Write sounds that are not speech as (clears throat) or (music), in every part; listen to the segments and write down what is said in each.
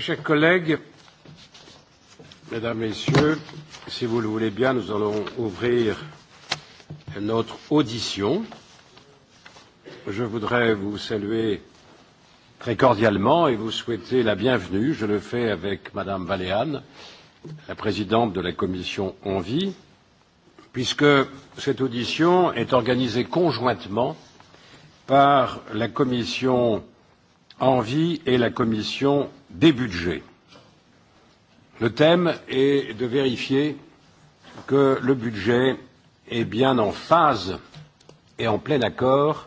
Mes chers collègues, Mesdames, Messieurs, si vous le voulez bien, nous allons ouvrir notre audition. Je voudrais vous saluer très cordialement et vous souhaiter la bienvenue. Je le fais avec Madame Valéane, la présidente de la commission Envie, puisque cette audition est organisée conjointement par la commission euh, Envie et la commission des budgets. Le thème est de vérifier que le budget est bien en phase et en plein accord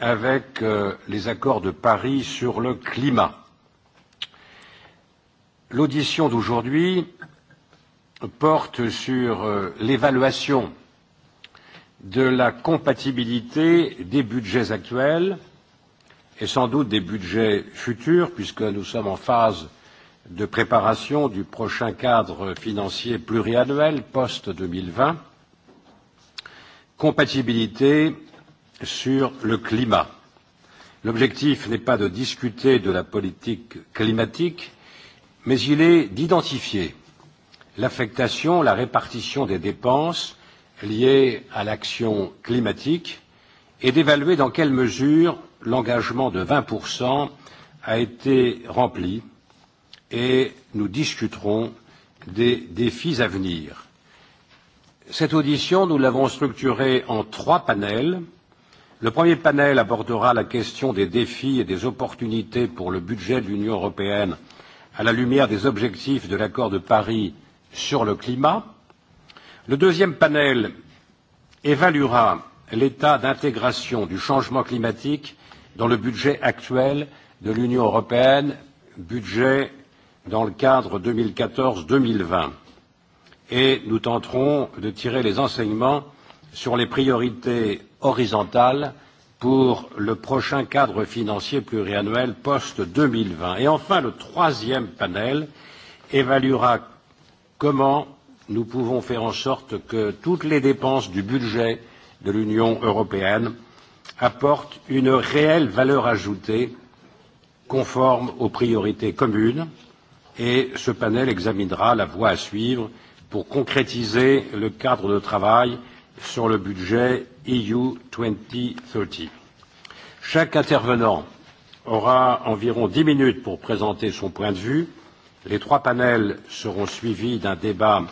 avec euh, les accords de Paris sur le climat. L'audition d'aujourd'hui porte sur euh, l'évaluation de la compatibilité des budgets actuels euh, et sans doute des budgets futurs, puisque nous sommes en phase de préparation du prochain cadre financier pluriannuel post-2020, compatibilité sur le climat. L'objectif n'est pas de discuter de la politique climatique, mais il est d'identifier l'affectation, la répartition des dépenses liées à l'action climatique et d'évaluer dans quelle mesure l'engagement de 20% a été rempli et nous discuterons des défis à venir. Cette audition, nous l'avons structurée en trois panels. Le premier panel abordera la question des défis et des opportunités pour le budget de l'Union européenne à la lumière des objectifs de l'accord de Paris sur le climat. Le deuxième panel évaluera l'état d'intégration du changement climatique dans le budget actuel de l'Union européenne, budget dans le cadre 2014-2020. Et nous tenterons de tirer les enseignements sur les priorités horizontales pour le prochain cadre financier pluriannuel post-2020. Et enfin, le troisième panel évaluera comment nous pouvons faire en sorte que toutes les dépenses du budget de l'Union européenne apporte une réelle valeur ajoutée conforme aux priorités communes et ce panel examinera la voie à suivre pour concrétiser le cadre de travail sur le budget e EU 2030. Chaque intervenant aura environ dix minutes pour présenter son point de vue. Les trois panels seront suivis d'un débat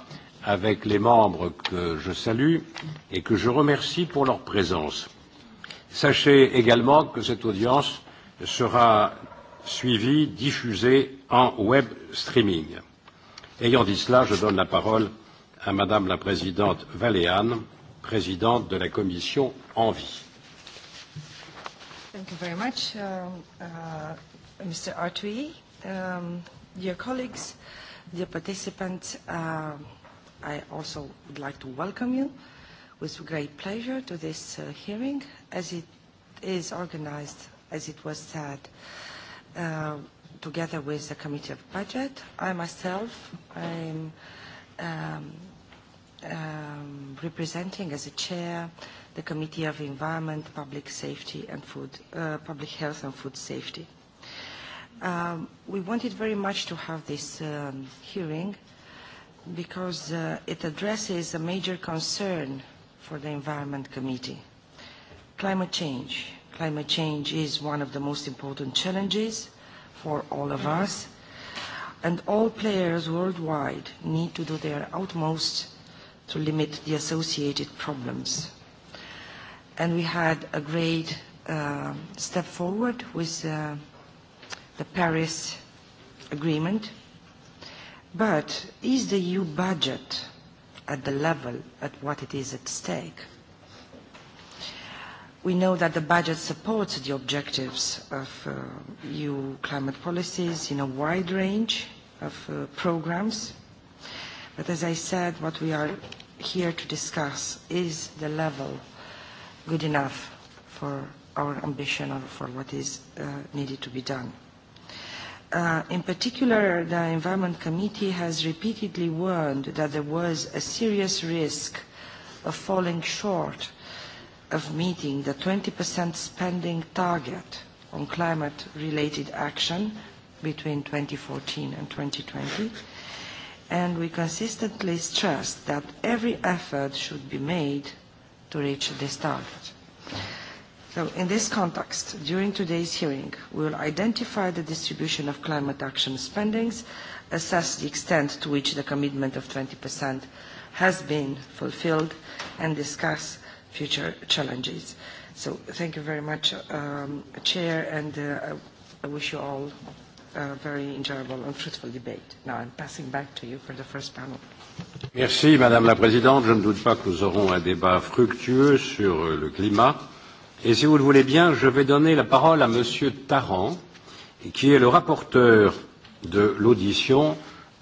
avec les membres que je salue et que je remercie pour leur présence. Sachez également que cette audience sera suivie, diffusée en web streaming. Ayant dit cela, je donne la parole à Madame la Présidente Valéane, présidente de la Commission Envie. Thank you very much, um, uh, uh Mr. Artui. Um, dear colleagues, dear participants, uh, I also would like to welcome you. Uh, with great pleasure to this uh, hearing as it is organized, as it was said, uh, together with the Committee of Budget. I myself am um, um, representing as a chair the Committee of Environment, Public Safety and Food, uh, Public Health and Food Safety. Um, we wanted very much to have this um, hearing because uh, it addresses a major concern for the Environment Committee. Climate change. Climate change is one of the most important challenges for all of us, and all players worldwide need to do their utmost to limit the associated problems. And we had a great uh, step forward with uh, the Paris Agreement. But is the EU budget at the level at what it is at stake. We know that the budget supports the objectives of uh, EU climate policies in a wide range of uh, programs. But as I said, what we are here to discuss is the level good enough for our ambition or for what is uh, needed to be done. Uh, in particular, the Environment Committee has repeatedly warned that there was a serious risk of falling short of meeting the 20% spending target on climate-related action between 2014 and 2020, and we consistently stressed that every effort should be made to reach this target. So in this context, during today's hearing, we will identify the distribution of climate action spendings, assess the extent to which the commitment of 20% has been fulfilled, and discuss future challenges. So thank you very much, um, Chair, and uh, I wish you all a very enjoyable and fruitful debate. Now I'm passing back to you for the first panel. Merci, Madame la Présidente. Je ne doute pas que nous aurons un débat fructueux sur euh, le climat Et si vous le voulez bien, je vais donner la parole à Monsieur Tarrant, qui est le rapporteur de l'audition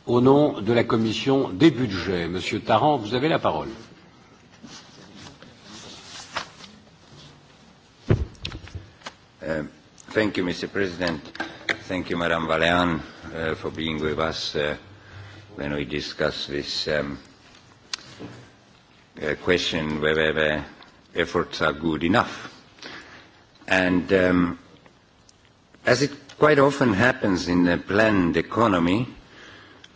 au nom de la Commission des budgets. Monsieur Tarrant, vous avez la parole. Uh, thank you, Mr. President. Thank you, Madame Valéan, uh, for being with us uh, when we discuss this um, uh, question whether the efforts are good enough. And um, as it quite often happens in the planned economy,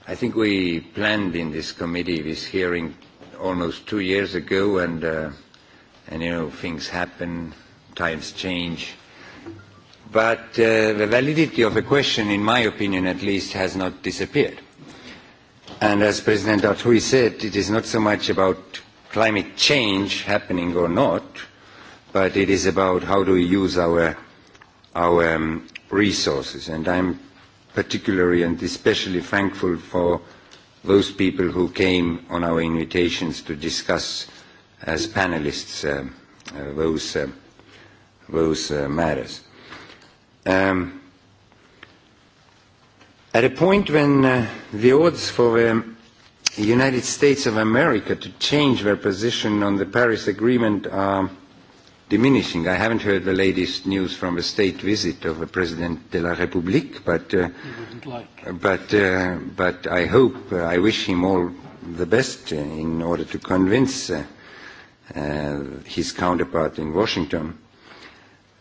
I think we planned in this committee this hearing almost two years ago, and uh, and you know things happen, times change. But uh, the validity of the question, in my opinion at least, has not disappeared. And as President Artui said, it is not so much about climate change happening or not, uh, but it is about how do we use our, our um, resources. And I'm particularly and especially thankful for those people who came on our invitations to discuss as panelists uh, uh, those, uh, those uh, matters. Um, at a point when uh, the odds for the United States of America to change their position on the Paris Agreement are diminishing. I haven't heard the latest news from the state visit of President de la République, but uh, like. but uh, but I hope uh, I wish him all the best uh, in order to convince uh, uh, his counterpart in Washington.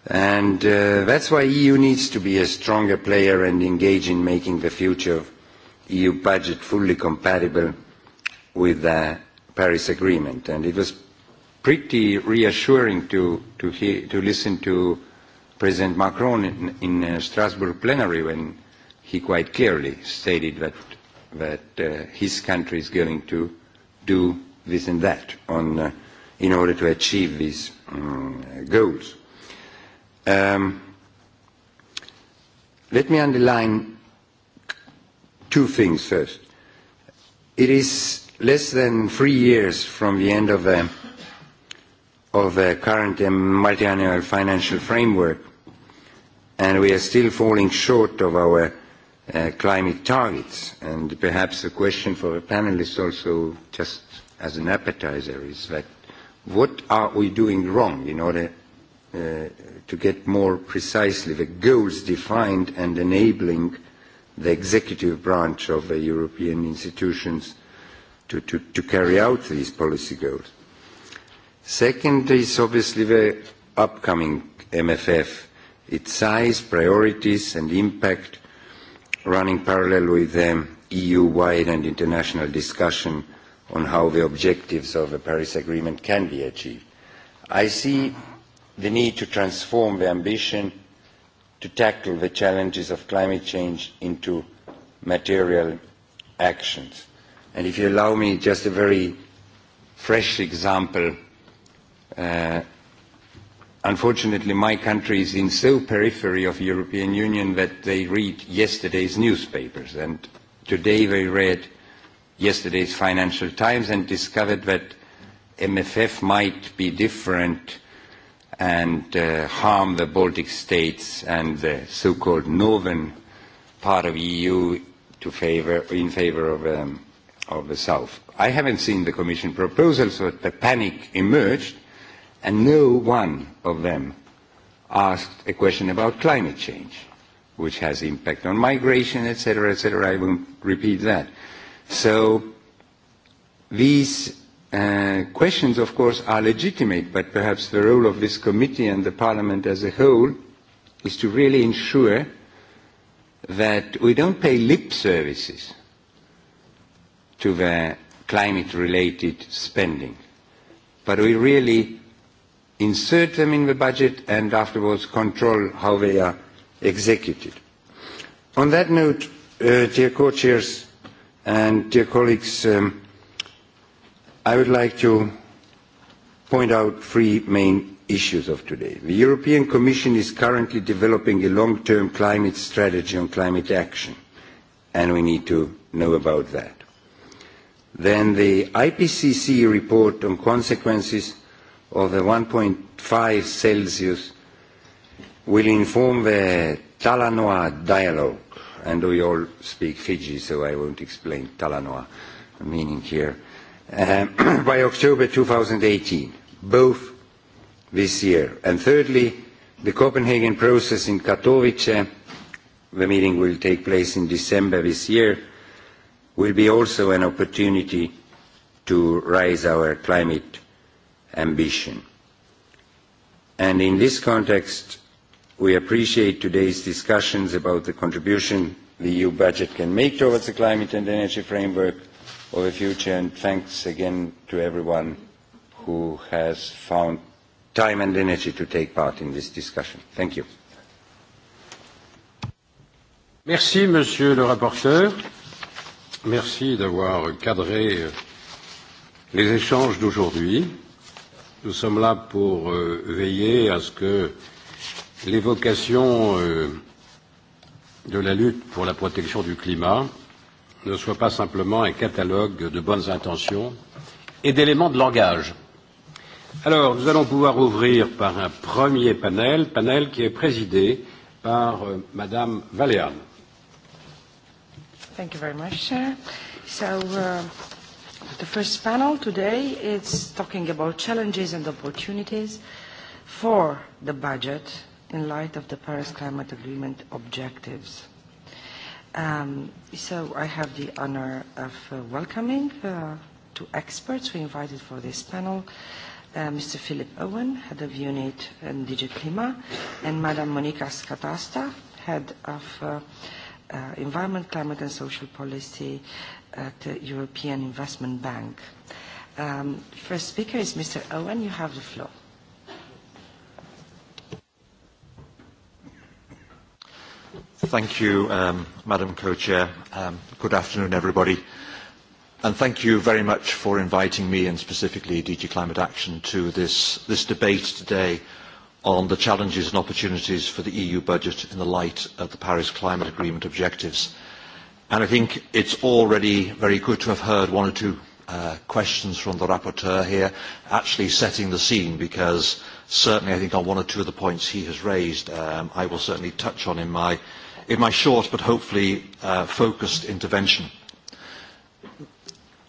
And uh, that's why EU needs to be a stronger player and engage in making the future of EU budget fully compatible with the Paris Agreement. And it was pretty reassuring to, to, he, to listen to President Macron in, in uh, Strasbourg plenary when he quite clearly stated that, that uh, his country is going to do this and that on, uh, in order to achieve these um, goals. Um, let me underline two things first. It is less than three years from the end of the uh, of the current multi-annual financial framework, and we are still falling short of our uh, climate targets. And perhaps a question for the panelists also, just as an appetizer, is that what are we doing wrong in order uh, to get more precisely the goals defined and enabling the executive branch of the European institutions to, to, to carry out these policy goals? Second is obviously the upcoming MFF, its size, priorities, and impact, running parallel with the EU-wide and international discussion on how the objectives of the Paris Agreement can be achieved. I see the need to transform the ambition to tackle the challenges of climate change into material actions. And if you allow me just a very fresh example Uh, unfortunately, my country is in so periphery of European Union that they read yesterday's newspapers. And today they read yesterday's Financial Times and discovered that MFF might be different and uh, harm the Baltic states and the so-called northern part of EU to favor, in favor of, um, of the south. I haven't seen the Commission proposals, but the panic emerged and no one of them asked a question about climate change, which has impact on migration, etc., etc. I won't repeat that. So these uh, questions, of course, are legitimate, but perhaps the role of this committee and the parliament as a whole is to really ensure that we don't pay lip services to the climate-related spending, but we really insert them in the budget and afterwards control how they are executed. On that note, uh, dear co-chairs and dear colleagues, um, I would like to point out three main issues of today. The European Commission is currently developing a long-term climate strategy on climate action, and we need to know about that. Then the IPCC report on consequences of the 1.5 Celsius will inform the Talanoa dialogue. And we all speak Fiji, so I won't explain Talanoa meaning here. Um, (clears throat) by October 2018, both this year. And thirdly, the Copenhagen process in Katowice, the meeting will take place in December this year, will be also an opportunity to raise our climate ambition. And in this context, we appreciate today's discussions about the contribution the EU budget can make towards the climate and energy framework of the future, and thanks again to everyone who has found time and energy to take part in this discussion. Thank you. Merci, Monsieur le rapporteur. Merci d'avoir cadré euh, les échanges d'aujourd'hui. Nous sommes là pour euh, veiller à ce que l'évocation euh, de la lutte pour la protection du climat ne soit pas simplement un catalogue de bonnes intentions et d'éléments de langage. Alors, nous allons pouvoir ouvrir par un premier panel, panel qui est présidé par euh, Madame Valéane. Thank you very much, sir. So, uh, The first panel today is talking about challenges and opportunities for the budget in light of the Paris Climate Agreement objectives. Um, so I have the honor of uh, welcoming uh, two experts we invited for this panel, uh, Mr. Philip Owen, Head of Unit in DG Clima, and Madam Monica Scatasta, Head of uh, uh, Environment, Climate and Social Policy at the European Investment Bank. Um, first speaker is Mr. Owen. You have the floor. Thank you, um, Madam Co-Chair. Um, good afternoon, everybody. And thank you very much for inviting me and specifically DG Climate Action to this, this debate today on the challenges and opportunities for the EU budget in the light of the Paris Climate Agreement objectives. And I think it's already very good to have heard one or two uh, questions from the rapporteur here, actually setting the scene, because certainly I think on one or two of the points he has raised, um, I will certainly touch on in my, in my short but hopefully uh, focused intervention.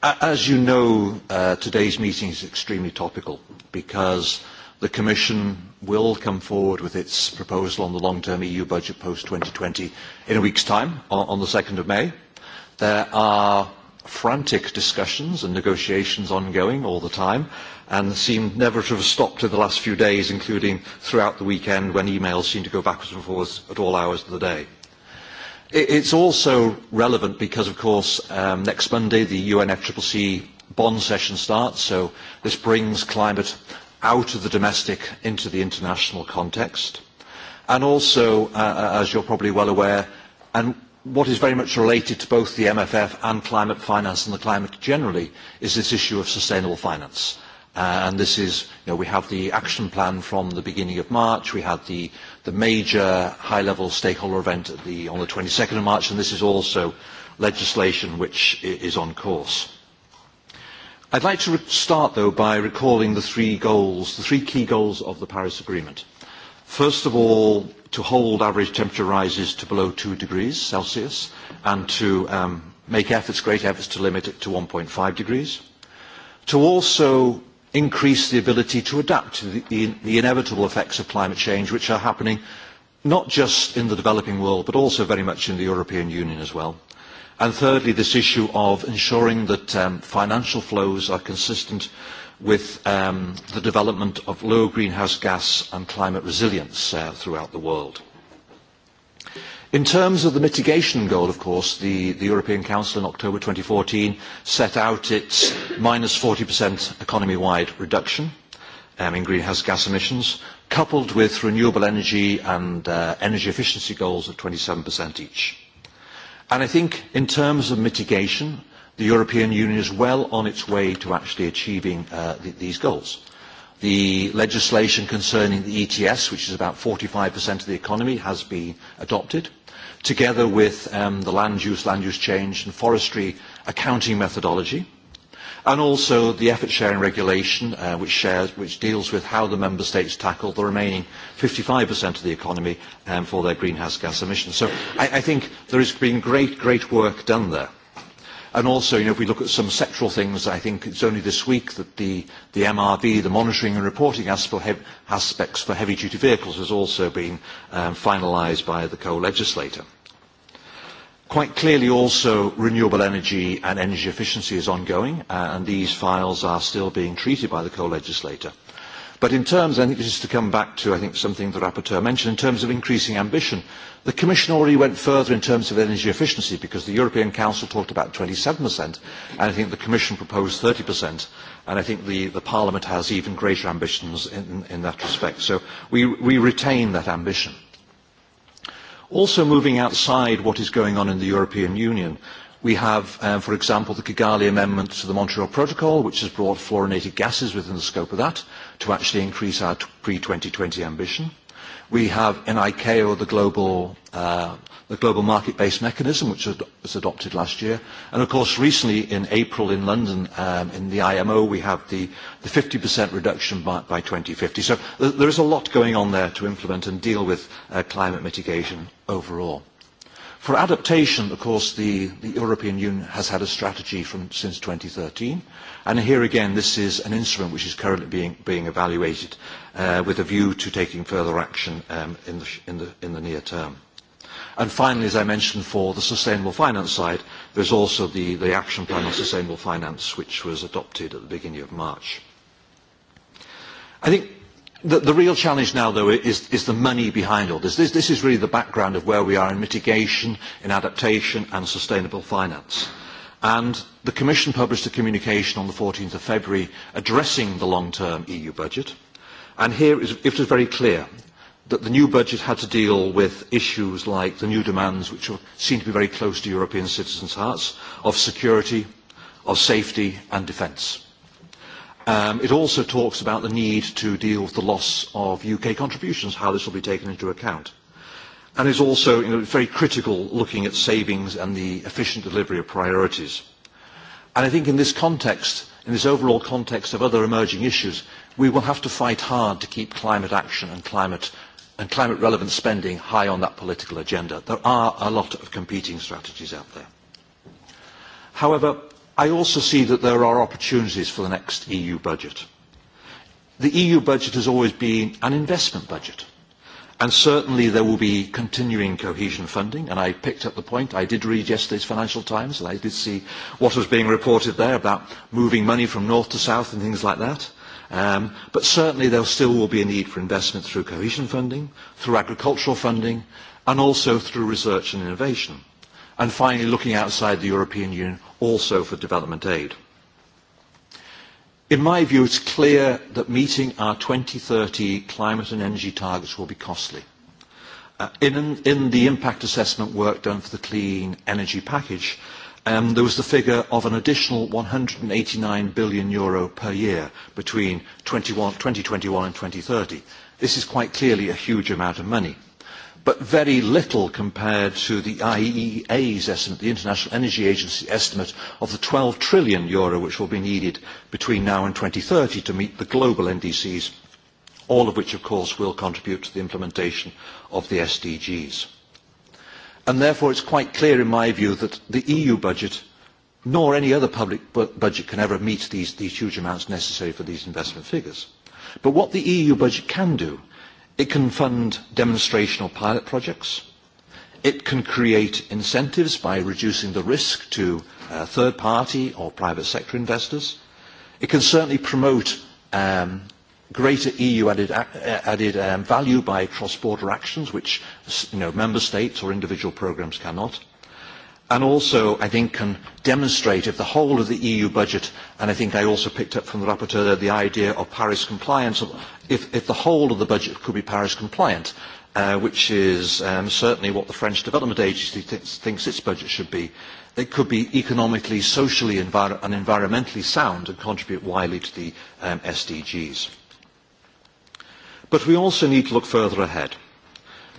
As you know, uh, today's meeting is extremely topical because uh, The Commission will come forward with its proposal on the long-term EU budget post-2020 in a week's time, on, on the 2nd of May. There are frantic discussions and negotiations ongoing all the time and seemed never to have stopped in the last few days, including throughout the weekend when emails seemed to go backwards and forwards at all hours of the day. It's also relevant because, of course, um, next Monday the UNFCCC bond session starts, so this brings climate out of the domestic into the international context. And also, uh, uh, as you're probably well aware, and what is very much related to both the MFF and climate finance and the climate generally, is this issue of sustainable finance. Uh, and this is, you know, we have the action plan from the beginning of March, we had the, the major high-level stakeholder event at the, on the 22nd of March, and this is also legislation which is on course. I'd like to start, though, by recalling the three goals, the three key goals of the Paris Agreement. First of all, to hold average temperature rises to below 2 degrees Celsius and to um, make efforts, great efforts to limit it to 1.5 degrees. To also increase the ability to adapt to the, the, the inevitable effects of climate change, which are happening not just in the developing world, but also very much in the European Union as well. And thirdly, this issue of ensuring that um, financial flows are consistent with um, the development of low greenhouse gas and climate resilience uh, throughout the world. In terms of the mitigation goal, of course, the, the European Council in October 2014 set out its minus 40% economy-wide reduction um, in greenhouse gas emissions, coupled with renewable energy and uh, energy efficiency goals of 27% each. And I think in terms of mitigation, the European Union is well on its way to actually achieving uh, th these goals. The legislation concerning the ETS, which is about 45% of the economy, has been adopted, together with um, the land use, land use change and forestry accounting methodology and also the effort sharing regulation, uh, which, shares, which deals with how the member states tackle the remaining 55% of the economy um, for their greenhouse gas emissions. So I, I think there has been great, great work done there. And also, you know, if we look at some sectoral things, I think it's only this week that the, the MRV, the monitoring and reporting aspects for heavy-duty vehicles, has also been um, finalised by the co-legislator. Quite clearly also renewable energy and energy efficiency is ongoing uh, and these files are still being treated by the co-legislator. But in terms, I think this is to come back to, I think, something the rapporteur mentioned, in terms of increasing ambition, the Commission already went further in terms of energy efficiency because the European Council talked about 27% and I think the Commission proposed 30% and I think the, the Parliament has even greater ambitions in, in that respect. So we, we retain that ambition. Also moving outside what is going on in the European Union, we have, um, for example, the Kigali Amendment to the Montreal Protocol, which has brought fluorinated gases within the scope of that to actually increase our pre-2020 ambition. We have in ICAO the global, uh, the global market-based mechanism, which was adopted last year. And of course, recently in April in London, um, in the IMO, we have the, the 50% reduction by, by 2050. So th there is a lot going on there to implement and deal with uh, climate mitigation overall. For adaptation, of course, the, the European Union has had a strategy from, since 2013, and here again this is an instrument which is currently being, being evaluated uh, with a view to taking further action um, in, the, in, the, in the near term. And finally, as I mentioned, for the sustainable finance side, there's also the, the action plan on sustainable finance, which was adopted at the beginning of March. I think The, the real challenge now, though, is, is the money behind all this. this. This is really the background of where we are in mitigation, in adaptation and sustainable finance. And the Commission published a communication on the 14th of February addressing the long-term EU budget. And here is, it was very clear that the new budget had to deal with issues like the new demands, which seem to be very close to European citizens' hearts, of security, of safety and defence. Um, it also talks about the need to deal with the loss of UK contributions, how this will be taken into account. And is also you know, very critical looking at savings and the efficient delivery of priorities. And I think in this context, in this overall context of other emerging issues, we will have to fight hard to keep climate action and climate and climate relevant spending high on that political agenda. There are a lot of competing strategies out there. However, I also see that there are opportunities for the next EU budget. The EU budget has always been an investment budget. And certainly there will be continuing cohesion funding, and I picked up the point. I did read yesterday's Financial Times, and I did see what was being reported there about moving money from north to south and things like that. Um, but certainly there still will be a need for investment through cohesion funding, through agricultural funding, and also through research and innovation and finally looking outside the European Union also for development aid. In my view, it's clear that meeting our 2030 climate and energy targets will be costly. Uh, in, in the impact assessment work done for the clean energy package, um, there was the figure of an additional 189 billion euro per year between 21, 2021 and 2030. This is quite clearly a huge amount of money but very little compared to the IEA's estimate, the International Energy Agency estimate of the 12 trillion euro which will be needed between now and 2030 to meet the global NDCs, all of which of course will contribute to the implementation of the SDGs. And therefore it's quite clear in my view that the EU budget nor any other public bu budget can ever meet these, these huge amounts necessary for these investment figures. But what the EU budget can do It can fund demonstration or pilot projects. It can create incentives by reducing the risk to uh, third-party or private sector investors. It can certainly promote um, greater EU added, uh, added um, value by cross-border actions, which you know, member states or individual programs cannot. And also, I think, can demonstrate if the whole of the EU budget, and I think I also picked up from the rapporteur the idea of Paris compliance, if, if the whole of the budget could be Paris compliant, uh, which is um, certainly what the French Development Agency th- thinks its budget should be, it could be economically, socially, envir- and environmentally sound and contribute widely to the um, SDGs. But we also need to look further ahead.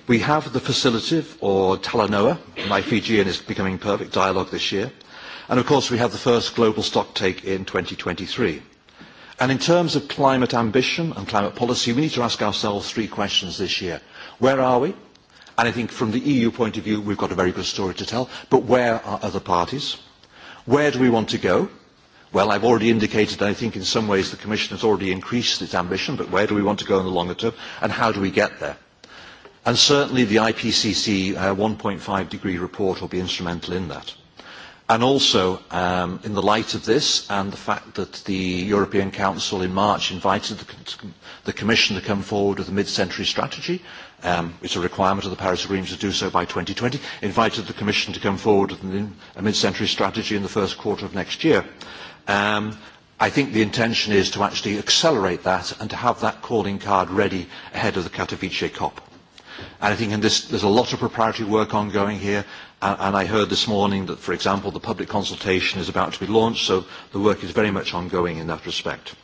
We have the facilitative, or Talanoa, my Fijian is becoming perfect dialogue this year, and of course we have the first global stock take in 2023. And in terms of climate ambition and climate policy, we need to ask ourselves three questions this year. Where are we? And I think from the EU point of view, we've got a very good story to tell. But where are other parties? Where do we want to go? Well, I've already indicated that I think in some ways the Commission has already increased its ambition, but where do we want to go in the longer term? And how do we get there? And certainly the IPCC uh, 1.5 degree report will be instrumental in that. And also, um, in the light of this and the fact that the European Council in March invited the, the Commission to come forward with a mid-century strategy, um, it's a requirement of the Paris Agreement to do so by 2020, invited the Commission to come forward with a mid-century strategy in the first quarter of next year. Um, I think the intention is to actually accelerate that and to have that calling card ready ahead of the Katowice COP. And I think in this, there's a lot of preparatory work ongoing here. And, and I heard this morning that, for example, the public consultation is about to be launched, so the work is very much ongoing in that respect.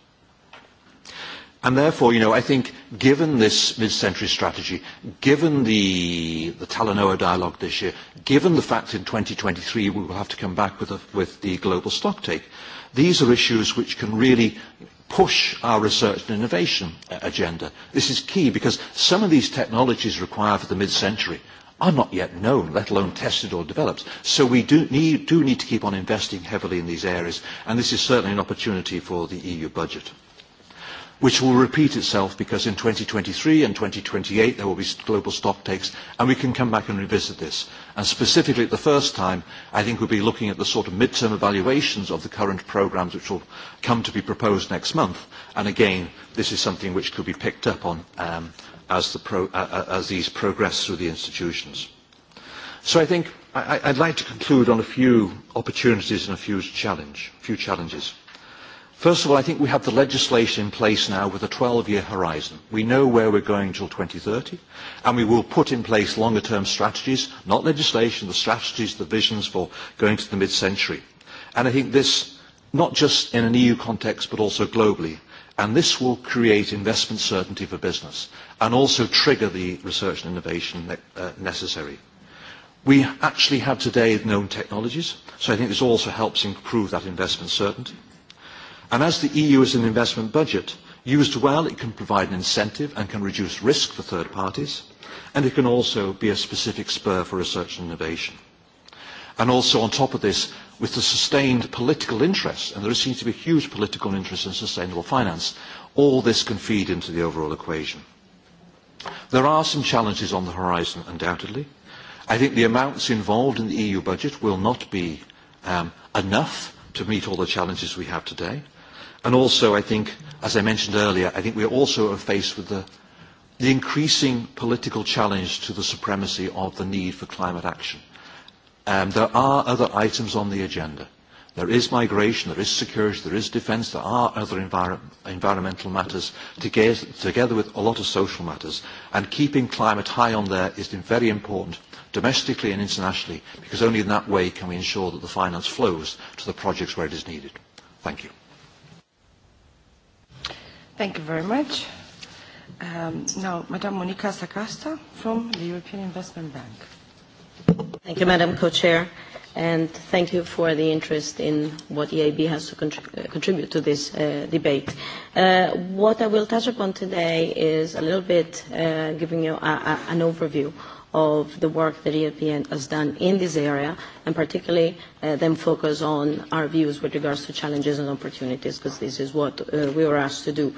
And therefore, you know, I think given this mid-century strategy, given the, the Talanoa dialogue this year, given the fact in 2023 we will have to come back with, a, with the global stocktake, these are issues which can really push our research and innovation agenda. This is key because some of these technologies required for the mid-century are not yet known, let alone tested or developed. So we do need, do need to keep on investing heavily in these areas, and this is certainly an opportunity for the EU budget which will repeat itself because in 2023 and 2028 there will be global stock takes and we can come back and revisit this. And specifically the first time, I think we'll be looking at the sort of midterm evaluations of the current programs which will come to be proposed next month. And again, this is something which could be picked up on um, as, the pro, uh, uh as these progress through the institutions. So I think I, I'd like to conclude on a few opportunities and a few, challenge, few challenges. First of all, I think we have the legislation in place now with a 12-year horizon. We know where we're going until 2030, and we will put in place longer-term strategies, not legislation, the strategies, the visions for going to the mid-century. And I think this, not just in an EU context, but also globally, and this will create investment certainty for business and also trigger the research and innovation ne uh, necessary. We actually have today known technologies, so I think this also helps improve that investment certainty. And as the EU is an investment budget, used well, it can provide an incentive and can reduce risk for third parties, and it can also be a specific spur for research and innovation. And also on top of this, with the sustained political interest, and there seems to be huge political interest in sustainable finance, all this can feed into the overall equation. There are some challenges on the horizon, undoubtedly. I think the amounts involved in the EU budget will not be um, enough to meet all the challenges we have today. And also, I think, as I mentioned earlier, I think we also are faced with the, the increasing political challenge to the supremacy of the need for climate action. Um, there are other items on the agenda. There is migration, there is security, there is defence, there are other envir environmental matters, together, together with a lot of social matters. And keeping climate high on there is very important, domestically and internationally, because only in that way can we ensure that the finance flows to the projects where it is needed. Thank you. Thank you very much. Um, now, Madam Monica Sacasta from the European Investment Bank. Thank you, Madam Co-Chair, and thank you for the interest in what EIB has to contrib uh, contribute to this uh, debate. Uh, what I will touch upon today is a little bit uh, giving you a, a, an overview of the work that EAPN has done in this area, and particularly uh, then focus on our views with regards to challenges and opportunities, because this is what uh, we were asked to do.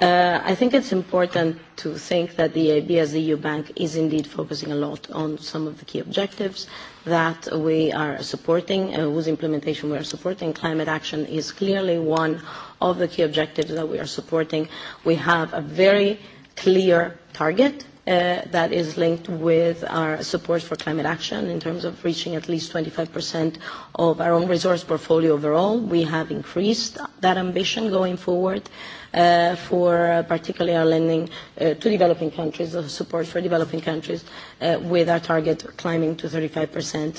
Uh, I think it's important to think that the EIB as the EU bank is indeed focusing a lot on some of the key objectives that we are supporting, uh, whose implementation we are supporting. Climate action is clearly one of the key objectives that we are supporting. We have a very clear target uh, that is linked with our support for climate action in terms of reaching at least 25% of our own resource portfolio overall. We have increased that ambition going forward. Uh, uh, for uh, particularly our lending uh, to developing countries, uh, support for developing countries, uh, with our target climbing to 35%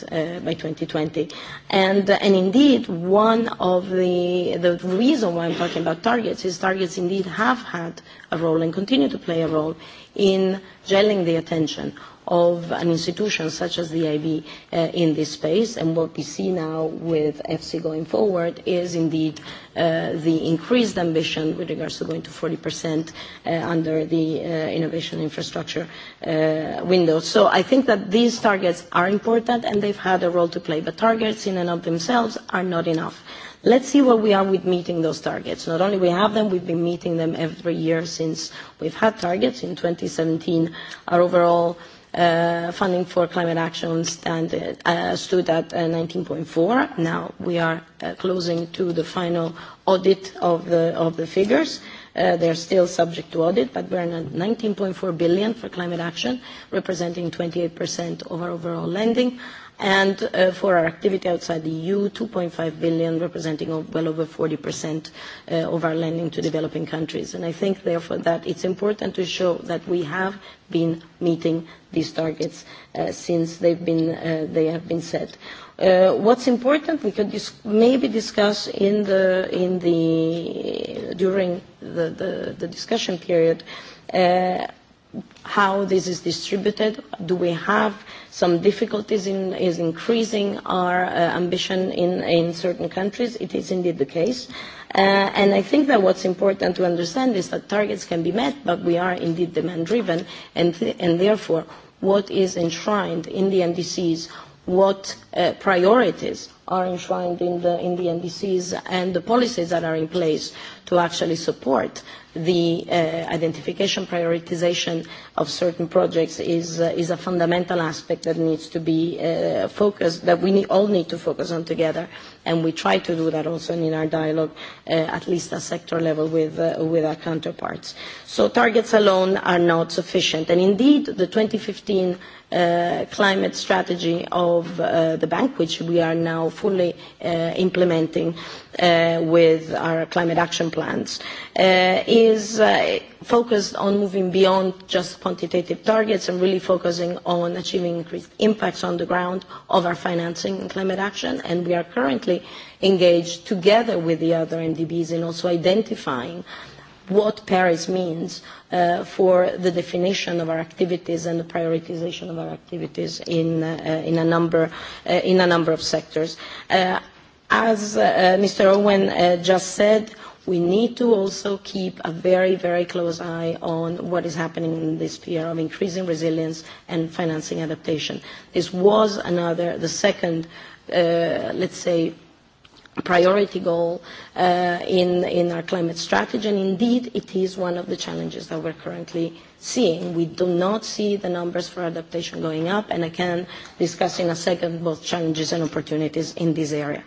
uh, by 2020. And, uh, and indeed, one of the, the reason why I'm talking about targets is targets indeed have had a role and continue to play a role in gelling the attention of an institution such as the IB uh, in this space. And what we see now with EFSI going forward is indeed uh, the increased ambition with regards to going to 40% uh, under the uh, innovation infrastructure uh, window. So I think that these targets are important and they've had a role to play, but targets in and of themselves are not enough. Let's see where we are with meeting those targets. Not only we have them, we've been meeting them every year since we've had targets. In 2017, our overall uh, uh, funding for climate action stand, uh, stood at uh, 19.4. Now we are uh, closing to the final audit of the, of the figures. Uh, they're still subject to audit, but we're at 19.4 billion for climate action, representing 28% of our overall lending and uh, for our activity outside the EU, 2.5 billion, representing well over 40% uh, of our lending to developing countries. And I think, therefore, that it's important to show that we have been meeting these targets uh, since they've been, uh, they have been set. Uh, what's important, we could dis- maybe discuss in the, in the, during the, the, the discussion period uh, how this is distributed. Do we have some difficulties in, in increasing our uh, ambition in, in certain countries. It is indeed the case. Uh, and I think that what's important to understand is that targets can be met, but we are indeed demand-driven, and, th and therefore what is enshrined in the NDCs, what uh, priorities are enshrined in the, in the NDCs and the policies that are in place to actually support the uh, identification prioritization of certain projects is, uh, is a fundamental aspect that needs to be uh, focused, that we need, all need to focus on together. And we try to do that also in our dialogue, uh, at least at sector level with, uh, with our counterparts. So targets alone are not sufficient. And indeed, the 2015 uh, climate strategy of uh, the bank, which we are now fully uh, implementing uh, with our climate action plans uh, is uh, focused on moving beyond just quantitative targets and really focusing on achieving increased impacts on the ground of our financing and climate action. And we are currently engaged together with the other MDBs in also identifying uh, what Paris means uh, for the definition of our activities and the prioritization of our activities in, uh, uh in, a, number, uh, in a number of sectors. Uh, as uh, uh Mr. Owen uh, just said, we need to also keep a very, very close eye on what is happening in this sphere of increasing resilience and financing adaptation. This was another, the second, uh, let's say, priority goal uh, in, in our climate strategy, and indeed it is one of the challenges that we're currently seeing. We do not see the numbers for adaptation going up, and I can discuss in a second both challenges and opportunities in this area.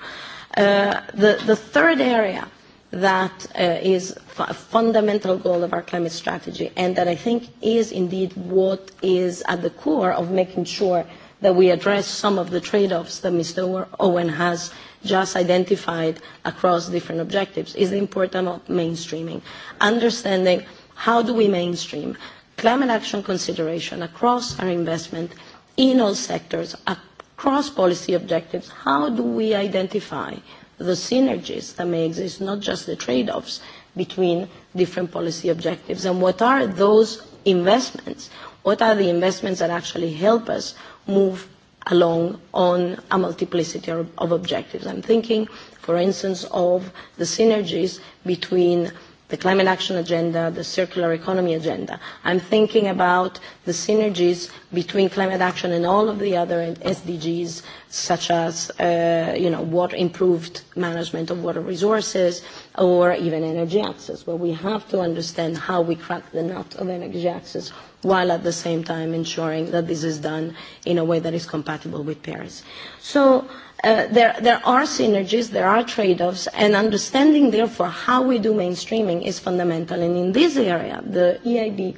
Uh, the, the third area that uh, is a fundamental goal of our climate strategy, and that I think is indeed what is at the core of making sure – that we address some of the trade-offs that Mr. Owen has just identified across different objectives is the importance of mainstreaming, understanding how do we mainstream climate action consideration across our investment in all sectors, across policy objectives, how do we identify the synergies that may exist, not just the trade-offs between different policy objectives, and what are those investments? What are the investments that actually help us move along on a multiplicity of objectives. I'm thinking, for instance, of the synergies between the climate action agenda, the circular economy agenda. I'm thinking about the synergies between climate action and all of the other SDGs, such as, uh, you know, water improved management of water resources or even energy access, where we have to understand how we crack the nut of energy access while at the same time ensuring that this is done in a way that is compatible with Paris. So uh, there, there are synergies, there are trade-offs, and understanding, therefore, how we do mainstreaming is fundamental. And in this area, the EIB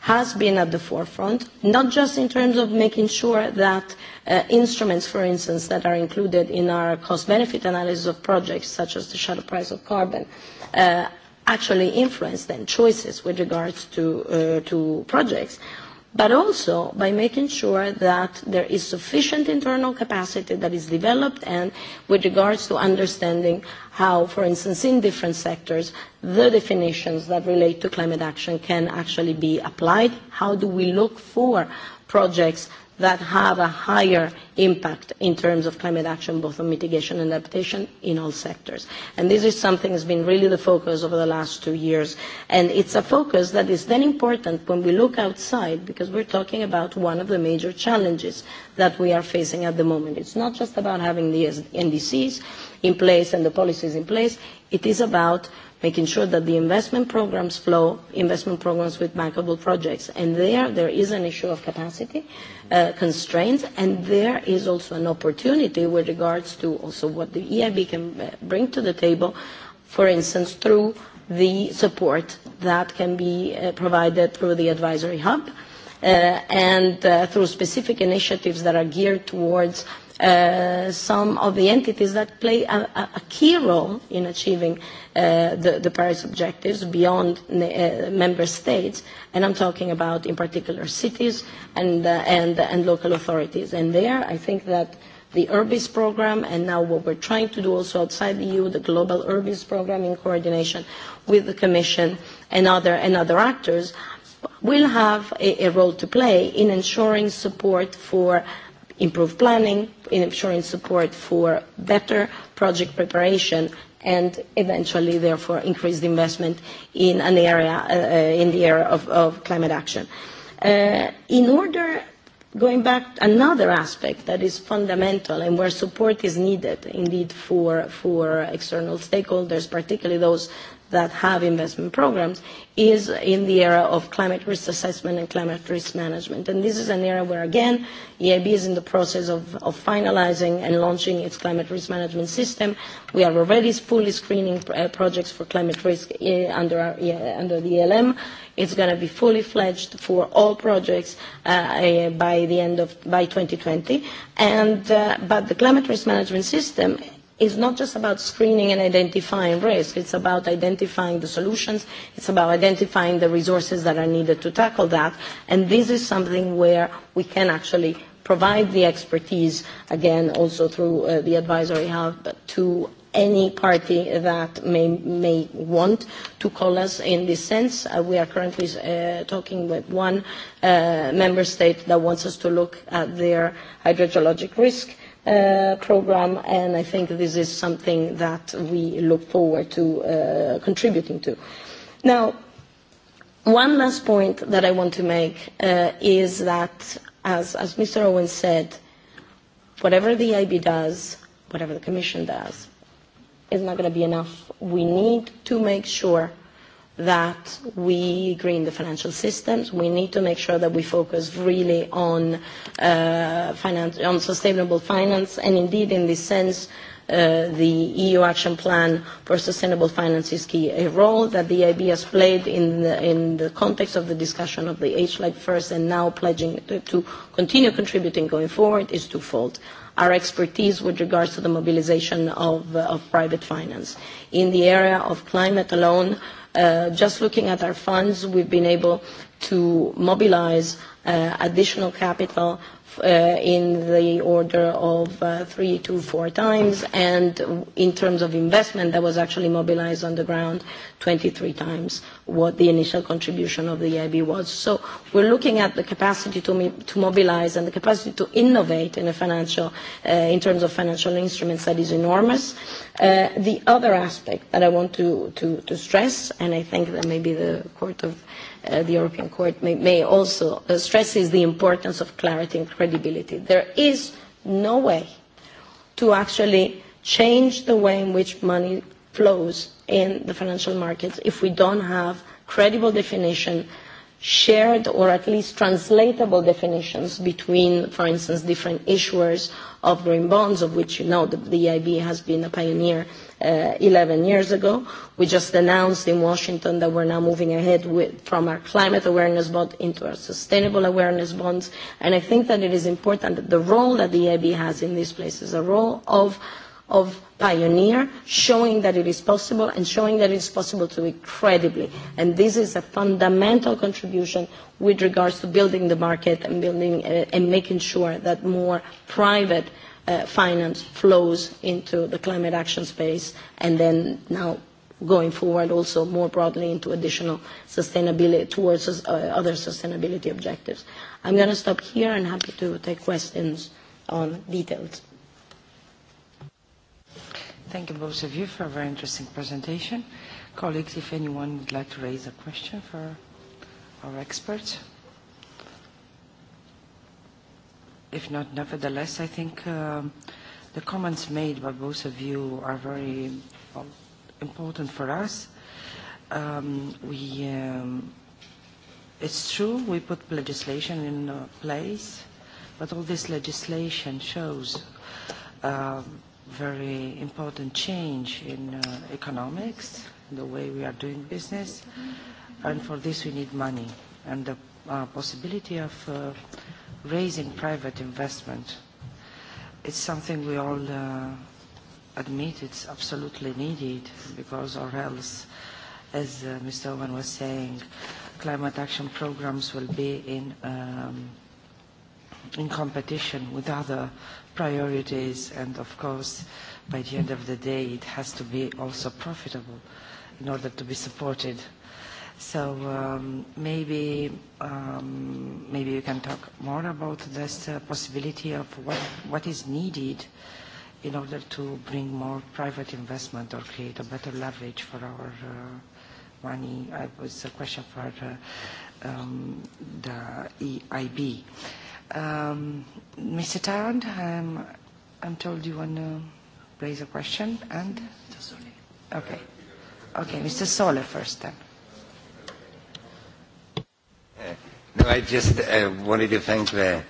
has been at the forefront, not just in terms of making sure that uh, instruments, for instance, that are included in our cost-benefit analysis of projects, such as the shadow price of carbon, uh, actually influence then choices with regards to, uh, to projects, but also by making sure that there is sufficient internal capacity that is developed and with regards to understanding how, for instance, in different sectors, the definitions that relate to climate action can actually be applied. How do we look for projects that have a higher impact in terms of climate action, both on mitigation and adaptation in all sectors. And this is something that's been really the focus over the last two years. And it's a focus that is then important when we look outside because we're talking about one of the major challenges that we are facing at the moment. It's not just about having the NDCs in place and the policies in place. It is about making sure that the investment programs flow, investment programs with bankable projects. And there, there is an issue of capacity uh, constraints, and there is also an opportunity with regards to also what the EIB can uh, bring to the table, for instance, through the support that can be uh, provided through the advisory hub uh, and uh, through specific initiatives that are geared towards uh, uh, some of the entities that play a, a key role in achieving uh, the, the Paris objectives beyond uh, member states, and I'm talking about in particular cities and, uh, and, and local authorities. And there, I think that the Urbis program, and now what we're trying to do also outside the EU, the global Urbis program in coordination with the Commission and other, and other actors, will have a, a role to play in ensuring support for improved planning, ensuring support for better project preparation, and eventually, therefore, increased investment in an area, uh, uh, in the area of, of climate action. Uh, in order Going back, another aspect that is fundamental and where support is needed indeed for, for external stakeholders, particularly those that have investment programs is in the area of climate risk assessment and climate risk management. And this is an area where, again, EIB e is in the process of, of finalizing and launching its climate risk management system. We are already fully screening uh, projects for climate risk uh, under, our, uh, under the ELM. It's going to be fully fledged for all projects uh, uh, by the end of by 2020. And, uh, but the climate risk management system is not just about screening and identifying risk, it's about identifying the solutions, it's about identifying the resources that are needed to tackle that, and this is something where we can actually provide the expertise, again, also through uh, the advisory hub, to any party that may, may want to call us in this sense. Uh, we are currently uh, talking with one uh, member state that wants us to look at their hydrogeologic risk uh, program, and I think this is something that we look forward to uh, contributing to. Now, one last point that I want to make uh, is that, as, as Mr. Owen said, whatever the IB does, whatever the Commission does, is not going to be enough. We need to make sure that we green the financial systems. We need to make sure that we focus really on, uh, finance, on sustainable finance. And indeed, in this sense, uh, the EU Action Plan for Sustainable Finance is key, a role that the EIB has played in the, in the context of the discussion of the HLAG first and now pledging to, to continue contributing going forward is twofold our expertise with regards to the mobilization of, uh, of private finance. In the area of climate alone, uh, Uh, just looking at our funds, we've been able to mobilize uh, additional capital uh, in the order of uh, three to four times, and in terms of investment, that was actually mobilized on the ground 23 times what the initial contribution of the EIB was. So we're looking at the capacity to, mo to mobilize and the capacity to innovate in, a financial, uh, in terms of financial instruments that is enormous. Uh, the other aspect that I want to, to, to stress, and I think that maybe the Court of uh, the European Court may, may also uh, stresses the importance of clarity and credibility. There is no way to actually change the way in which money flows in the financial markets if we don't have credible definition, shared or at least translatable definitions between, for instance, different issuers of green bonds, of which you know the, the EIB has been a pioneer uh, 11 years ago. We just announced in Washington that we're now moving ahead with, from our climate awareness bond into our sustainable awareness bonds. And I think that it is important that the role that the EIB has in these places, a role of, of pioneer, showing that it is possible and showing that it is possible to be credibly. And this is a fundamental contribution with regards to building the market and building uh, and making sure that more private uh, uh, finance flows into the climate action space and then now going forward also more broadly into additional sustainability towards uh, other sustainability objectives. I'm going to stop here and happy to take questions on details. Thank you both of you for a very interesting presentation. Colleagues, if anyone would like to raise a question for our experts. if not nevertheless, I think uh, the comments made by both of you are very well, important for us. Um, we, um, it's true we put legislation in uh, place, but all this legislation shows uh, very important change in uh, economics, the way we are doing business, and for this we need money. And the uh, possibility of uh, raising private investment is something we all uh, admit it's absolutely needed because or else, as uh, Mr. Owen was saying, climate action programs will be in, um, in competition with other priorities and of course by the end of the day it has to be also profitable in order to be supported uh, So um, maybe um, maybe you can talk more about this uh, possibility of what, what is needed in order to bring more private investment or create a better leverage for our uh, money. I was a question for uh, um, the EIB. Um, Mr. Tarrant, I'm, I'm told you want to raise a question and? Okay. Okay, Mr. Sole first then. Uh, no, I just uh, wanted to thank the,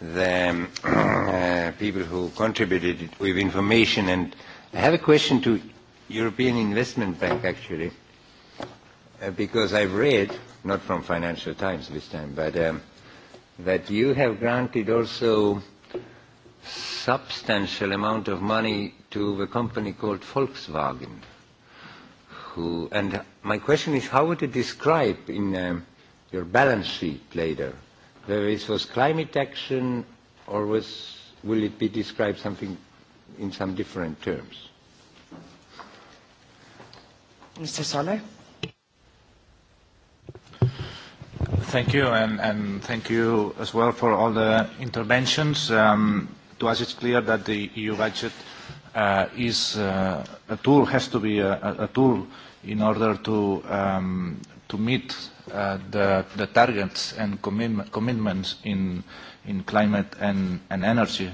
the um, uh, people who contributed with information. And I have a question to European Investment Bank, actually, uh, because I've read, not from Financial Times this time, but um, that you have granted also substantial amount of money to the company called Volkswagen. Who, and my question is, how would you describe in... Um, your balance sheet later, whether this was climate action or was, will it be described something in some different terms? Mr. Soller? Thank you, and, and thank you as well for all the interventions. Um, to us, it's clear that the EU budget uh, is uh, a tool, has to be a, a tool in order to um, to meet uh, the, the targets and commitment, commitments in, in climate and, and energy.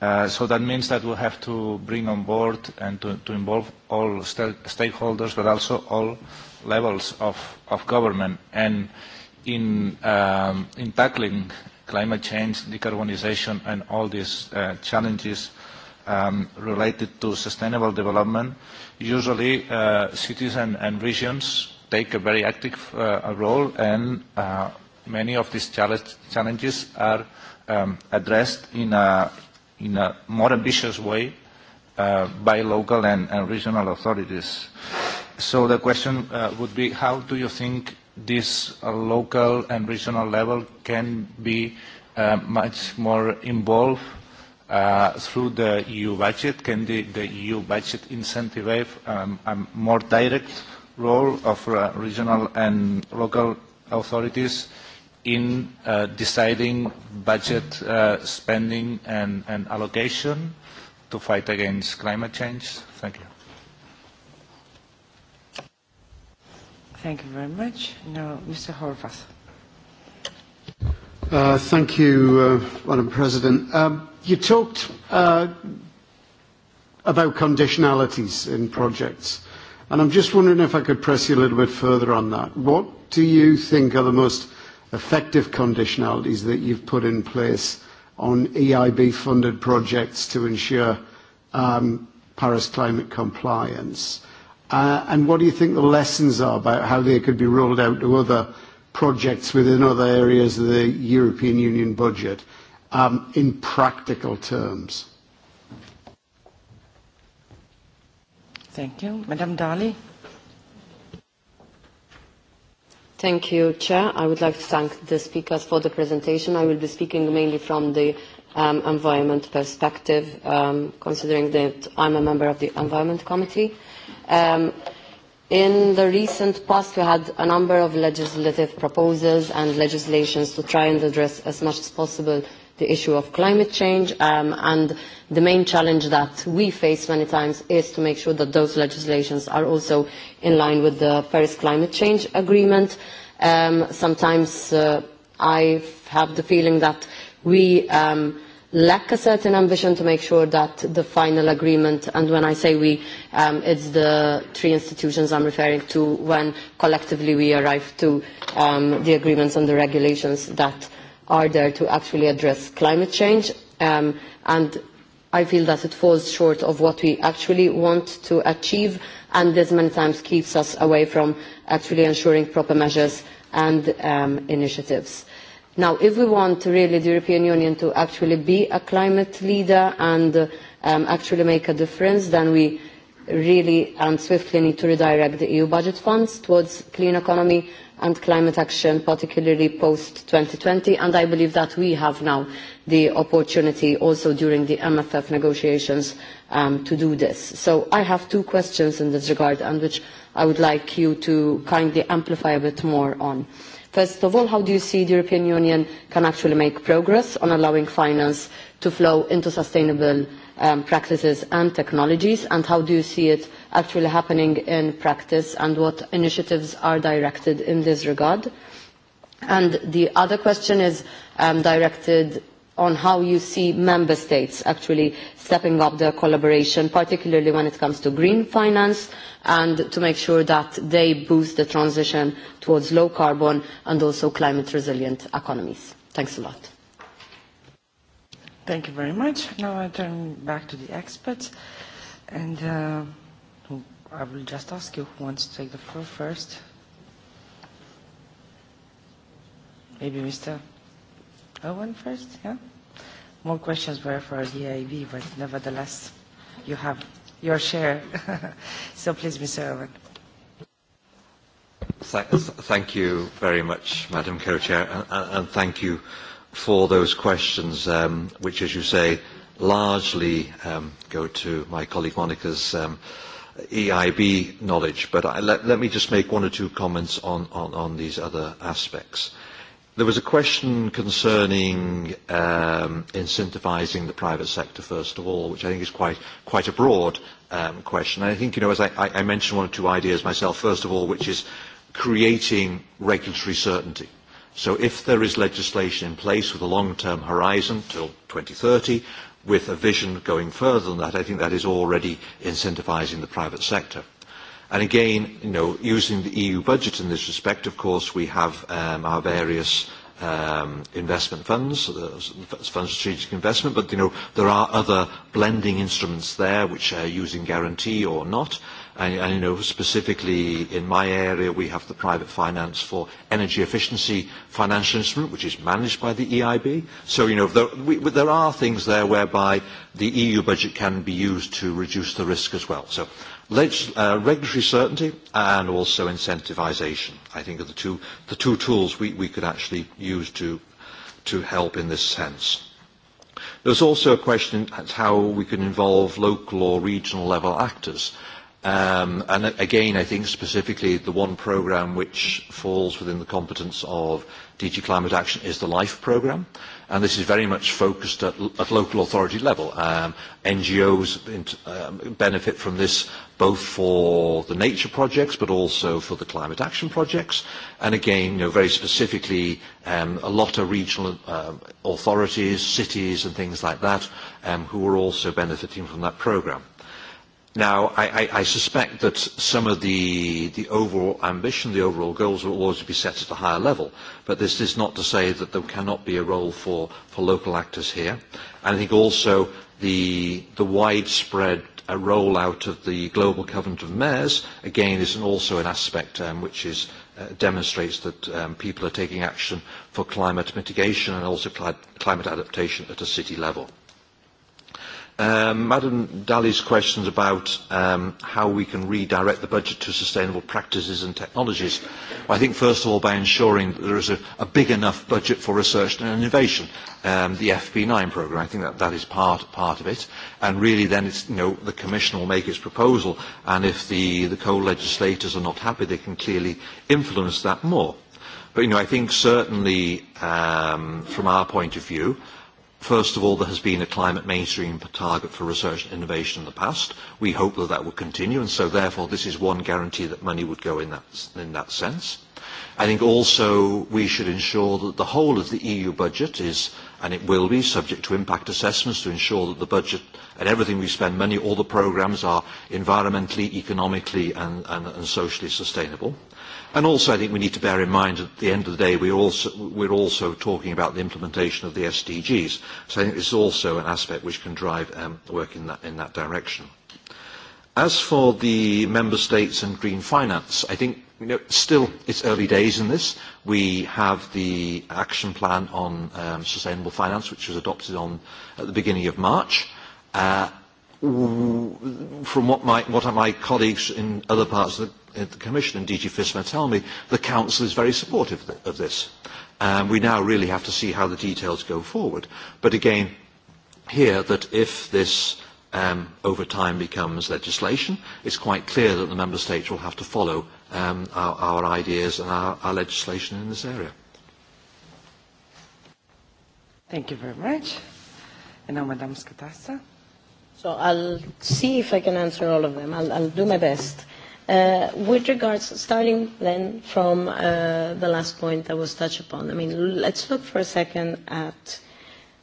Uh, so that means that we have to bring on board and to, to involve all st stakeholders, but also all levels of, of government. And in, um, in tackling climate change, decarbonization, and all these uh, challenges um, related to sustainable development, usually uh, cities and, and regions take a very active uh, role and uh, many of these challenge, challenges are um, addressed in a, in a more ambitious way uh, by local and, and regional authorities. So the question uh, would be how do you think this uh, local and regional level can be uh, much more involved uh, through the EU budget? Can the, the EU budget incentivize um, a more direct role of uh, regional and local authorities in uh, deciding budget uh, spending and, and allocation to fight against climate change? Thank you. Thank you very much. Now, Mr. Horvath. Uh, thank you, uh, Madam President. Um, you talked uh, about conditionalities in projects. Uh, And I'm just wondering if I could press you a little bit further on that. What do you think are the most effective conditionalities that you've put in place on EIB-funded projects to ensure um, Paris climate compliance? Uh, and what do you think the lessons are about how they could be rolled out to other projects within other areas of the European Union budget um, in practical terms? Thank you. Madame Dali. Thank you, Chair. I would like to thank the speakers for the presentation. I will be speaking mainly from the um, environment perspective, um, considering that I'm a member of the Environment Committee. Um, in the recent past, we had a number of legislative proposals and legislations to try and address as much as possible uh, the issue of climate change um, and the main challenge that we face many times is to make sure that those legislations are also in line with the Paris Climate Change Agreement. Um, sometimes uh, I have the feeling that we um, lack a certain ambition to make sure that the final agreement, and when I say we, um, it's the three institutions I'm referring to when collectively we arrive to um, the agreements on the regulations that are there to actually address climate change. Um, and I feel that it falls short of what we actually want to achieve, and this many times keeps us away from actually ensuring proper measures and um, initiatives. Now, if we want really the European Union to actually be a climate leader and uh, um, actually make a difference, then we really and swiftly need to redirect the EU budget funds towards clean economy and climate action, particularly post-2020, and I believe that we have now the opportunity also during the MFF negotiations um, to do this. So I have two questions in this regard, and which I would like you to kindly amplify a bit more on. First of all, how do you see the European Union can actually make progress on allowing finance to flow into sustainable um, practices and technologies, and how do you see it actually happening in practice and what initiatives are directed in this regard. And the other question is um, directed on how you see member states actually stepping up their collaboration, particularly when it comes to green finance, and to make sure that they boost the transition towards low carbon and also climate resilient economies. Thanks a lot. Thank you very much. Now I turn back to the experts. And uh, I will just ask you who wants to take the floor first. Maybe Mr. Owen first, yeah? More questions were for the EIB, but nevertheless, you have your share. (laughs) so please, Mr. Owen. Th thank you very much, Madam Co-Chair, and, and thank you for those questions, um, which, as you say, largely um, go to my colleague Monica's um, uh, EIB knowledge, but I, let, let me just make one or two comments on, on, on these other aspects. There was a question concerning um, incentivizing the private sector, first of all, which I think is quite, quite a broad um, question. I think, you know, as I, I mentioned one or two ideas myself, first of all, which is creating regulatory certainty. So if there is legislation in place with a long-term horizon till 2030, with a vision going further than that, I think that is already incentivizing the private sector. And again, you know, using the EU budget in this respect, of course, we have um, our various um, investment funds, uh, funds of strategic investment, but you know, there are other blending instruments there which are using guarantee or not. Uh, I, I know specifically in my area we have the private finance for energy efficiency financial instrument, which is managed by the EIB. So, you know, there, we, there are things there whereby the EU budget can be used to reduce the risk as well. So legis- uh, regulatory certainty and also incentivisation, I think, are the two, the two tools we, we could actually use to, to help in this sense. There's also a question at how we can involve local or regional level actors. Uh, Um, and again, I think specifically the one program which falls within the competence of DG Climate Action is the LIFE program. And this is very much focused at, at local authority level. Um, NGOs um, benefit from this both for the nature projects but also for the climate action projects. And again, you know, very specifically, um, a lot of regional um, authorities, cities and things like that um, who are also benefiting from that program. Now, I, I, I suspect that some of the, the overall ambition, the overall goals will always be set at a higher level, but this is not to say that there cannot be a role for, for local actors here. And I think also the, the widespread uh, rollout of the Global Covenant of Mayors, again, is an, also an aspect um, which is, uh, demonstrates that um, people are taking action for climate mitigation and also cl- climate adaptation at a city level. Um, Madam Daly's questions about um, how we can redirect the budget to sustainable practices and technologies. Well, I think first of all by ensuring that there is a, a big enough budget for research and innovation, um, the FP9 programme. I think that, that is part, part of it. And really then it's, you know, the Commission will make its proposal and if the, the co-legislators are not happy they can clearly influence that more. But you know, I think certainly um, from our point of view, uh, First of all, there has been a climate mainstream target for research and innovation in the past. We hope that that will continue, and so therefore this is one guarantee that money would go in that, in that sense. I think also we should ensure that the whole of the EU budget is, and it will be, subject to impact assessments to ensure that the budget and everything we spend money, all the programmes are environmentally, economically and, and, and socially sustainable. And also, I think we need to bear in mind at the end of the day, we're also, we're also talking about the implementation of the SDGs. So I think this is also an aspect which can drive um, work in that, in that direction. As for the member states and green finance, I think you know, still it's early days in this. We have the action plan on um, sustainable finance, which was adopted on at the beginning of March. Uh, from what my, what my colleagues in other parts of the at uh, the Commission and DG FISMA tell me the Council is very supportive of this. Um, we now really have to see how the details go forward. But again, here that if this um, over time becomes legislation, it's quite clear that the Member States will have to follow um, our, our ideas and our, our legislation in this area. Thank you very much. And now Madame Scatassa. So I'll see if I can answer all of them. I'll, I'll do my best. Uh, with regards, starting then from uh, the last point that was touched upon, I mean, let's look for a second at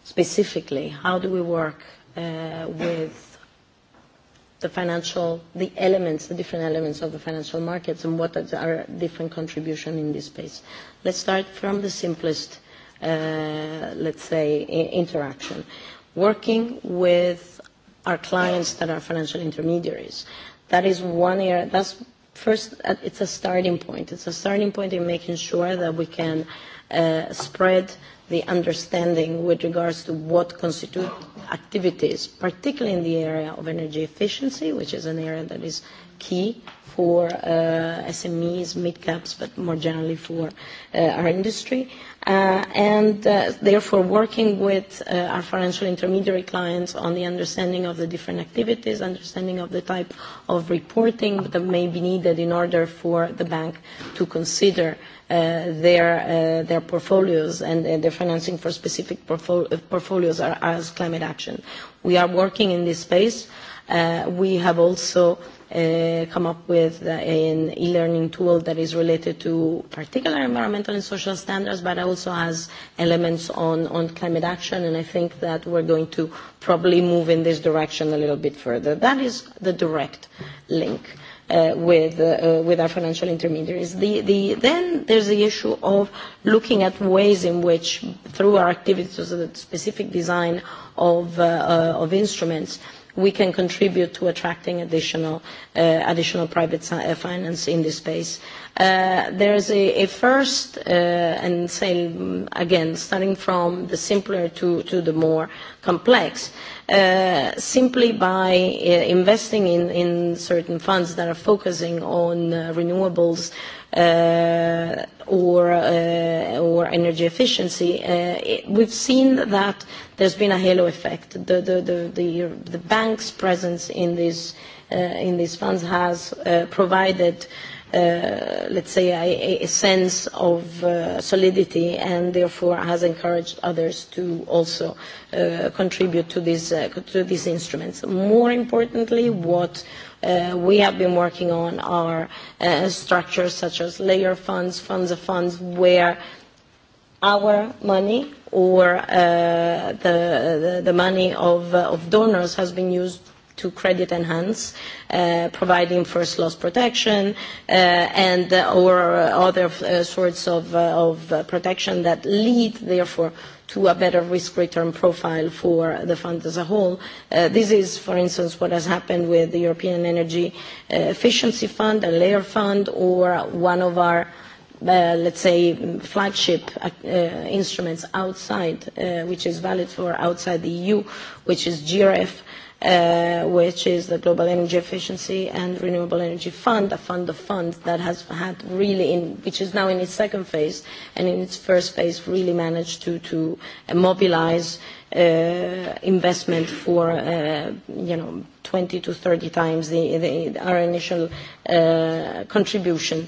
specifically how do we work uh, with the financial, the elements, the different elements of the financial markets and what is our different contribution in this space. Let's start from the simplest, uh, let's say, interaction. Working with our clients that are financial intermediaries. Uh, That is one area. That's first. Uh, it's a starting point. It's a starting point in making sure that we can uh, spread the understanding with regards to what constitute activities, particularly in the area of energy efficiency, which is an area that is key for uh, SMEs, mid-caps, but more generally for uh, our industry. Uh, and uh, therefore working with uh, our financial intermediary clients on the understanding of the different activities, understanding of the type of reporting that may be needed in order for the bank to consider Uh, their uh, their portfolios and uh, their financing for specific portfol portfolios are, as climate action. We are working in this space. Uh, we have also uh, come up with uh, an e-learning tool that is related to particular environmental and social standards, but also has elements on, on climate action, and I think that we're going to probably move in this direction a little bit further. That is the direct link. Uh, with, uh, with our financial intermediaries. The, the, then there's the issue of looking at ways in which, through our activities, the specific design of, uh, uh, of instruments, uh, we can contribute to attracting additional, uh, additional private uh, finance in this space. Uh, there is a, a first, uh, and same again, starting from the simpler to, to the more complex, uh, simply by uh, investing in, in certain funds that are focusing on uh, renewables uh, or, uh, or energy efficiency, uh, it, we've seen that there's been a halo effect. The, the, the, the, the bank's presence in these, uh, in these funds has uh, provided uh, uh, let's say, a, a sense of uh, solidity and therefore has encouraged others to also uh, contribute to, this, uh, to these instruments. More importantly, what uh, we have been working on are uh, structures such as layer funds, funds of funds, where our money or uh, the, the, the money of, uh, of donors has been used to credit enhance, uh, providing first loss protection uh, and uh, or uh, other uh, sorts of, uh, of uh, protection that lead, therefore, to a better risk-return profile for the fund as a whole. Uh, this is, for instance, what has happened with the European Energy uh, Efficiency Fund, a layer fund, or one of our uh, let's say, flagship uh, instruments outside, uh, which is valid for outside the EU, which is GRF, uh, which is the Global Energy Efficiency and Renewable Energy Fund, a fund of funds that has had really, in, which is now in its second phase, and in its first phase really managed to, to uh, mobilize uh, investment for, uh, you know, 20 to 30 times the, the, our initial uh, contribution. Uh,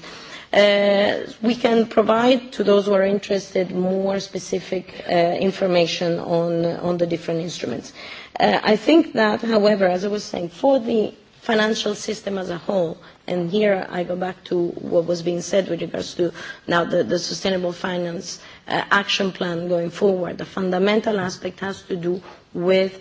Uh, we can provide to those who are interested more specific uh, information on, on the different instruments. Uh, I think that, however, as I was saying, for the financial system as a whole, and here I go back to what was being said with regards to now the, the sustainable finance uh, action plan going forward, the fundamental aspect has to do with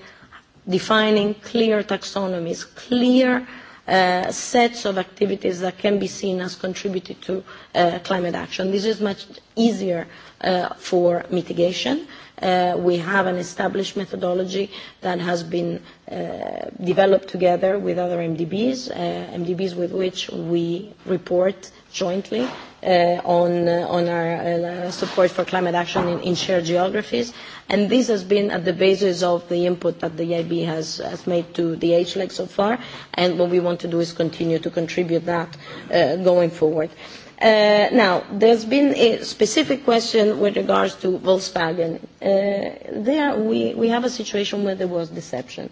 defining clear taxonomies, clear uh, sets of activities that can be seen as contributed to uh, climate action. This is much easier uh, for mitigation. Uh, Uh, we have an established methodology that has been uh, developed together with other MDBs, uh, MDBs with which we report jointly uh, on, uh, on our uh, support for climate action in, in shared geographies. And this has been at the basis of the input that the EIB has, has made to the HLEC so far. And what we want to do is continue to contribute that uh, going forward. Uh, Uh, now, there's been a specific question with regards to Volkswagen. Uh, there, we, we have a situation where there was deception.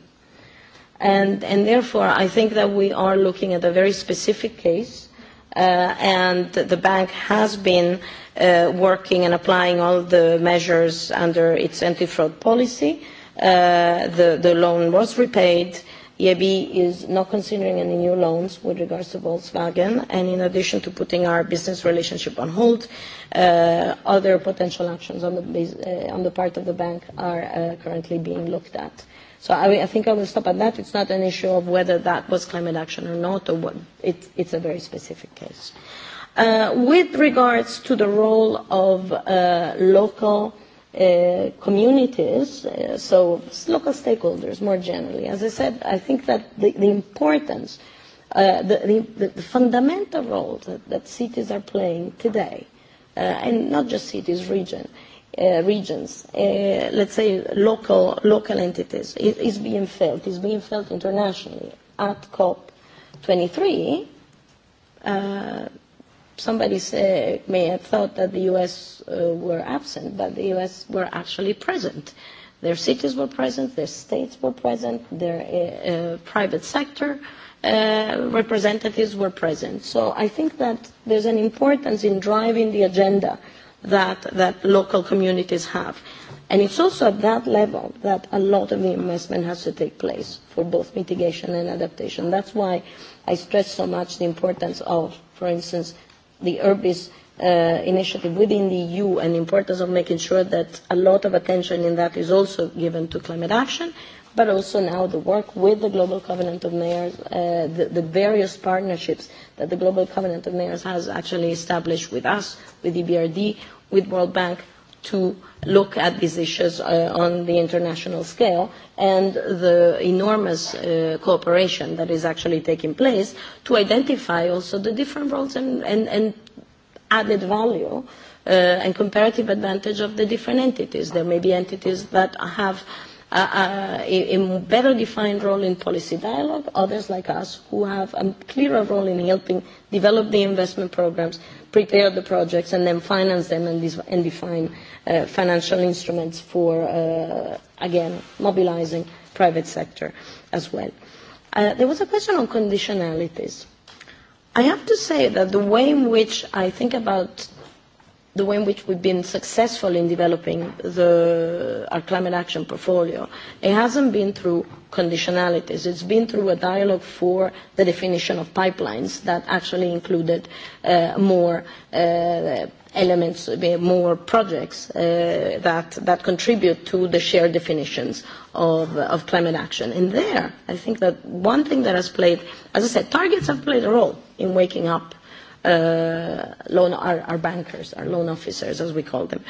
And, and therefore, I think that we are looking at a very specific case, uh, and the bank has been uh, working and applying all the measures under its anti-fraud policy. Uh, the, the loan was repaid, EIB is not considering any new loans with regards to Volkswagen, and in addition to putting our business relationship on hold, uh, other potential actions on the, base, uh, on the part of the bank are uh, currently being looked at. So I, I think I will stop at that. It's not an issue of whether that was climate action or not, or what. It, it's a very specific case. Uh, with regards to the role of uh, local uh, uh, communities, uh, so local stakeholders more generally. As I said, I think that the, the importance, uh, the, the, the fundamental role that, that cities are playing today, uh, and not just cities, region, uh, regions, uh, let's say local, local entities, is, is being felt, is being felt internationally. At COP23, uh, somebody say, may have thought that the U.S. Uh, were absent, but the U.S. were actually present. Their cities were present, their states were present, their uh, uh, private sector uh, representatives were present. So I think that there's an importance in driving the agenda that, that local communities have. And it's also at that level that a lot of the investment has to take place for both mitigation and adaptation. That's why I stress so much the importance of, for instance, the herbis uh, initiative within the EU and the importance of making sure that a lot of attention in that is also given to climate action, but also now the work with the Global Covenant of Mayors, uh, the, the various partnerships that the Global Covenant of Mayors has actually established with us, with EBRD, with World Bank, to look at these issues uh, on the international scale and the enormous uh, cooperation that is actually taking place to identify also the different roles and, and, and added value uh, and comparative advantage of the different entities. There may be entities that have uh, a, a better defined role in policy dialogue, others like us who have a clearer role in helping develop the investment programs, uh, prepare the projects and then finance them and, dis- and define uh, financial instruments for, uh, again, mobilizing private sector as well. Uh, there was a question on conditionalities. I have to say that the way in which I think about the way in which we've been successful in developing the, our climate action portfolio, it hasn't been through conditionalities. It's been through a dialogue for the definition of pipelines that actually included uh, more uh, elements, more projects uh, that, that contribute to the shared definitions of, of climate action. And there, I think that one thing that has played, as I said, targets have played a role in waking up uh, loan, our, our bankers, our loan officers, as we call them.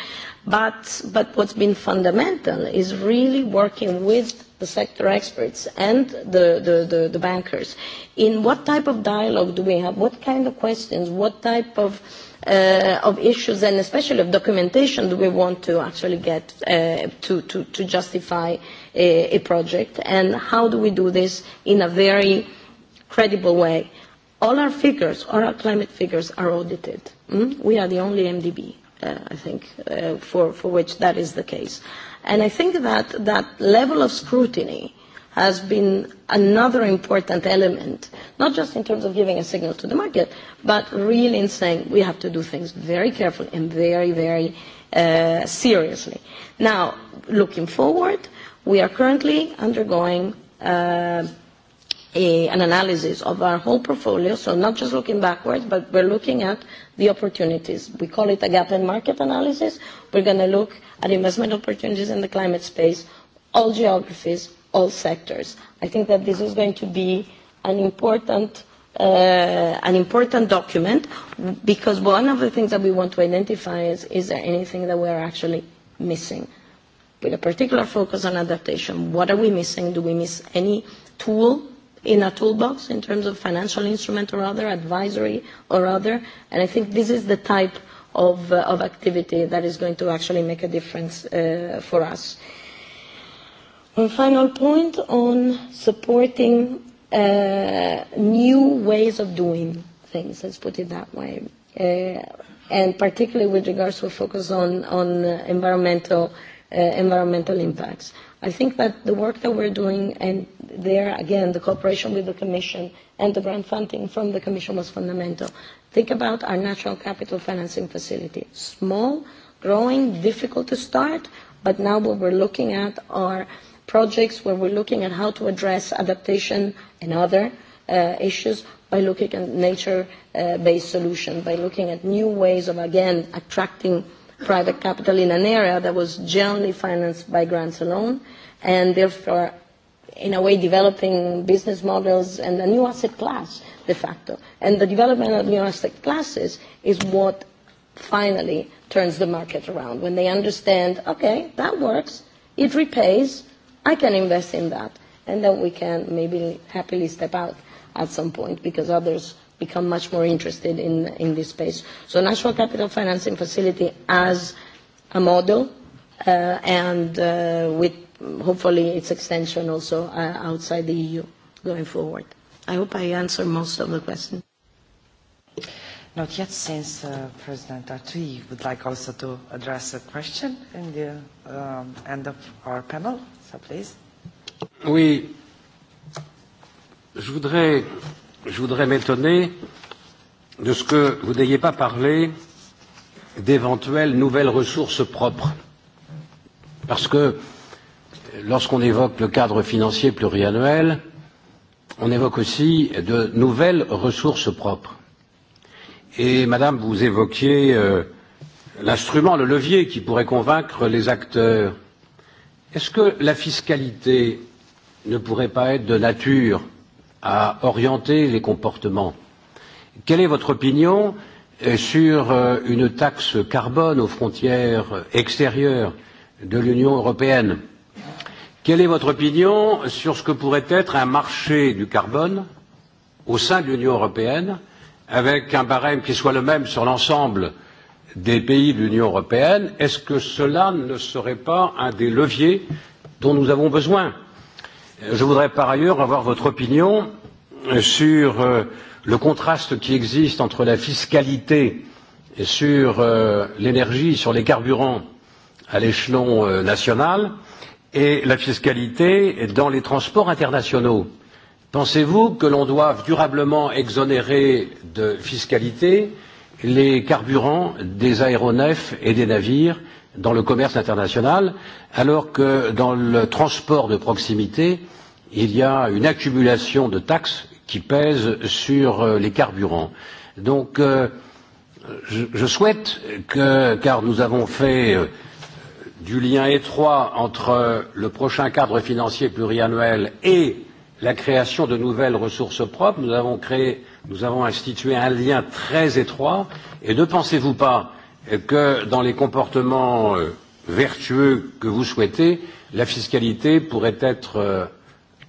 But, but what's been fundamental is really working with the sector experts and the, the, the, the bankers in what type of dialogue do we have, what kind of questions, what type of uh, of issues and especially of documentation do we want to actually get uh, to, to, to justify a, a project and how do we do this in a very credible way. Uh, all our figures, all our climate figures are audited. Mm? We are the only MDB, uh, I think, uh, for, for which that is the case. And I think that that level of scrutiny has been another important element, not just in terms of giving a signal to the market, but really in saying we have to do things very carefully and very, very uh, seriously. Now, looking forward, we are currently undergoing uh, a, an analysis of our whole portfolio, so not just looking backwards, but we're looking at the opportunities. We call it a gap in market analysis. We're going to look at investment opportunities in the climate space, all geographies, all sectors. I think that this is going to be an important uh, an important document because one of the things that we want to identify is is there anything that we're actually missing with a particular focus on adaptation. What are we missing? Do we miss any tool in a toolbox in terms of financial instrument or other, advisory or other. And I think this is the type of, uh, of activity that is going to actually make a difference uh, for us. One final point on supporting uh, new ways of doing things, let's put it that way. Uh, and particularly with regards to a focus on, on uh, environmental, uh, environmental impacts. Uh, I think that the work that we're doing, and there again, the cooperation with the Commission and the grant funding from the Commission was fundamental. Think about our natural capital financing facility. Small, growing, difficult to start, but now what we're looking at are projects where we're looking at how to address adaptation and other uh, issues by looking at nature-based uh, solutions, by looking at new ways of, again, attracting uh, private capital in an area that was generally financed by grants alone, and therefore, in a way, developing business models and a new asset class, de facto. And the development of new asset classes is what finally turns the market around. When they understand, okay, that works, it repays, I can invest in that. And then we can maybe happily step out at some point because others become much more interested in, in this space. So National Capital Financing Facility as a model uh, and uh, with hopefully its extension also uh, outside the EU going forward. I hope I answered most of the questions. Not yet, since uh, President Artui would like also to address a question in the um, end of our panel, so please. Oui, je voudrais je voudrais m'étonner de ce que vous n'ayez pas parlé d'éventuelles nouvelles ressources propres. Parce que lorsqu'on évoque le cadre financier pluriannuel, on évoque aussi de nouvelles ressources propres. Et Madame, vous évoquiez euh, l'instrument, le levier qui pourrait convaincre les acteurs. Est-ce que la fiscalité ne pourrait pas être de nature euh, à orienter les comportements. Quelle est votre opinion euh, sur euh, une taxe carbone aux frontières extérieures de l'Union européenne Quelle est votre opinion sur ce que pourrait être un marché du carbone au sein de l'Union européenne avec un barème qui soit le même sur l'ensemble des pays de l'Union européenne Est-ce que cela ne serait pas un des leviers dont nous avons besoin Je voudrais par ailleurs avoir votre opinion sur euh, le contraste qui existe entre la fiscalité sur euh, l'énergie, sur les carburants à l'échelon euh, national et la fiscalité dans les transports internationaux. Pensez-vous que l'on doive durablement exonérer de fiscalité les carburants des aéronefs et des navires euh, dans le commerce international, alors que dans le transport de proximité, il y a une accumulation de taxes qui pèsent sur euh, les carburants. Donc, euh, je, je souhaite que, car nous avons fait euh, du lien étroit entre euh, le prochain cadre financier pluriannuel et la création de nouvelles ressources propres, nous avons créé, nous avons institué un lien très étroit. Et ne pensez-vous pas que dans les comportements euh, vertueux que vous souhaitez, la fiscalité pourrait être euh,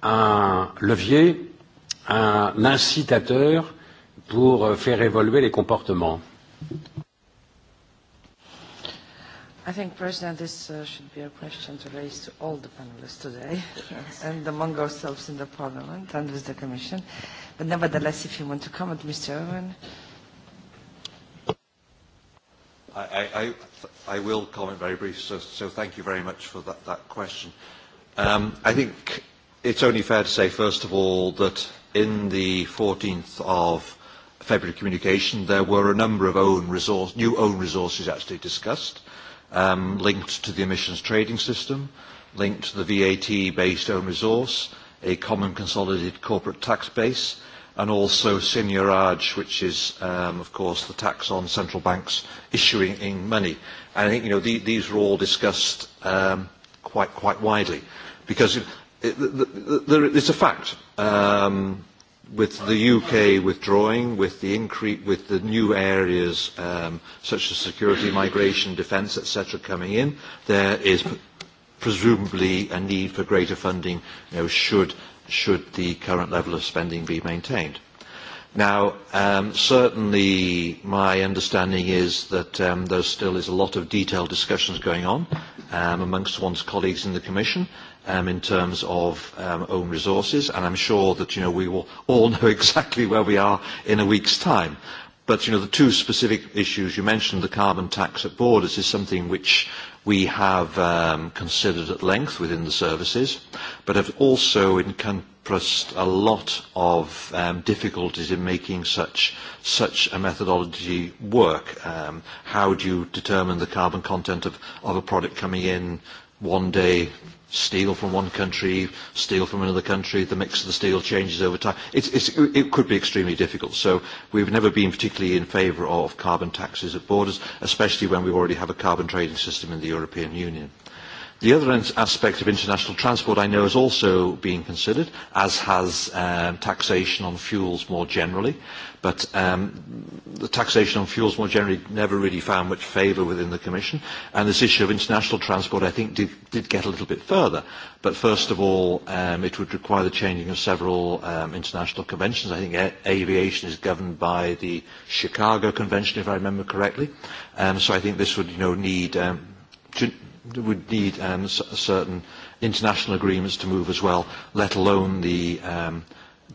un levier, un incitateur pour euh, faire évoluer les comportements. I think, President, this uh, should be a question to raise to all the panelists today yes. and among ourselves in the Parliament and with the Commission. But nevertheless, if you want to comment, Mr. Owen. Uh, I, I, I will comment very briefly, so, so thank you very much for that, that question. Um, I think it's only fair to say, first of all, that in the 14th of February communication, there were a number of own resource, new own resources actually discussed, um, linked to the emissions trading system, linked to the VAT-based own resource, a common consolidated corporate tax base, and also seniorage, which is, um, of course, the tax on central banks issuing in money. And I think you know the, these are all discussed um, quite quite widely, because it, it, the, the, the, it's a fact. Um, with the UK withdrawing, with the increase, with the new areas um, such as security, migration, defence, etc., coming in, there is presumably a need for greater funding. You know, should should the current level of spending be maintained. Now, um, certainly my understanding is that um, there still is a lot of detailed discussions going on um, amongst one's colleagues in the Commission um, in terms of um, own resources, and I'm sure that you know, we will all (laughs) know exactly where we are in a week's time. But you know, the two specific issues you mentioned, the carbon tax at borders, is something which we have um, considered at length within the services, but have also encompassed a lot of um, difficulties in making such, such a methodology work. Um, how do you determine the carbon content of, of a product coming in one day steel from one country, steel from another country, the mix of the steel changes over time. It's, it's, it could be extremely difficult. So we've never been particularly in favour of carbon taxes at borders, especially when we already have a carbon trading system in the European Union. Uh, The other aspect of international transport I know is also being considered, as has um, taxation on fuels more generally. But um, the taxation on fuels more generally never really found much favour within the Commission. And this issue of international transport, I think, did, did get a little bit further. But first of all, um, it would require the changing of several um, international conventions. I think a- aviation is governed by the Chicago Convention, if I remember correctly. Um, so I think this would you know, need... Um, to, would need um, s- certain international agreements to move as well, let alone the, um,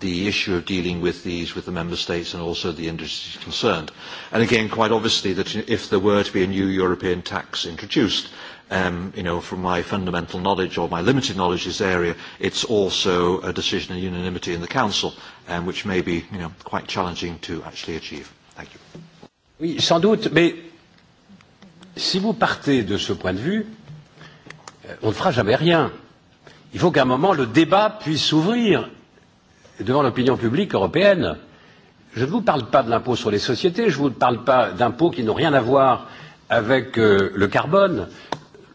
the issue of dealing with these with the member states and also the industries concerned. And again, quite obviously, that if there were to be a new European tax introduced, um, you know, from my fundamental knowledge or my limited knowledge in this area, it's also a decision of unanimity in the Council, um, which may be, you know, quite challenging to actually achieve. Thank you. Oui, sans doute, mais si vous partez de ce point de vue, Euh, on ne fera jamais rien. Il faut qu'à un moment, le débat puisse s'ouvrir devant l'opinion publique européenne. Je ne vous parle pas de l'impôt sur les sociétés, je ne vous parle pas d'impôts qui n'ont rien à voir avec euh, le carbone.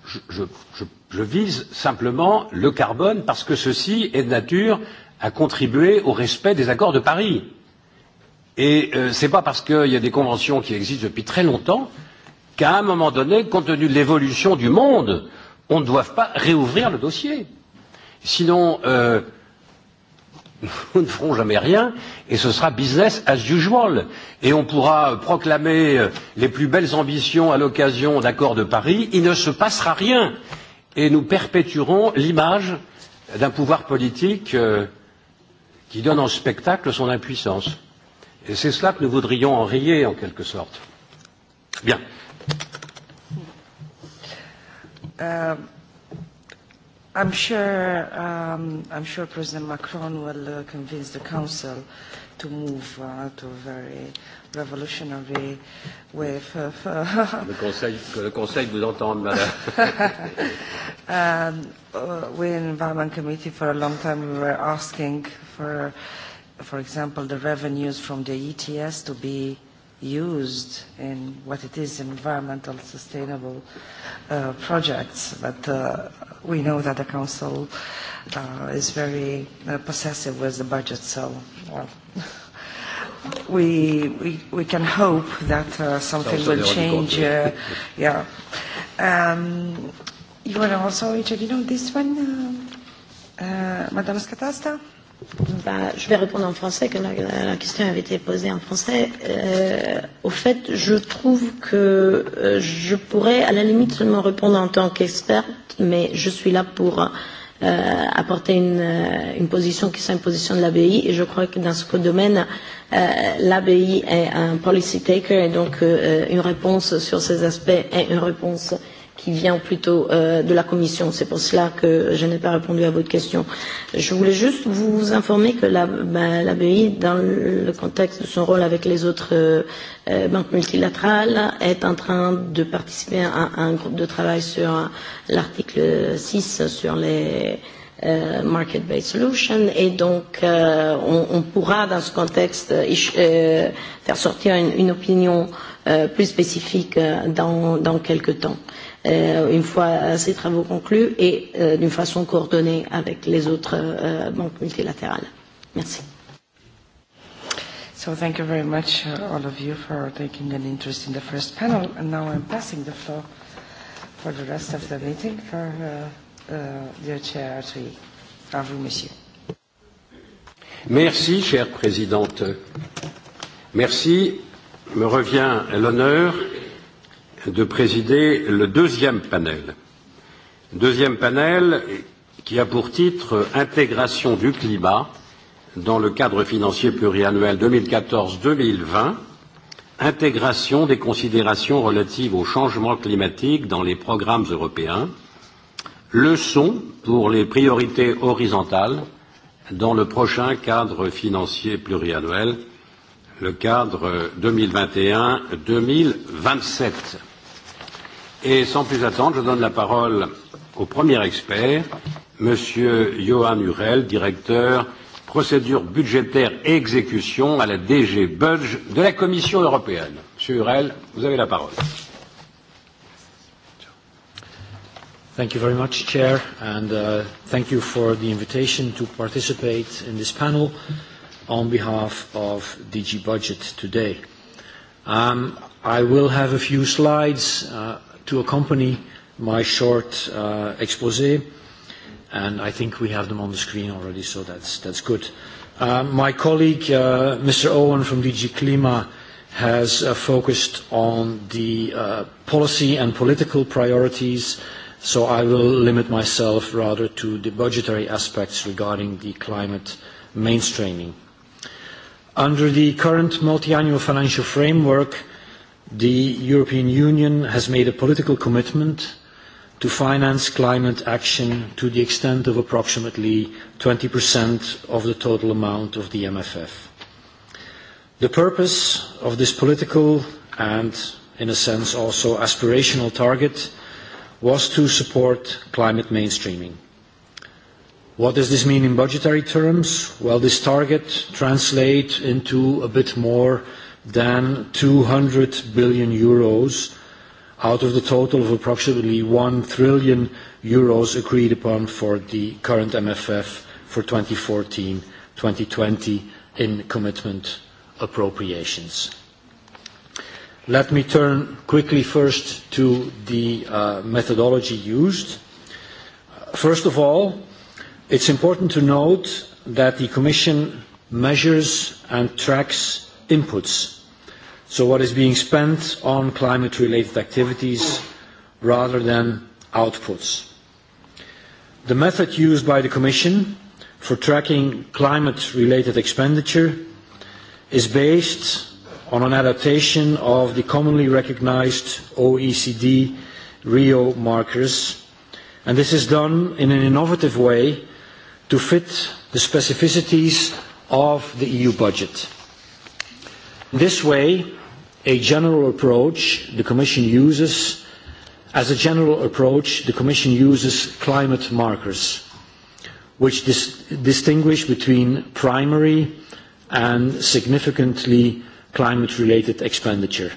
Je, je, je, je vise simplement le carbone parce que ceci est de nature à contribuer au respect des accords de Paris. Et euh, ce n'est pas parce qu'il y a des conventions qui existent depuis très longtemps qu'à un moment donné, compte tenu de l'évolution du monde, euh, on ne doive pas réouvrir le dossier. Sinon, euh, (laughs) nous ne ferons jamais rien et ce sera business as usual. Et on pourra proclamer euh, les plus belles ambitions à l'occasion d'accords de Paris, il ne se passera rien et nous perpétuerons l'image d'un pouvoir politique euh, qui donne en spectacle son impuissance. Et c'est cela que nous voudrions enrayer en quelque sorte. Bien. Um, I'm sure, um, I'm sure President Macron will uh, convince the Council to move uh, to a very revolutionary way of... Uh, (laughs) le conseil, que le Conseil vous entende, madame. (laughs) um, uh, we in Environment Committee for a long time we were asking for, for example, the revenues from the ETS to be uh, used in what it is environmental sustainable uh, projects. But uh, we know that the Council uh, is very uh, possessive with the budget, so, well. (laughs) we, we, we can hope that uh, something so, so will change. Uh, yeah. Um, you were also interested on this one, uh, uh, Madame Scatasta? bah, Je vais répondre en français, que la, la question avait été posée en français. Euh, au fait, je trouve que euh, je pourrais à la limite seulement répondre en tant qu'experte, mais je suis là pour euh, apporter une, euh, une position qui soit une position de l'ABI, et je crois que dans ce domaine, euh, l'ABI est un policy taker, et donc euh, une réponse sur ces aspects est une réponse euh, qui vient plutôt euh, de la Commission. C'est pour cela que je n'ai pas répondu à votre question. Je voulais juste vous informer que la, ben, la BI, dans le contexte de son rôle avec les autres euh, euh banques multilatérales, est en train de participer à, à un groupe de travail sur l'article 6 sur les euh, market-based solution et donc euh, on, on pourra dans ce contexte euh, faire sortir une, une opinion euh, plus spécifique euh, dans, dans quelques temps. Euh, euh, une fois ces travaux conclus et euh, d'une façon coordonnée avec les autres euh, banques multilatérales. Merci. So thank you very much, uh, all of you, for taking an interest in the first panel. And now I'm passing the floor for the rest of the meeting for uh, uh, the chair à vous. À vous, monsieur. Merci, chère présidente. Merci. Me revient l'honneur de présider le deuxième panel. Deuxième panel qui a pour titre Intégration du climat dans le cadre financier pluriannuel 2014-2020, intégration des considérations relatives au changement climatique dans les programmes européens, leçon pour les priorités horizontales dans le prochain cadre financier pluriannuel, le cadre 2021-2027. Et sans plus attendre, je donne la parole au premier expert, Monsieur Johan Hurel, directeur procédure budgétaire et exécution à la DG Budge de la Commission européenne. Monsieur Hurel, vous avez la parole. Thank you very much, Chair, and uh, thank you for the invitation to participate in this panel on behalf of DG Budget today. Um, I will have a few slides. Uh, to accompany my short uh, expose, and I think we have them on the screen already, so that's, that's good. Uh, my colleague, uh, Mr. Owen from DG Klima, has uh, focused on the uh, policy and political priorities, so I will limit myself rather to the budgetary aspects regarding the climate mainstreaming. Under the current multi-annual financial framework, the European Union has made a political commitment to finance climate action to the extent of approximately 20% of the total amount of the MFF. The purpose of this political and, in a sense, also aspirational target was to support climate mainstreaming. What does this mean in budgetary terms? Well, this target translates into a bit more than 200 billion euros out of the total of approximately 1 trillion euros agreed upon for the current MFF for 2014-2020 in commitment appropriations. Let me turn quickly first to the uh, methodology used. First of all, it's important to note that the Commission measures and tracks inputs. So what is being spent on climate-related activities rather than outputs. The method used by the Commission for tracking climate-related expenditure is based on an adaptation of the commonly recognized OECD RIO markers, and this is done in an innovative way to fit the specificities of the EU budget. This way, a general approach the Commission uses, as a general approach, the Commission uses climate markers, which dis distinguish between primary and significantly climate-related expenditure.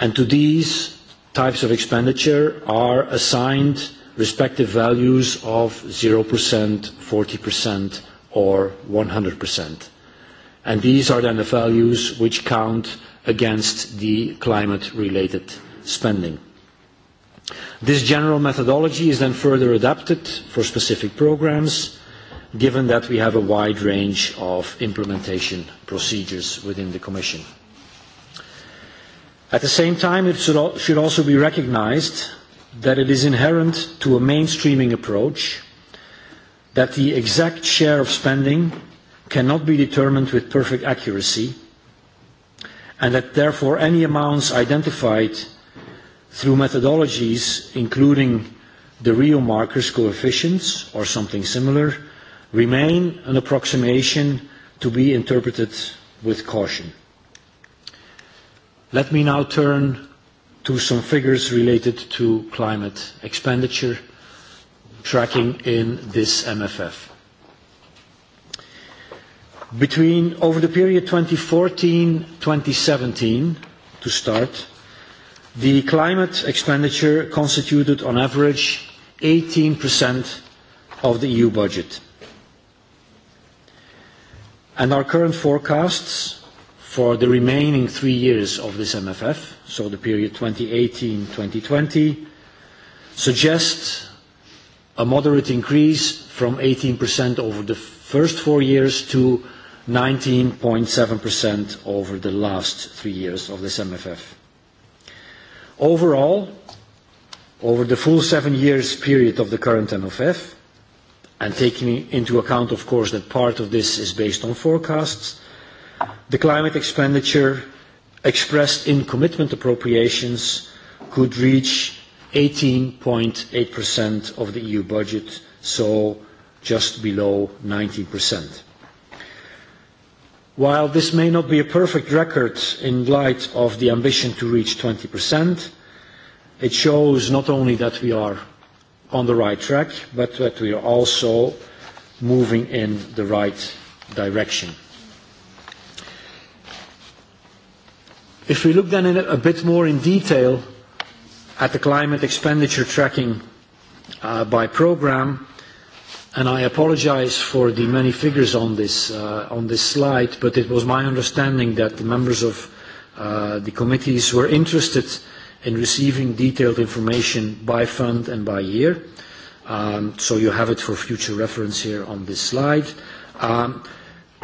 And to these types of expenditure are assigned respective values of 0%, 40%, or 100% and these are then the values which count against the climate-related spending. This general methodology is then further adapted for specific programs, given that we have a wide range of implementation procedures within the Commission. At the same time, it should also be recognized that it is inherent to a mainstreaming approach that the exact share of spending cannot be determined with perfect accuracy, and that therefore any amounts identified through methodologies including the real markers coefficients or something similar remain an approximation to be interpreted with caution. Let me now turn to some figures related to climate expenditure tracking in this MFF. Between over the period 2014-2017, to start, the climate expenditure constituted on average 18% of the EU budget. And our current forecasts for the remaining three years of this MFF, so the period 2018-2020, suggest a moderate increase from 18% over the first four years to 19.7% over the last three years of this MFF. Overall, over the full seven years period of the current MFF, and taking into account, of course, that part of this is based on forecasts, the climate expenditure expressed in commitment appropriations could reach 18.8% of the EU budget, so just below 19%. While this may not be a perfect record in light of the ambition to reach 20%, it shows not only that we are on the right track, but that we are also moving in the right direction. If we look then in a bit more in detail at the climate expenditure tracking uh, by program, and I apologize for the many figures on this, uh, on this slide, but it was my understanding that the members of uh, the committees were interested in receiving detailed information by fund and by year. Um, so you have it for future reference here on this slide. Um,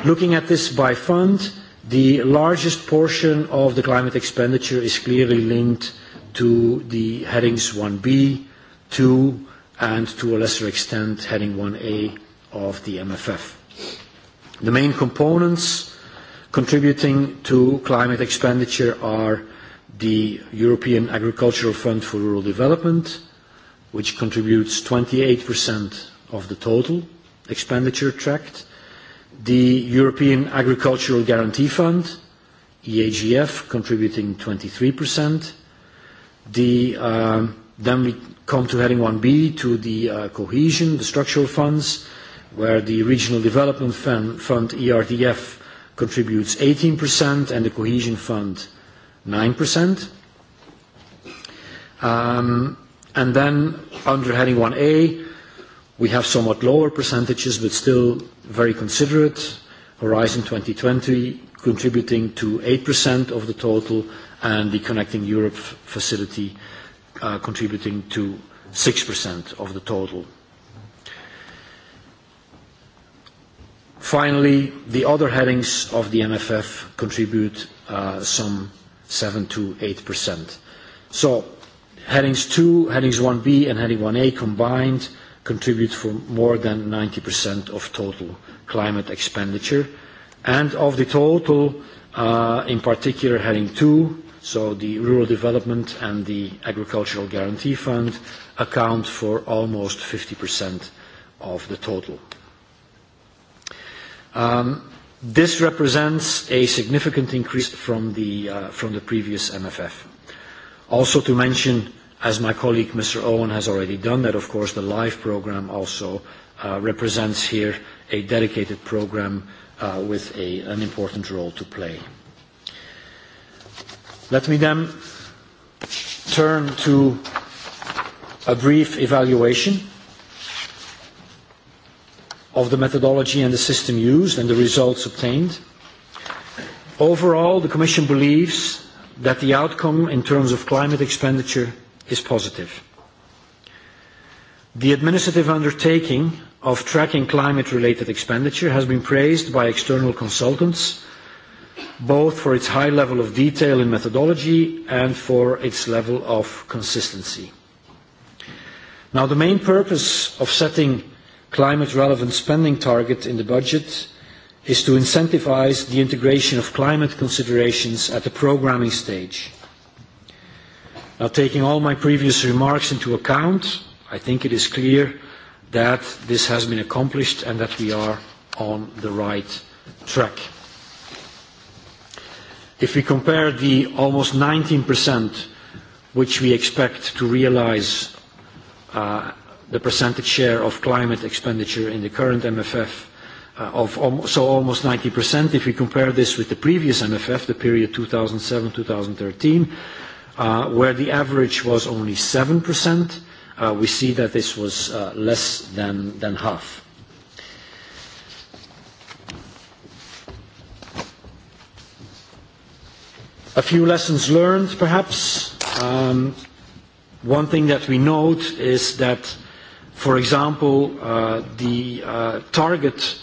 looking at this by fund, the largest portion of the climate expenditure is clearly linked to the headings 1B, 2, and to a lesser extent, heading 1A of the MFF. The main components contributing to climate expenditure are the European Agricultural Fund for Rural Development, which contributes 28% of the total expenditure tracked, the European Agricultural Guarantee Fund, EAGF, contributing 23%, the um, Then we come to heading 1B, to the uh, cohesion, the structural funds, where the Regional Development Fund, fund ERDF, contributes 18% and the Cohesion Fund 9%. Um, and then under heading 1A, we have somewhat lower percentages, but still very considerate. Horizon 2020 contributing to 8% of the total, and the Connecting Europe facility uh, contributing to 6% of the total. Finally, the other headings of the MFF contribute uh, some 7%-8%. So headings 2, headings 1B, and heading 1A combined contribute for more than 90% of total climate expenditure. And of the total, uh, in particular, heading 2 So the Rural Development and the Agricultural Guarantee Fund account for almost 50% of the total. Um, this represents a significant increase from the, uh, from the previous MFF. Also to mention, as my colleague Mr. Owen has already done, that of course the LIFE program also uh, represents here a dedicated program uh, with a, an important role to play. Let me then turn to a brief evaluation of the methodology and the system used and the results obtained. Overall, the Commission believes that the outcome in terms of climate expenditure is positive. The administrative undertaking of tracking climate-related expenditure has been praised by external consultants both for its high level of detail in methodology and for its level of consistency. Now, the main purpose of setting climate-relevant spending target in the budget is to incentivize the integration of climate considerations at the programming stage. Now, taking all my previous remarks into account, I think it is clear that this has been accomplished and that we are on the right track. If we compare the almost 19% which we expect to realize uh, the percentage share of climate expenditure in the current MFF uh, of almost, so almost 90%. If we compare this with the previous MFF, the period 2007-2013, uh, where the average was only 7%, uh, we see that this was uh, less than, than half. A few lessons learned, perhaps. Um, one thing that we note is that, for example, uh, the uh, target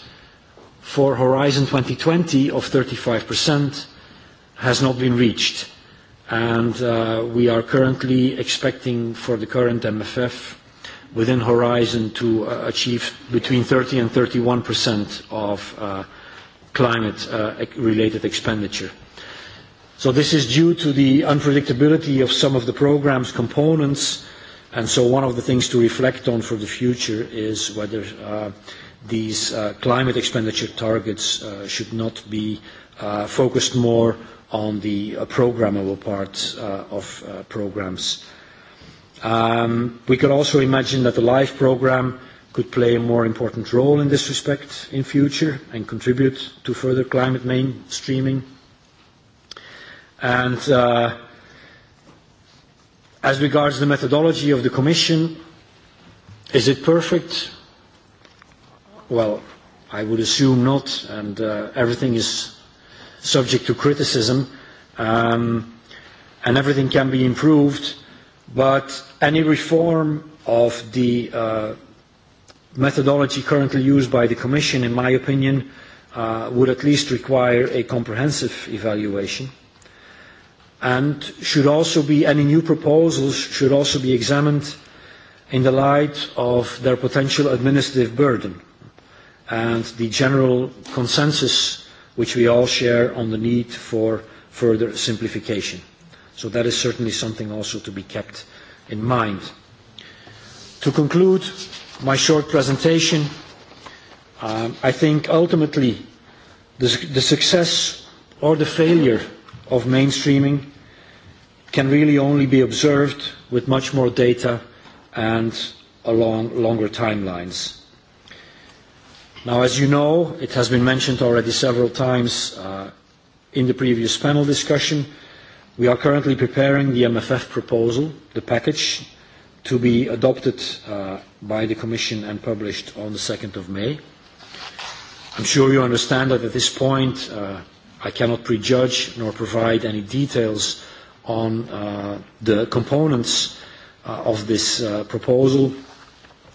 for Horizon 2020 of 35% has not been reached. And uh, we are currently expecting for the current MFF within Horizon to uh, achieve between 30 and 31% of uh, climate-related uh, e-, related expenditure. So this is due to the unpredictability of some of the program's components, and so one of the things to reflect on for the future is whether uh, these uh, climate expenditure targets uh, should not be uh, focused more on the uh, programmable part uh, of uh, programs. Um, we could also imagine that the LIFE program could play a more important role in this respect in future and contribute to further climate mainstreaming. And uh, as regards the methodology of the Commission, is it perfect? Well, I would assume not, and uh, everything is subject to criticism, um, and everything can be improved, but any reform of the uh, methodology currently used by the Commission, in my opinion, uh, would at least require a comprehensive evaluation and should also be any new proposals should also be examined in the light of their potential administrative burden and the general consensus which we all share on the need for further simplification. So that is certainly something also to be kept in mind. To conclude my short presentation, um, I think ultimately the, the success or the failure of mainstreaming can really only be observed with much more data and along longer timelines. Now, as you know, it has been mentioned already several times uh, in the previous panel discussion, we are currently preparing the MFF proposal, the package, to be adopted uh, by the Commission and published on the 2nd of May. I'm sure you understand that at this point, uh, I cannot prejudge nor provide any details on uh, the components uh, of this uh, proposal,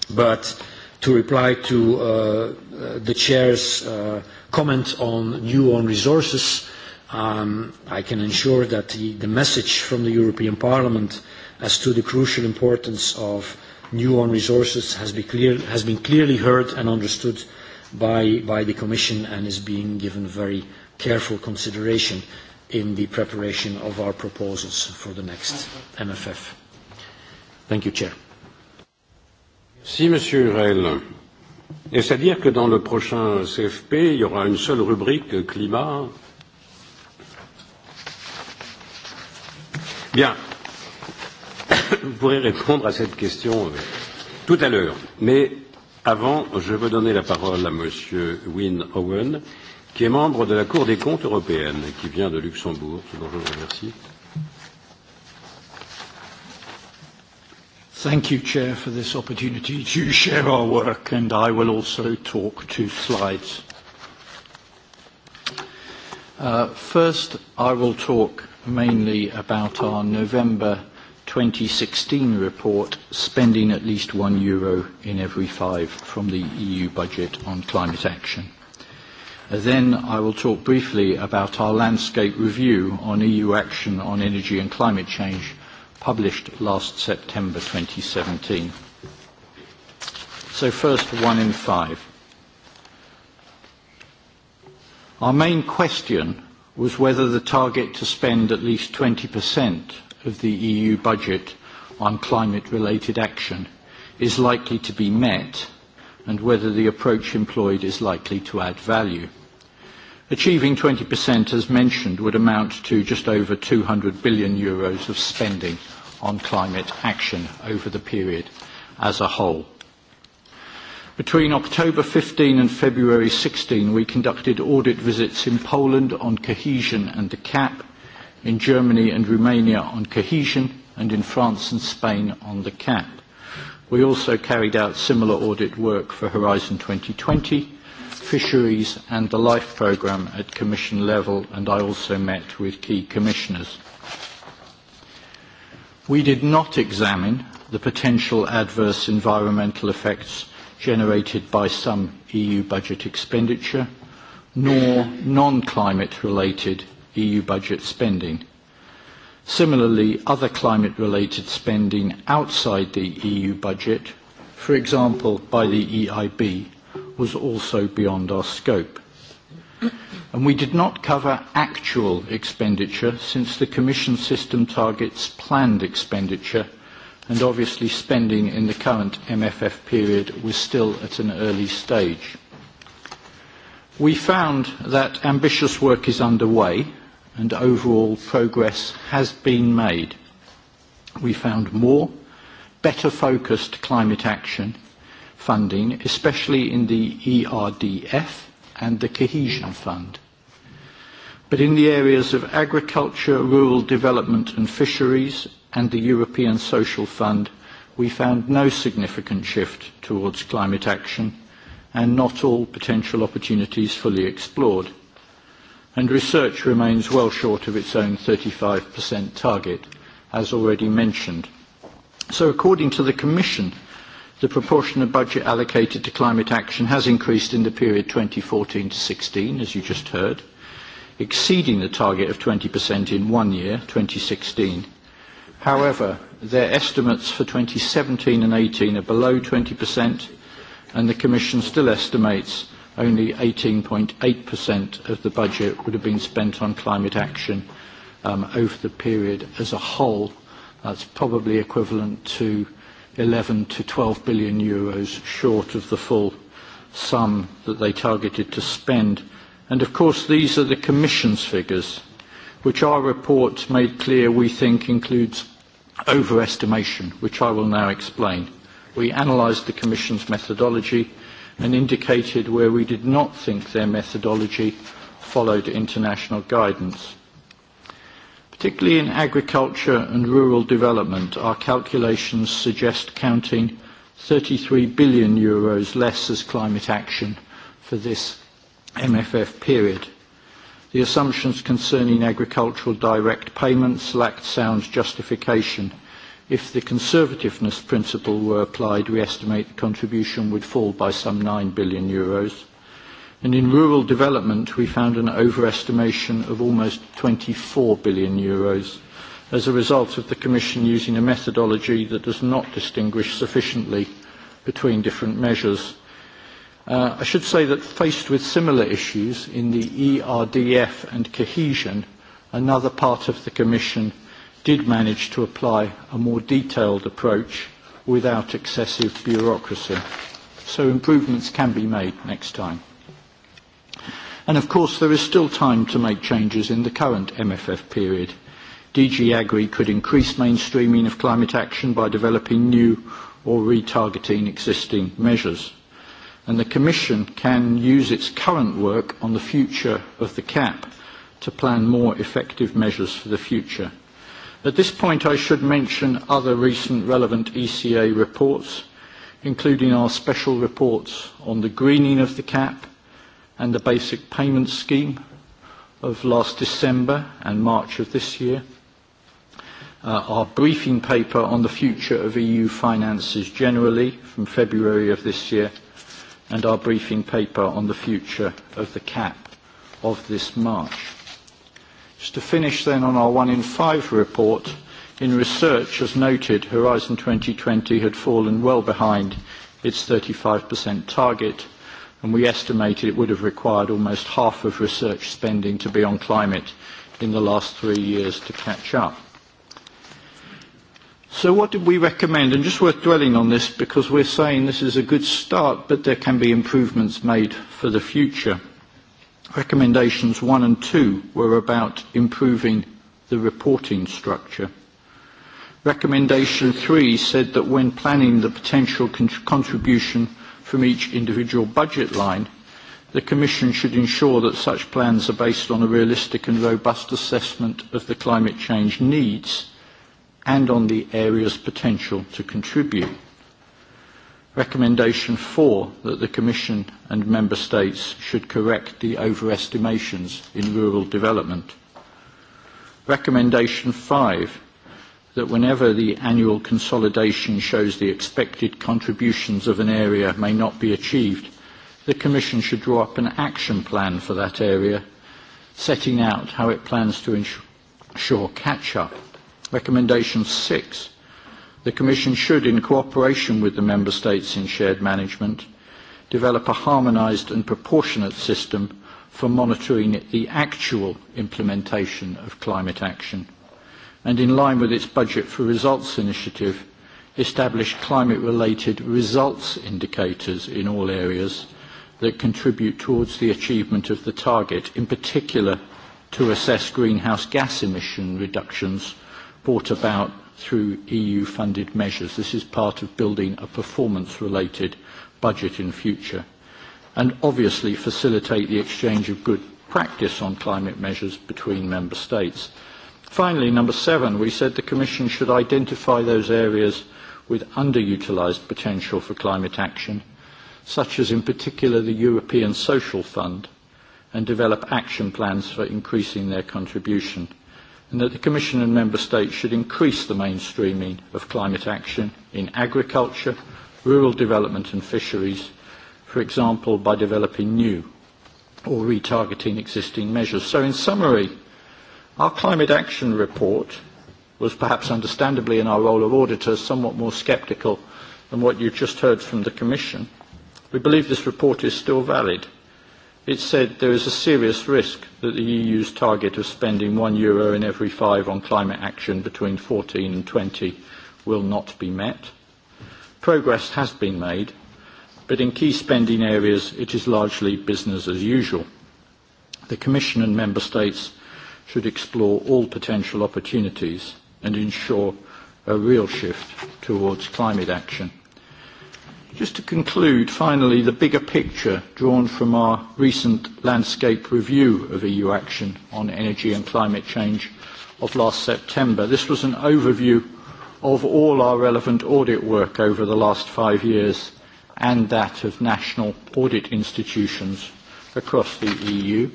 but to reply to uh, uh, the chair's uh, comment on new own resources, um, I can ensure that the, the message from the European Parliament as to the crucial importance of new own resources has been, clear, has been clearly heard and understood by, by the Commission and is being given very careful consideration. Uh, in the preparation of our proposals for the next MFF. Thank you, Chair. Si, Monsieur Hurel. Est-ce à dire que dans le prochain CFP, il y aura une seule rubrique climat Bien. Vous pourrez répondre à cette question euh, tout à l'heure. Mais avant, je veux donner la parole à Monsieur Wynne Owen, qui est membre de la Cour des comptes européenne, qui vient de Luxembourg, ce dont je vous remercie. Thank you, Chair, for this opportunity to share our work, and I will also talk to slides. Uh, first, I will talk mainly about our November 2016 report, spending at least one euro in every five from the EU budget on climate action. Then I will talk briefly about our landscape review on EU action on energy and climate change, published last September 2017. So first, one in five. Our main question was whether the target to spend at least 20% of the EU budget on climate-related action is likely to be met and whether the approach employed is likely to add value. Achieving 20%, as mentioned, would amount to just over 200 billion euros of spending on climate action over the period as a whole. Between October 15 and February 16, we conducted audit visits in Poland on cohesion and the cap, in Germany and Romania on cohesion, and in France and Spain on the cap. We also carried out similar audit work for Horizon 2020, fisheries and the LIFE programme at Commission level, and I also met with key commissioners. We did not examine the potential adverse environmental effects generated by some EU budget expenditure, nor non-climate related EU budget spending. Similarly, other climate-related spending outside the EU budget, for example, by the EIB, was also beyond our scope. And we did not cover actual expenditure since the Commission system targets planned expenditure, and obviously spending in the current MFF period was still at an early stage. We found that ambitious work is underway, and overall progress has been made. We found more, better focused climate action funding, especially in the ERDF and the Cohesion Fund. But in the areas of agriculture, rural development and fisheries, and the European Social Fund, we found no significant shift towards climate action and not all potential opportunities fully explored and research remains well short of its own 35% target, as already mentioned. So according to the Commission, the proportion of budget allocated to climate action has increased in the period 2014 to 16, as you just heard, exceeding the target of 20% in one year, 2016. However, their estimates for 2017 and 18 are below 20%, and the Commission still estimates only 18.8% of the budget would have been spent on climate action um, over the period as a whole. That's probably equivalent to 11 to 12 billion euros short of the full sum that they targeted to spend. And of course, these are the Commission's figures, which our report made clear we think includes overestimation, which I will now explain. We analysed the Commission's methodology and indicated where we did not think their methodology followed international guidance. Particularly in agriculture and rural development, our calculations suggest counting 33 billion euros less as climate action for this MFF period. The assumptions concerning agricultural direct payments lacked sound justification – If the conservativeness principle were applied, we estimate the contribution would fall by some 9 billion euros. And in rural development, we found an overestimation of almost 24 billion euros as a result of the Commission using a methodology that does not distinguish sufficiently between different measures. Uh, I should say that faced with similar issues in the ERDF and cohesion, another part of the Commission – did manage to apply a more detailed approach without excessive bureaucracy. So improvements can be made next time. And of course, there is still time to make changes in the current MFF period. DG Agri could increase mainstreaming of climate action by developing new or retargeting existing measures. And the Commission can use its current work on the future of the CAP to plan more effective measures for the future. At this point, I should mention other recent relevant ECA reports, including our special reports on the greening of the cap and the basic payment scheme of last December and March of this year, uh, our briefing paper on the future of EU finances generally from February of this year, and our briefing paper on the future of the cap of this March is to finish then on our one in five report. In research, as noted, Horizon 2020 had fallen well behind its 35% target, and we estimated it would have required almost half of research spending to be on climate in the last three years to catch up. So what did we recommend? And just worth dwelling on this because we're saying this is a good start, but there can be improvements made for the future. Recommendations 1 and 2 were about improving the reporting structure. Recommendation 3 said that when planning the potential con- contribution from each individual budget line, the Commission should ensure that such plans are based on a realistic and robust assessment of the climate change needs and on the area's potential to contribute. Recommendation 4, that the Commission and Member States should correct the overestimations in rural development. Recommendation 5, that whenever the annual consolidation shows the expected contributions of an area may not be achieved, the Commission should draw up an action plan for that area, setting out how it plans to ensure catch-up. Recommendation 6, The Commission should, in cooperation with the Member States in shared management, develop a harmonised and proportionate system for monitoring the actual implementation of climate action and in line with its budget for results initiative establish climate related results indicators in all areas that contribute towards the achievement of the target in particular to assess greenhouse gas emission reductions brought about through EU-funded measures. This is part of building a performance-related budget in future and obviously facilitate the exchange of good practice on climate measures between member states. Finally, number seven, we said the Commission should identify those areas with underutilised potential for climate action, such as in particular the European Social Fund, and develop action plans for increasing their contribution and that the Commission and Member States should increase the mainstreaming of climate action in agriculture, rural development and fisheries, for example, by developing new or retargeting existing measures. So in summary, our climate action report was perhaps understandably in our role of auditor somewhat more sceptical than what you just heard from the Commission. We believe this report is still valid It said there is a serious risk that the EU's target of spending one euro in every five on climate action between 14 and 20 will not be met. Progress has been made, but in key spending areas it is largely business as usual. The Commission and Member States should explore all potential opportunities and ensure a real shift towards climate action Just to conclude, finally, the bigger picture drawn from our recent landscape review of EU action on energy and climate change of last September. This was an overview of all our relevant audit work over the last five years and that of national audit institutions across the EU.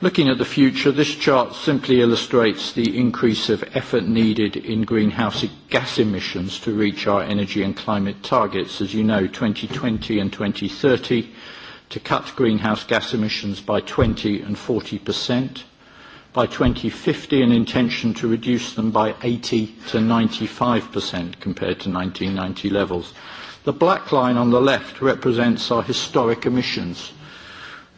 Looking at the future, this chart simply illustrates the increase of effort needed in greenhouse gas emissions to reach our energy and climate targets. As you know, 2020 and 2030 to cut greenhouse gas emissions by 20% and 40%. By 2050, an intention to reduce them by 80%-95% compared to 1990 levels. The black line on the left represents our historic emissions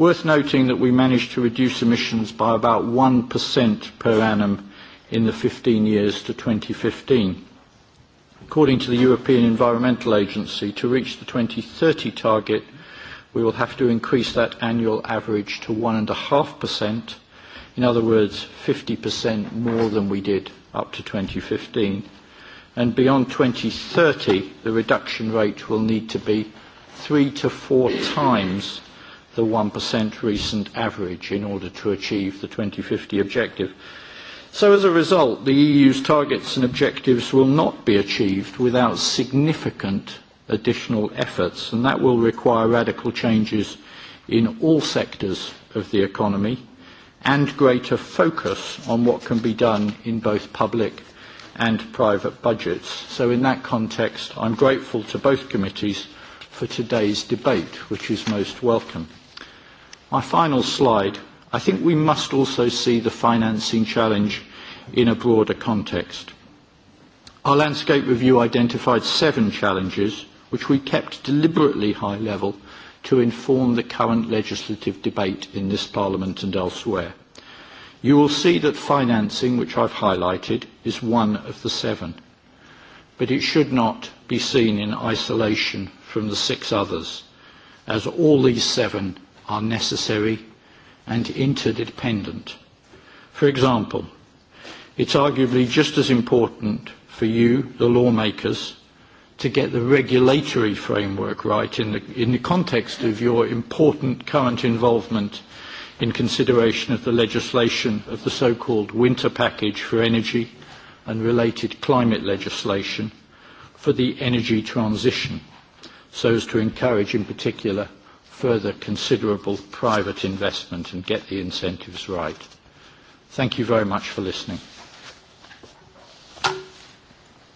Worth noting that we managed to reduce emissions by about 1% per annum in the 15 years to 2015. According to the European Environmental Agency, to reach the 2030 target, we will have to increase that annual average to 1.5%. In other words, 50% more than we did up to 2015. And beyond 2030, the reduction rate will need to be three to four times the 1% recent average in order to achieve the 2050 objective. So as a result, the EU's targets and objectives will not be achieved without significant additional efforts, and that will require radical changes in all sectors of the economy and greater focus on what can be done in both public and private budgets. So in that context, I'm grateful to both committees for today's debate, which is most welcome. My final slide. I think we must also see the financing challenge in a broader context. Our landscape review identified seven challenges, which we kept deliberately high level to inform the current legislative debate in this Parliament and elsewhere. You will see that financing, which I've highlighted, is one of the seven, but it should not be seen in isolation from the six others, as all these seven are necessary and interdependent. For example, it's arguably just as important for you, the lawmakers, to get the regulatory framework right in the, in the context of your important current involvement in consideration of the legislation of the so-called winter package for energy and related climate legislation for the energy transition, so as to encourage in particular further considerable private investment and get the incentives right. Thank you very much for listening.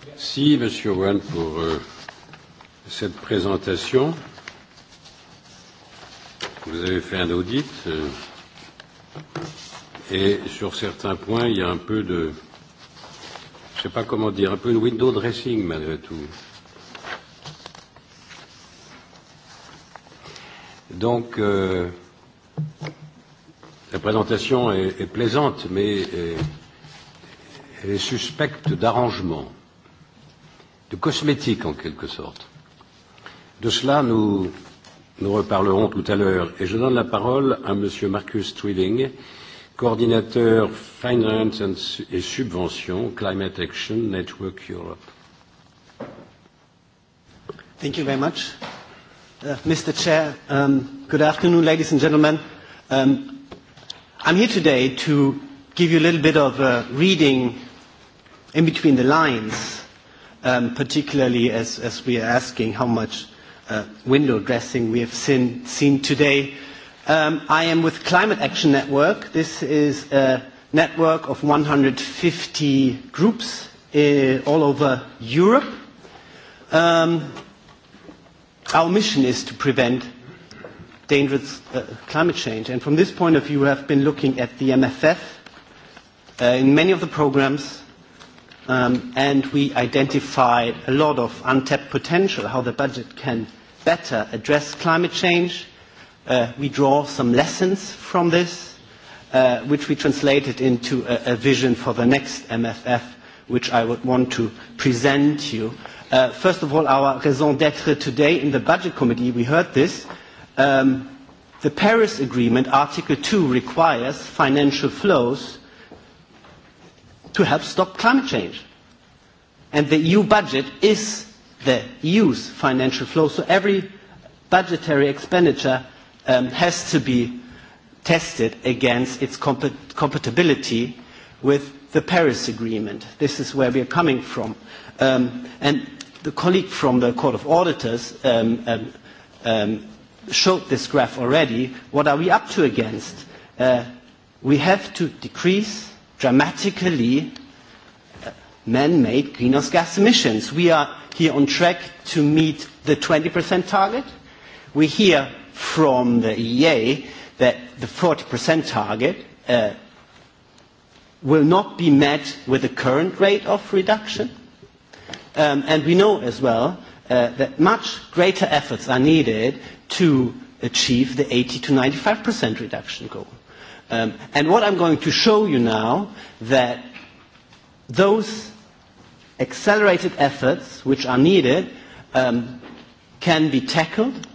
Merci, Monsieur Owen, pour euh, cette présentation. Vous avez fait un audit euh, et sur certains points, il y a un peu de, je ne sais pas comment dire, un peu de window dressing malgré tout. Euh, Donc, euh, la présentation est, est plaisante, mais est, euh, elle est suspecte d'arrangement, de cosmétique en quelque sorte. De cela, nous, nous reparlerons tout à l'heure. Et je donne la parole à M. Marcus Twilling, coordinateur Finance and, et Subvention, Climate Action Network Europe. Thank you very much. Uh, Mr. Chair, um, good afternoon, ladies and gentlemen. Um, I'm here today to give you a little bit of uh, reading in between the lines, um, particularly as, as we are asking how much uh, window dressing we have seen, seen today. Um, I am with Climate Action Network. This is a network of 150 groups uh, all over Europe. Um, our mission is to prevent dangerous uh, climate change. And from this point of view, we have been looking at the MFF uh, in many of the programs, um, and we identified a lot of untapped potential, how the budget can better address climate change. Uh, we draw some lessons from this, uh, which we translated into a, a vision for the next MFF, which I would want to present you. Uh, first of all, our raison d'etre today in the Budget Committee, we heard this. Um, the Paris Agreement, Article 2, requires financial flows to help stop climate change. And the EU budget is the EU's financial flow, so every budgetary expenditure um, has to be tested against its comp- compatibility with the Paris Agreement. This is where we are coming from. Um, and the colleague from the Court of Auditors um, um, um, showed this graph already. What are we up to against? Uh, we have to decrease dramatically uh, man-made greenhouse gas emissions. We are here on track to meet the 20% target. We hear from the EA that the 40% target uh, will not be met with the current rate of reduction. Mm-hmm Um, and we know as well uh, that much greater efforts are needed to achieve the 80 to 95% reduction goal. Um, and what I'm going to show you now that those accelerated efforts which are needed um, can be tackled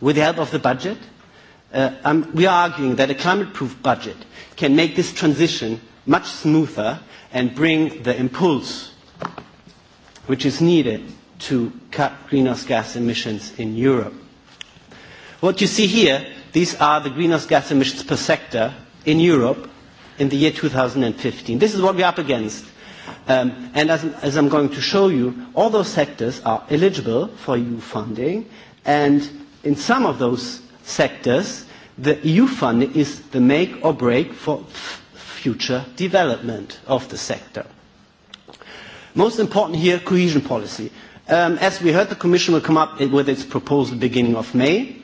with the help of the budget. Uh, um, we are arguing that a climate-proof budget can make this transition much smoother and bring the impulse which is needed to cut greenhouse gas emissions in Europe. What you see here, these are the greenhouse gas emissions per sector in Europe in the year 2015. This is what we're up against. Um, and as, as I'm going to show you, all those sectors are eligible for EU funding, and in some of those sectors, the EU funding is the make or break for f- future development of the sector. Most important here, cohesion policy. Um, as we heard, the Commission will come up with its proposal beginning of May.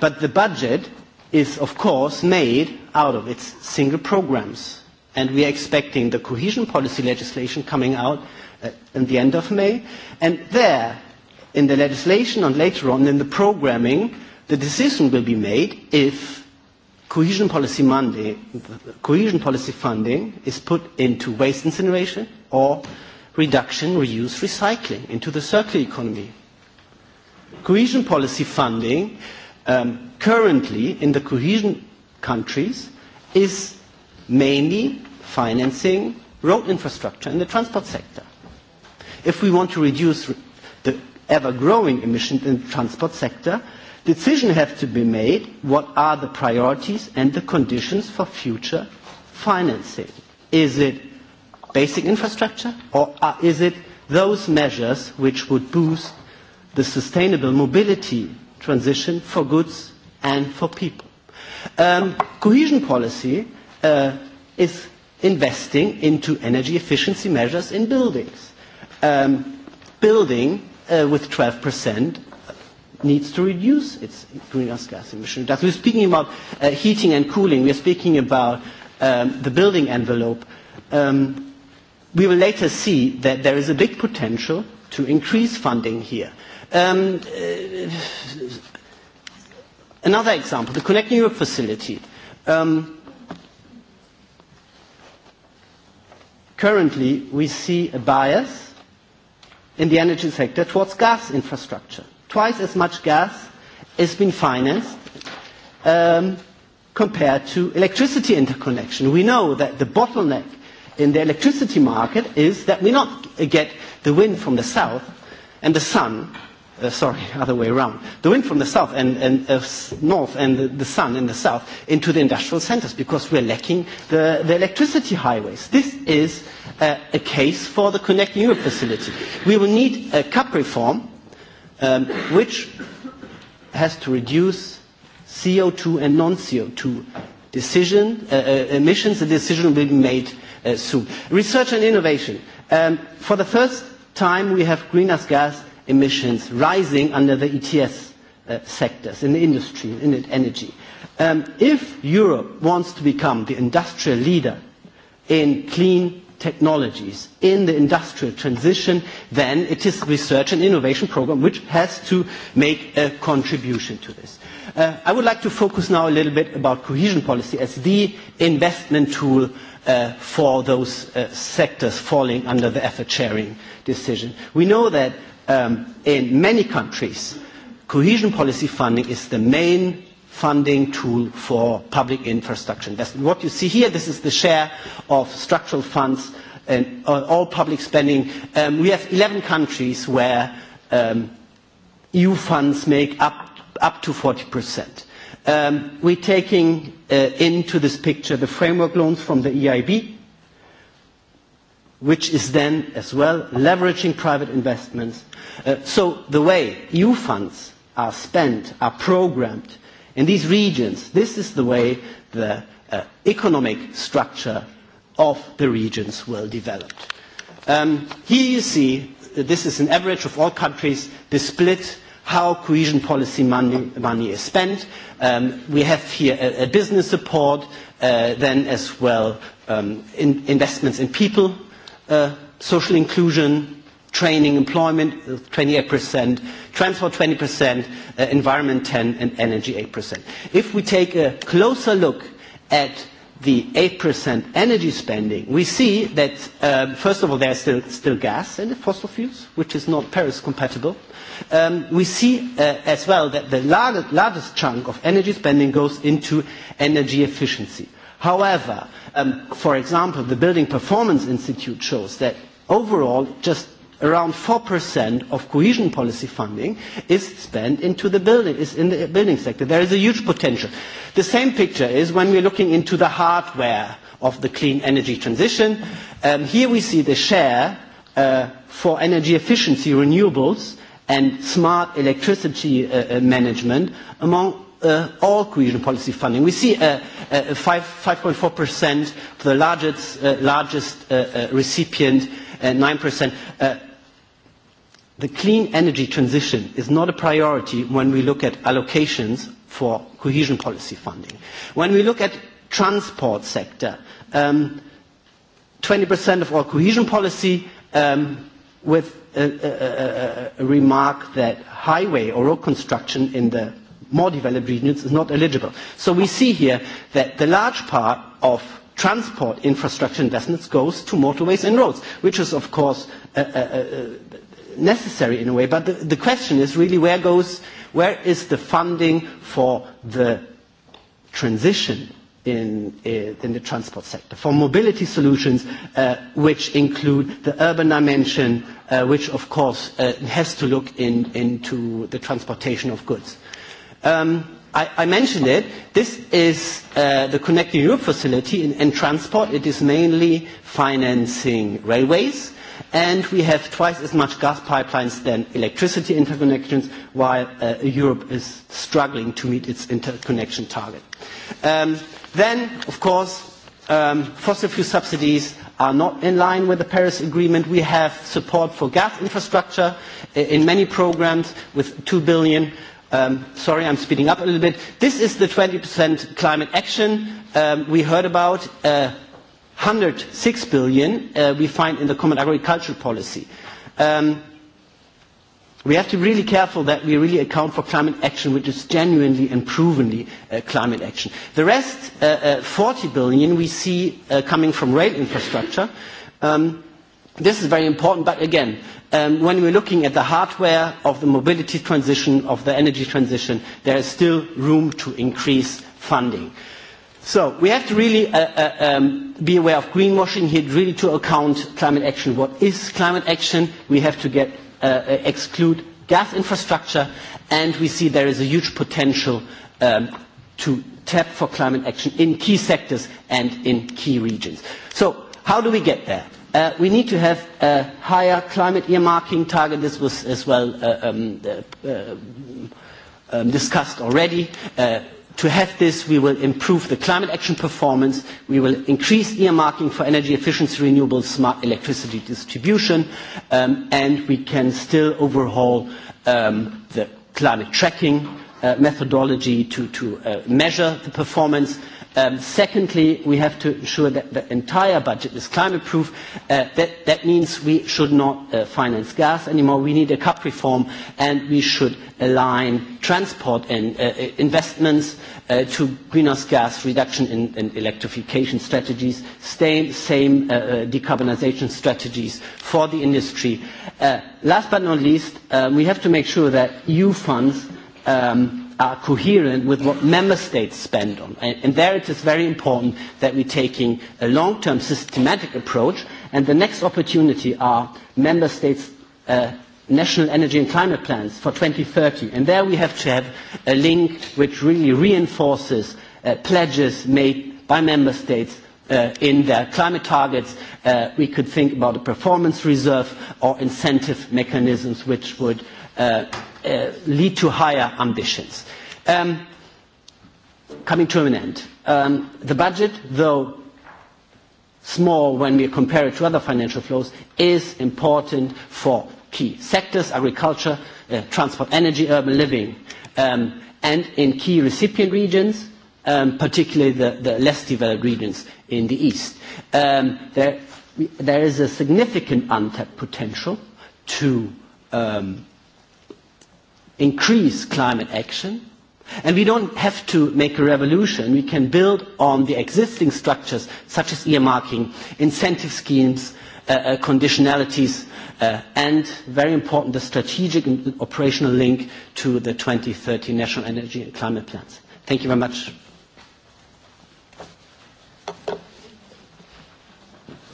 But the budget is, of course, made out of its single programs. And we are expecting the cohesion policy legislation coming out at uh, the end of May. And there, in the legislation and later on in the programming, the decision will be made if cohesion policy Monday, cohesion policy funding is put into waste incineration or reduction, reuse, recycling, into the circular economy. Cohesion policy funding um, currently in the cohesion countries is mainly financing road infrastructure in the transport sector. If we want to reduce the ever-growing emissions in the transport sector, Decision have to be made what are the priorities and the conditions for future financing. Is it basic infrastructure or are, is it those measures which would boost the sustainable mobility transition for goods and for people? Um, cohesion policy uh, is investing into energy efficiency measures in buildings. Um, building uh, with 12% needs to reduce its greenhouse gas emission reduction. We're speaking about uh, heating and cooling. We're speaking about um, the building envelope. Um, we will later see that there is a big potential to increase funding here. Um, uh, another example, the Connecting Europe facility. Um, currently, we see a bias in the energy sector towards gas infrastructure twice as much gas is being financed um, compared to electricity interconnection. We know that the bottleneck in the electricity market is that we not get the wind from the south and the sun, uh, sorry, (laughs) other way around, the wind from the south and, and uh, north and the, the sun in the south into the industrial centers because we're lacking the, the electricity highways. This is uh, a case for the Connecting Europe facility. We will need a CAP reform um, which has to reduce CO2 and non-CO2 decision, uh, uh, emissions. The decision will be made uh, soon. Research and innovation. Um, for the first time, we have greenhouse gas emissions rising under the ETS uh, sectors, in the industry, in the energy. Um, if Europe wants to become the industrial leader in clean technologies in the industrial transition, then it is research and innovation program which has to make a contribution to this. Uh, I would like to focus now a little bit about cohesion policy as the investment tool uh, for those uh, sectors falling under the effort sharing decision. We know that um, in many countries, cohesion policy funding is the main funding tool for public infrastructure investment. What you see here, this is the share of structural funds and uh, all public spending. Um, we have 11 countries where um, EU funds make up, up to 40%. Um, we're taking uh, into this picture the framework loans from the EIB, which is then as well leveraging private investments. Uh, so the way EU funds are spent, are programmed, In these regions, this is the way the uh, economic structure of the regions will develop. Um, here you see, this is an average of all countries, the split how cohesion policy money, money is spent. Um, we have here a, a business support, uh, then as well um, in, investments in people, uh, social inclusion, training, employment, 28%, transport, 20%, uh, environment, 10, and energy, 8%. If we take a closer look at the 8% energy spending, we see that, um, first of all, there's still, still gas in the fossil fuels, which is not Paris compatible. Um, we see uh, as well that the largest, largest chunk of energy spending goes into energy efficiency. However, um, for example, the Building Performance Institute shows that overall, just around 4% of cohesion policy funding is spent into the building, is in the building sector. There is a huge potential. The same picture is when we're looking into the hardware of the clean energy transition. Um, here we see the share uh, for energy efficiency renewables and smart electricity uh, uh, management among uh, all cohesion policy funding. We see uh, uh, 5.4% for the largest, uh, largest uh, uh, recipient, uh, 9%. Uh, the clean energy transition is not a priority when we look at allocations for cohesion policy funding. When we look at transport sector, um, 20% of our cohesion policy um, with a, a, a, a remark that highway or road construction in the more developed regions is not eligible. So we see here that the large part of transport infrastructure investments goes to motorways and roads, which is of course a, a, a necessary in a way, but the, the question is really where goes, where is the funding for the transition in, eh, in the transport sector, for mobility solutions, uh, which include the urban dimension, uh, which of course uh, has to look in, into the transportation of goods. Um, I, I mentioned it. This is uh, the Connecting Europe facility in, in transport. It is mainly financing railways and we have twice as much gas pipelines than electricity interconnections, while uh, Europe is struggling to meet its interconnection target. Um, then, of course, um, fossil fuel subsidies are not in line with the Paris Agreement. We have support for gas infrastructure uh, in many programs with 2 billion. Um, sorry, I'm speeding up a little bit. This is the 20% climate action um, we heard about. Uh, 106 billion uh, we find in the common agricultural policy. Um, we have to be really careful that we really account for climate action which is genuinely and provenly uh, climate action. The rest, uh, uh, 40 billion, we see uh, coming from rail infrastructure. Um, this is very important, but again, um, when we're looking at the hardware of the mobility transition, of the energy transition, there is still room to increase funding. Uh, So we have to really uh, uh, um, be aware of greenwashing here, really to account climate action. What is climate action? We have to get uh, uh, exclude gas infrastructure, and we see there is a huge potential um, to tap for climate action in key sectors and in key regions. So how do we get there? Uh, we need to have a higher climate earmarking target. This was as well uh, um, uh, um, um discussed already. Uh, To have this, we will improve the climate action performance, we will increase earmarking for energy efficiency, renewable, smart electricity distribution, um, and we can still overhaul um, the climate tracking uh, methodology to, to uh, measure the performance. Um, secondly, we have to ensure that the entire budget is climate proof. Uh, that, that means we should not uh, finance gas anymore. We need a cap reform and we should align transport and uh, uh investments uh, to greenhouse gas reduction and, and electrification strategies, same, same uh, uh, decarbonization strategies for the industry. Uh, last but not least, um, we have to make sure that EU funds uh, um, are coherent with what member states spend on. And, and there it is very important that we're taking a long-term systematic approach, and the next opportunity are member states' uh, national energy and climate plans for 2030. And there we have to have a link which really reinforces uh, pledges made by member states uh, in their climate targets. Uh, we could think about a performance reserve or incentive mechanisms which would uh, uh, lead to higher ambitions. Um, coming to an end, um, the budget, though small when we compare it to other financial flows, is important for key sectors, agriculture, uh, transport, energy, urban living, um, and in key recipient regions, um, particularly the, the less developed regions in the east. Um, there, there is a significant untapped potential to um, increase climate action. And we don't have to make a revolution. We can build on the existing structures, such as earmarking, incentive schemes, uh, uh, conditionalities, uh, and, very important, the strategic and operational link to the 2030 National Energy and Climate Plans. Thank you very much.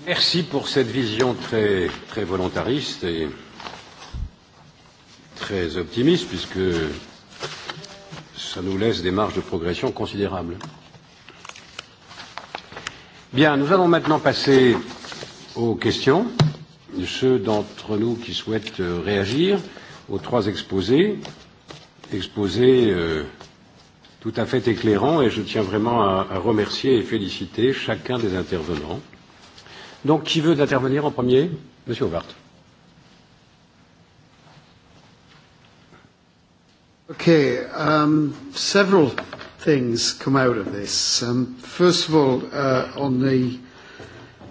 Merci pour cette vision très, très volontariste et très optimiste puisque ça nous laisse des marges de progression considérables. Bien, nous allons maintenant passer aux questions. Ceux d'entre nous qui souhaitent euh, réagir aux trois exposés, exposés euh, tout à fait éclairants, et je tiens vraiment à, à remercier et féliciter chacun des intervenants. Donc, qui veut intervenir en premier Monsieur Howard. Okay, um, several things come out of this. Um, first of all, uh, on the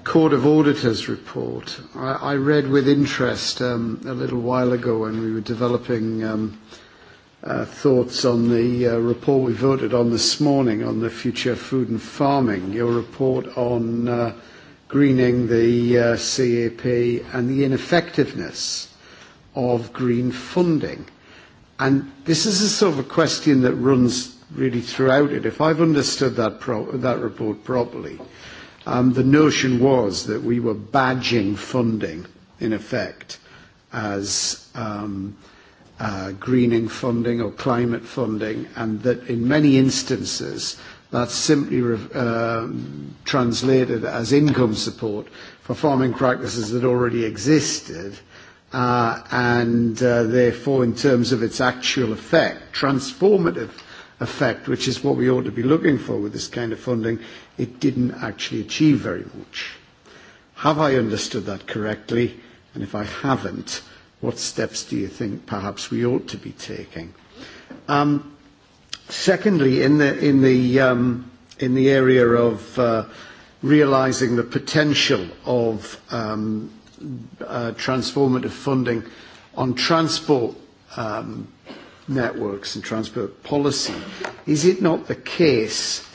Court of Auditors report, I, I read with interest um, a little while ago when we were developing um, uh, thoughts on the uh, report we voted on this morning on the future of food and farming, your report on uh, greening the uh, CAP and the ineffectiveness of green funding. And this is a sort of a question that runs really throughout it. If I've understood that, pro- that report properly, um, the notion was that we were badging funding, in effect, as um, uh, greening funding or climate funding, and that in many instances that's simply re- um, translated as income support for farming practices that already existed uh, and uh, therefore, in terms of its actual effect, transformative effect, which is what we ought to be looking for with this kind of funding, it didn't actually achieve very much. Have I understood that correctly? And if I haven't, what steps do you think perhaps we ought to be taking? Um, secondly, in the, in the, um, in the area of uh, realizing the potential of um, uh, transformative funding on transport um, networks and transport policy, is it not the case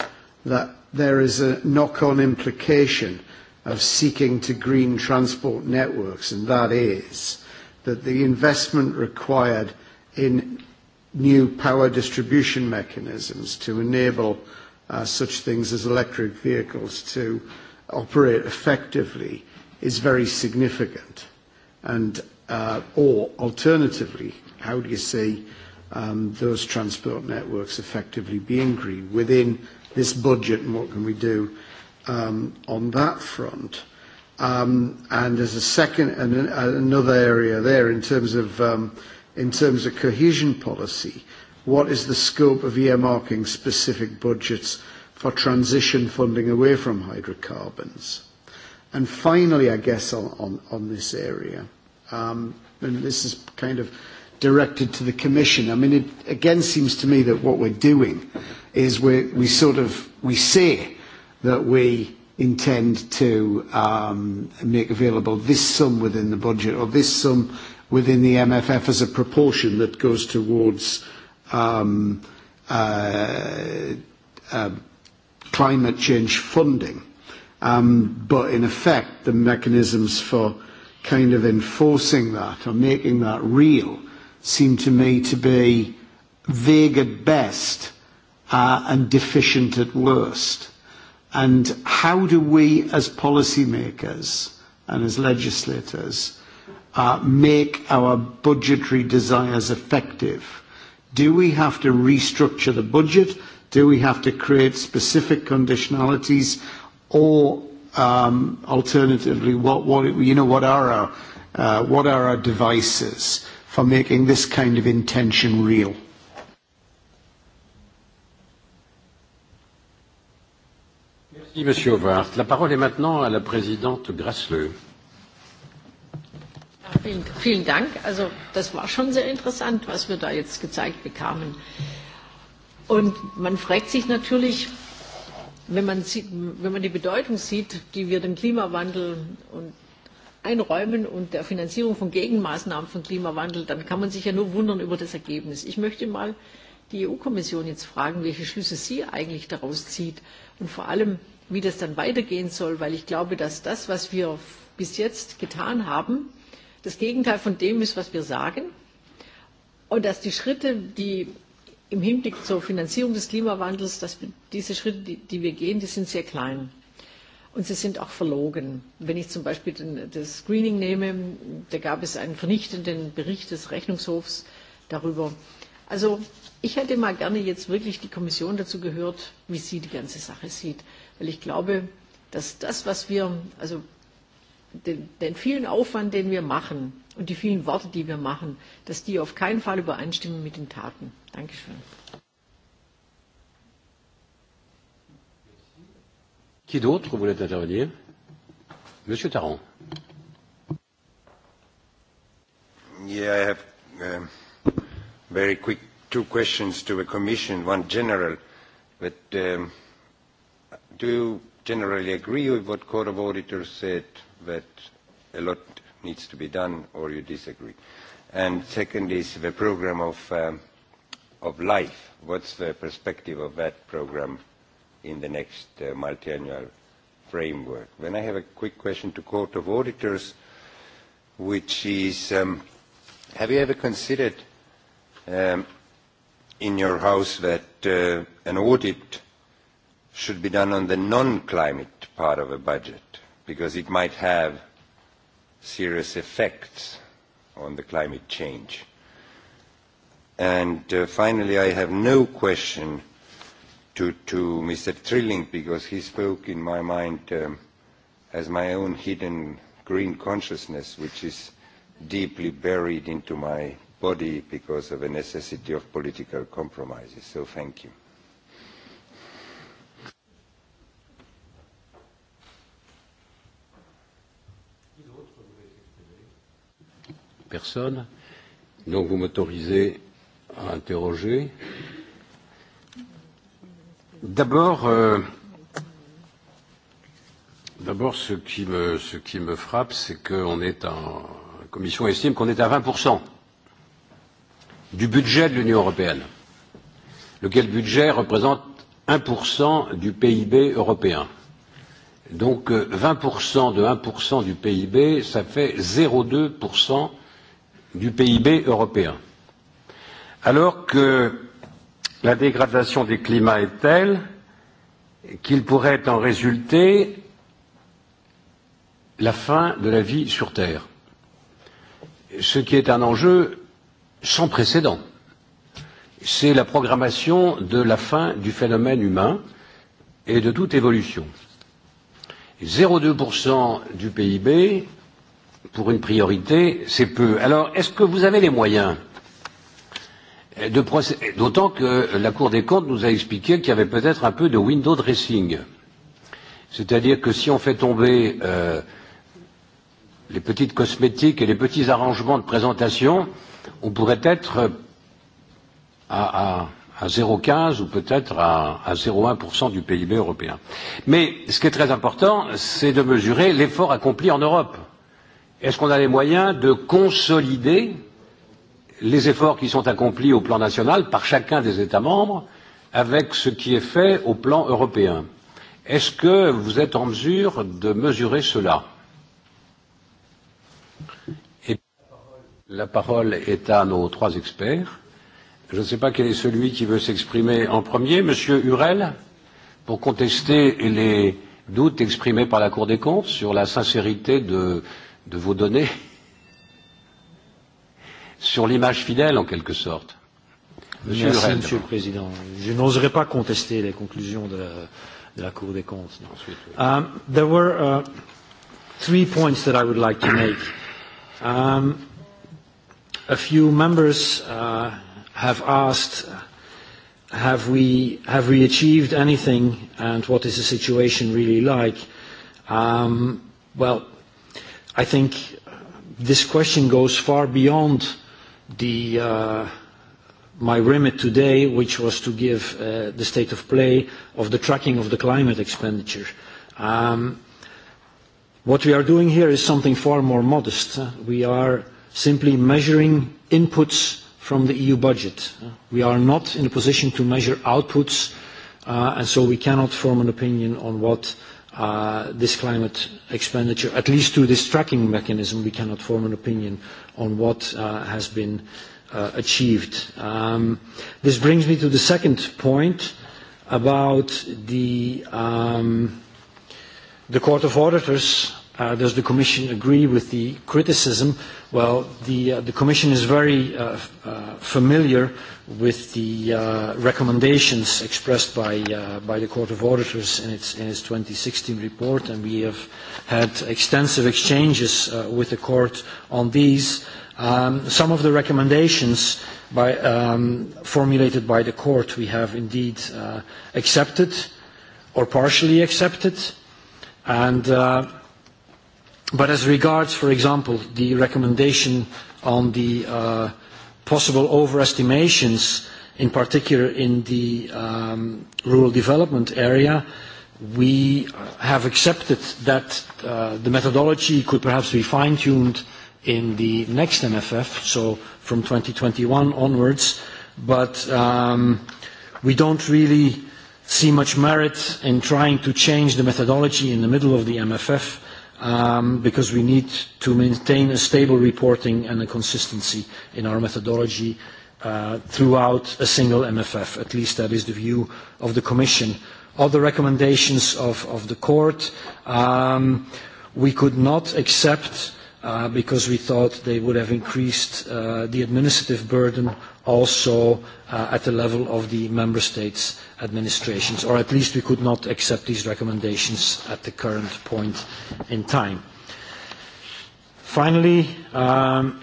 that there is a knock-on implication of seeking to green transport networks, and that is that the investment required in new power distribution mechanisms to enable uh, such things as electric vehicles to operate effectively is very significant? And, uh, or alternatively, how do you see um, those transport networks effectively being green within this budget and what can we do um, on that front? Um, and as a second and an, another area there in terms of um, in terms of cohesion policy, what is the scope of earmarking specific budgets for transition funding away from hydrocarbons? And finally, I guess on, on, on this area, um, and this is kind of directed to the Commission. I mean, it again seems to me that what we're doing is we we sort of we say that we intend to um, make available this sum within the budget or this sum within the MFF as a proportion that goes towards um, uh, uh, climate change funding. Um, but in effect, the mechanisms for kind of enforcing that or making that real seem to me to be vague at best uh, and deficient at worst. And how do we as policymakers and as legislators uh, make our budgetary desires effective? Do we have to restructure the budget? Do we have to create specific conditionalities? or um, alternatively, what, what, you know, what are our, uh, what are our devices for making this kind of intention real? Merci, Monsieur Howard. La parole est maintenant à la présidente Grasleux. Ja, vielen, vielen Dank. Also das war schon sehr interessant, was wir da jetzt gezeigt bekamen. Und man fragt sich natürlich, wenn man, sieht, wenn man die Bedeutung sieht, die wir dem Klimawandel und einräumen und der Finanzierung von Gegenmaßnahmen von Klimawandel, dann kann man sich ja nur wundern über das Ergebnis. Ich möchte mal die EU-Kommission jetzt fragen, welche Schlüsse sie eigentlich daraus zieht und vor allem, wie das dann weitergehen soll, weil ich glaube, dass das, was wir bis jetzt getan haben, das Gegenteil von dem ist, was wir sagen und dass die Schritte, die im Hinblick zur Finanzierung des Klimawandels, dass wir, diese Schritte, die, die wir gehen, die sind sehr klein. Und sie sind auch verlogen. Wenn ich zum Beispiel den, das Screening nehme, da gab es einen vernichtenden Bericht des Rechnungshofs darüber. Also ich hätte mal gerne jetzt wirklich die Kommission dazu gehört, wie sie die ganze Sache sieht. Weil ich glaube, dass das, was wir, also den, den vielen Aufwand, den wir machen und die vielen Worte, die wir machen, dass die auf keinen Fall übereinstimmen mit den Taten. Dankeschön. Qui d'autre voulait intervenir Monsieur Tarrant. Yeah, I have um, very quick two questions to the Commission, one general. But um, do you generally agree with what Court of Auditors said that a lot needs to be done or you disagree? And second is the program of, um, of life. What's the perspective of that program in the next uh, multiannual framework? Then I have a quick question to Court of Auditors, which is, um, have you ever considered um, in your house that uh, an audit should be done on the non-climate part of a budget? because it might have serious effects on the climate change. And uh, finally, I have no question to, to Mr. Trilling because he spoke in my mind um, as my own hidden green consciousness, which is deeply buried into my body because of a necessity of political compromises. So thank you. personne. Donc vous m'autorisez à interroger. D'abord, euh, d'abord ce, qui me, ce qui me frappe, c'est qu'on est en. La Commission estime qu'on est à 20% du budget de l'Union européenne, lequel budget représente 1% du PIB européen. Donc 20% euh, de 1% du PIB, ça fait 0,2% du PIB européen, alors que la dégradation des climats est telle qu'il pourrait en résulter la fin de la vie sur Terre, ce qui est un enjeu sans précédent. C'est la programmation de la fin du phénomène humain et de toute évolution. 0,2% du PIB pour une priorité, c'est peu. Alors, est-ce que vous avez les moyens de procéder D'autant que la Cour des comptes nous a expliqué qu'il y avait peut-être un peu de window dressing. C'est-à-dire que si on fait tomber euh, les petites cosmétiques et les petits arrangements de présentation, on pourrait être à, à, à 0,15 ou peut-être à, à 0,1% du PIB européen. Mais ce qui est très important, c'est de mesurer l'effort accompli en Europe. Euh, Est-ce qu'on a les moyens de consolider les efforts qui sont accomplis au plan national par chacun des États membres avec ce qui est fait au plan européen Est-ce que vous êtes en mesure de mesurer cela Et la parole est à nos trois experts. Je ne sais pas quel est celui qui veut s'exprimer en premier. Monsieur Hurel, pour contester les doutes exprimés par la Cour des comptes sur la sincérité de, euh, de vos données sur l'image fidèle, en quelque sorte. Monsieur Merci, le Monsieur le Président. Je n'oserais pas contester les conclusions de la, de la Cour des comptes. Non. Ensuite, oui. um, there were uh, three points that I would like to make. Um, a few members uh, have asked, have we, have we achieved anything and what is the situation really like? Um, well, I think this question goes far beyond the, uh, my remit today, which was to give uh, the state of play of the tracking of the climate expenditure. Um, what we are doing here is something far more modest. We are simply measuring inputs from the EU budget. We are not in a position to measure outputs, uh, and so we cannot form an opinion on what uh, uh, this climate expenditure, at least through this tracking mechanism, we cannot form an opinion on what uh, has been uh, achieved. Um, this brings me to the second point about the, um, the Court of Auditors uh, does the Commission agree with the criticism? Well, the, uh, the Commission is very uh, uh, familiar with the uh, recommendations expressed by, uh, by the Court of Auditors in its, in its 2016 report, and we have had extensive exchanges uh, with the Court on these. Um, some of the recommendations by, um, formulated by the Court we have indeed uh, accepted or partially accepted, and uh, But as regards, for example, the recommendation on the uh, possible overestimations, in particular in the um, rural development area, we have accepted that uh, the methodology could perhaps be fine-tuned in the next MFF, so from 2021 onwards, but um, we don't really see much merit in trying to change the methodology in the middle of the MFF um, because we need to maintain a stable reporting and a consistency in our methodology uh, throughout a single MFF. At least that is the view of the Commission. Other recommendations of, of the Court, um, we could not accept uh, because we thought they would have increased uh, the administrative burden also uh, at the level of the member states' administrations, or at least we could not accept these recommendations at the current point in time. Finally, um,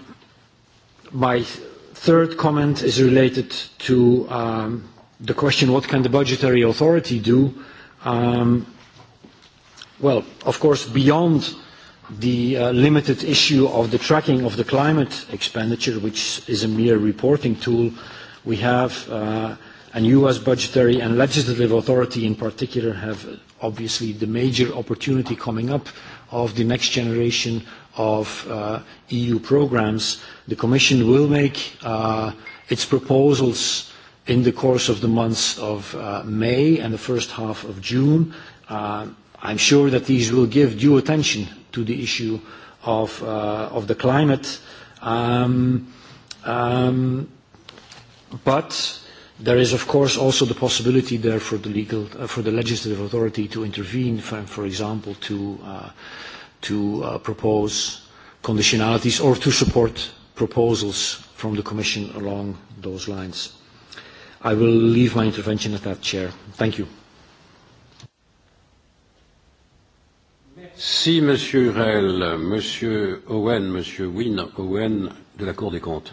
my third comment is related to um, the question, what can the budgetary authority do? Um, well, of course, beyond uh, the uh, limited issue of the tracking of the climate expenditure, which is a mere reporting tool, we have, uh, and U.S. budgetary and legislative authority in particular, have uh, obviously the major opportunity coming up of the next generation of uh, EU programs. The Commission will make uh, its proposals in the course of the months of uh, May and the first half of June. Uh, I'm sure that these will give due attention to the issue of, uh, of the climate. Um, um, but there is, of course, also the possibility there for the, legal, uh, for the legislative authority to intervene, for, for example, to, uh, to uh, propose conditionalities or to support proposals from the Commission along those lines. I will leave my intervention at that, Chair. Thank you. Si, Monsieur Hurel, Monsieur Owen, Monsieur Wynne Owen de la Cour des comptes.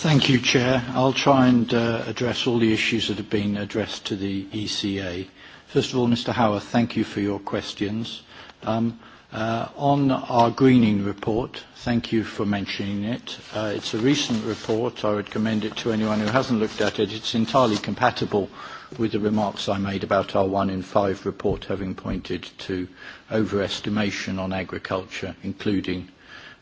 Thank you, Chair. I'll try and uh, address all the issues that have been addressed to the ECA. First of all, Mr. Howard, thank you for your questions. Um, uh, on our greening report, thank you for mentioning it. Uh, it's a recent report. I would commend it to anyone who hasn't looked at it. It's entirely compatible uh, with the remarks I made about our one in five report having pointed to overestimation on agriculture, including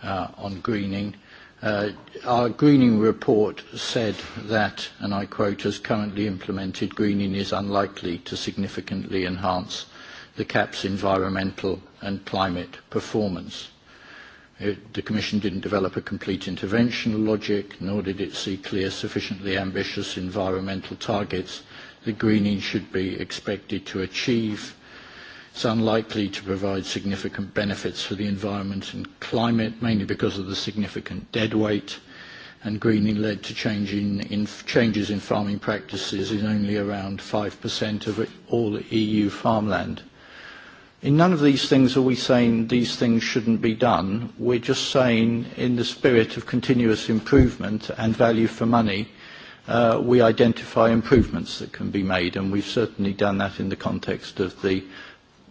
uh, on greening. Uh, our greening report said that, and I quote, as currently implemented, greening is unlikely to significantly enhance the CAP's environmental and climate performance. It, the Commission didn't develop a complete intervention logic, nor did it see clear, sufficiently ambitious environmental targets the greening should be expected to achieve. It's unlikely to provide significant benefits for the environment and climate, mainly because of the significant dead weight, and greening led to change in, in changes in farming practices in only around 5% of all EU farmland. In none of these things are we saying these things shouldn't be done. We're just saying, in the spirit of continuous improvement and value for money, uh, we identify improvements that can be made, and we've certainly done that in the context of the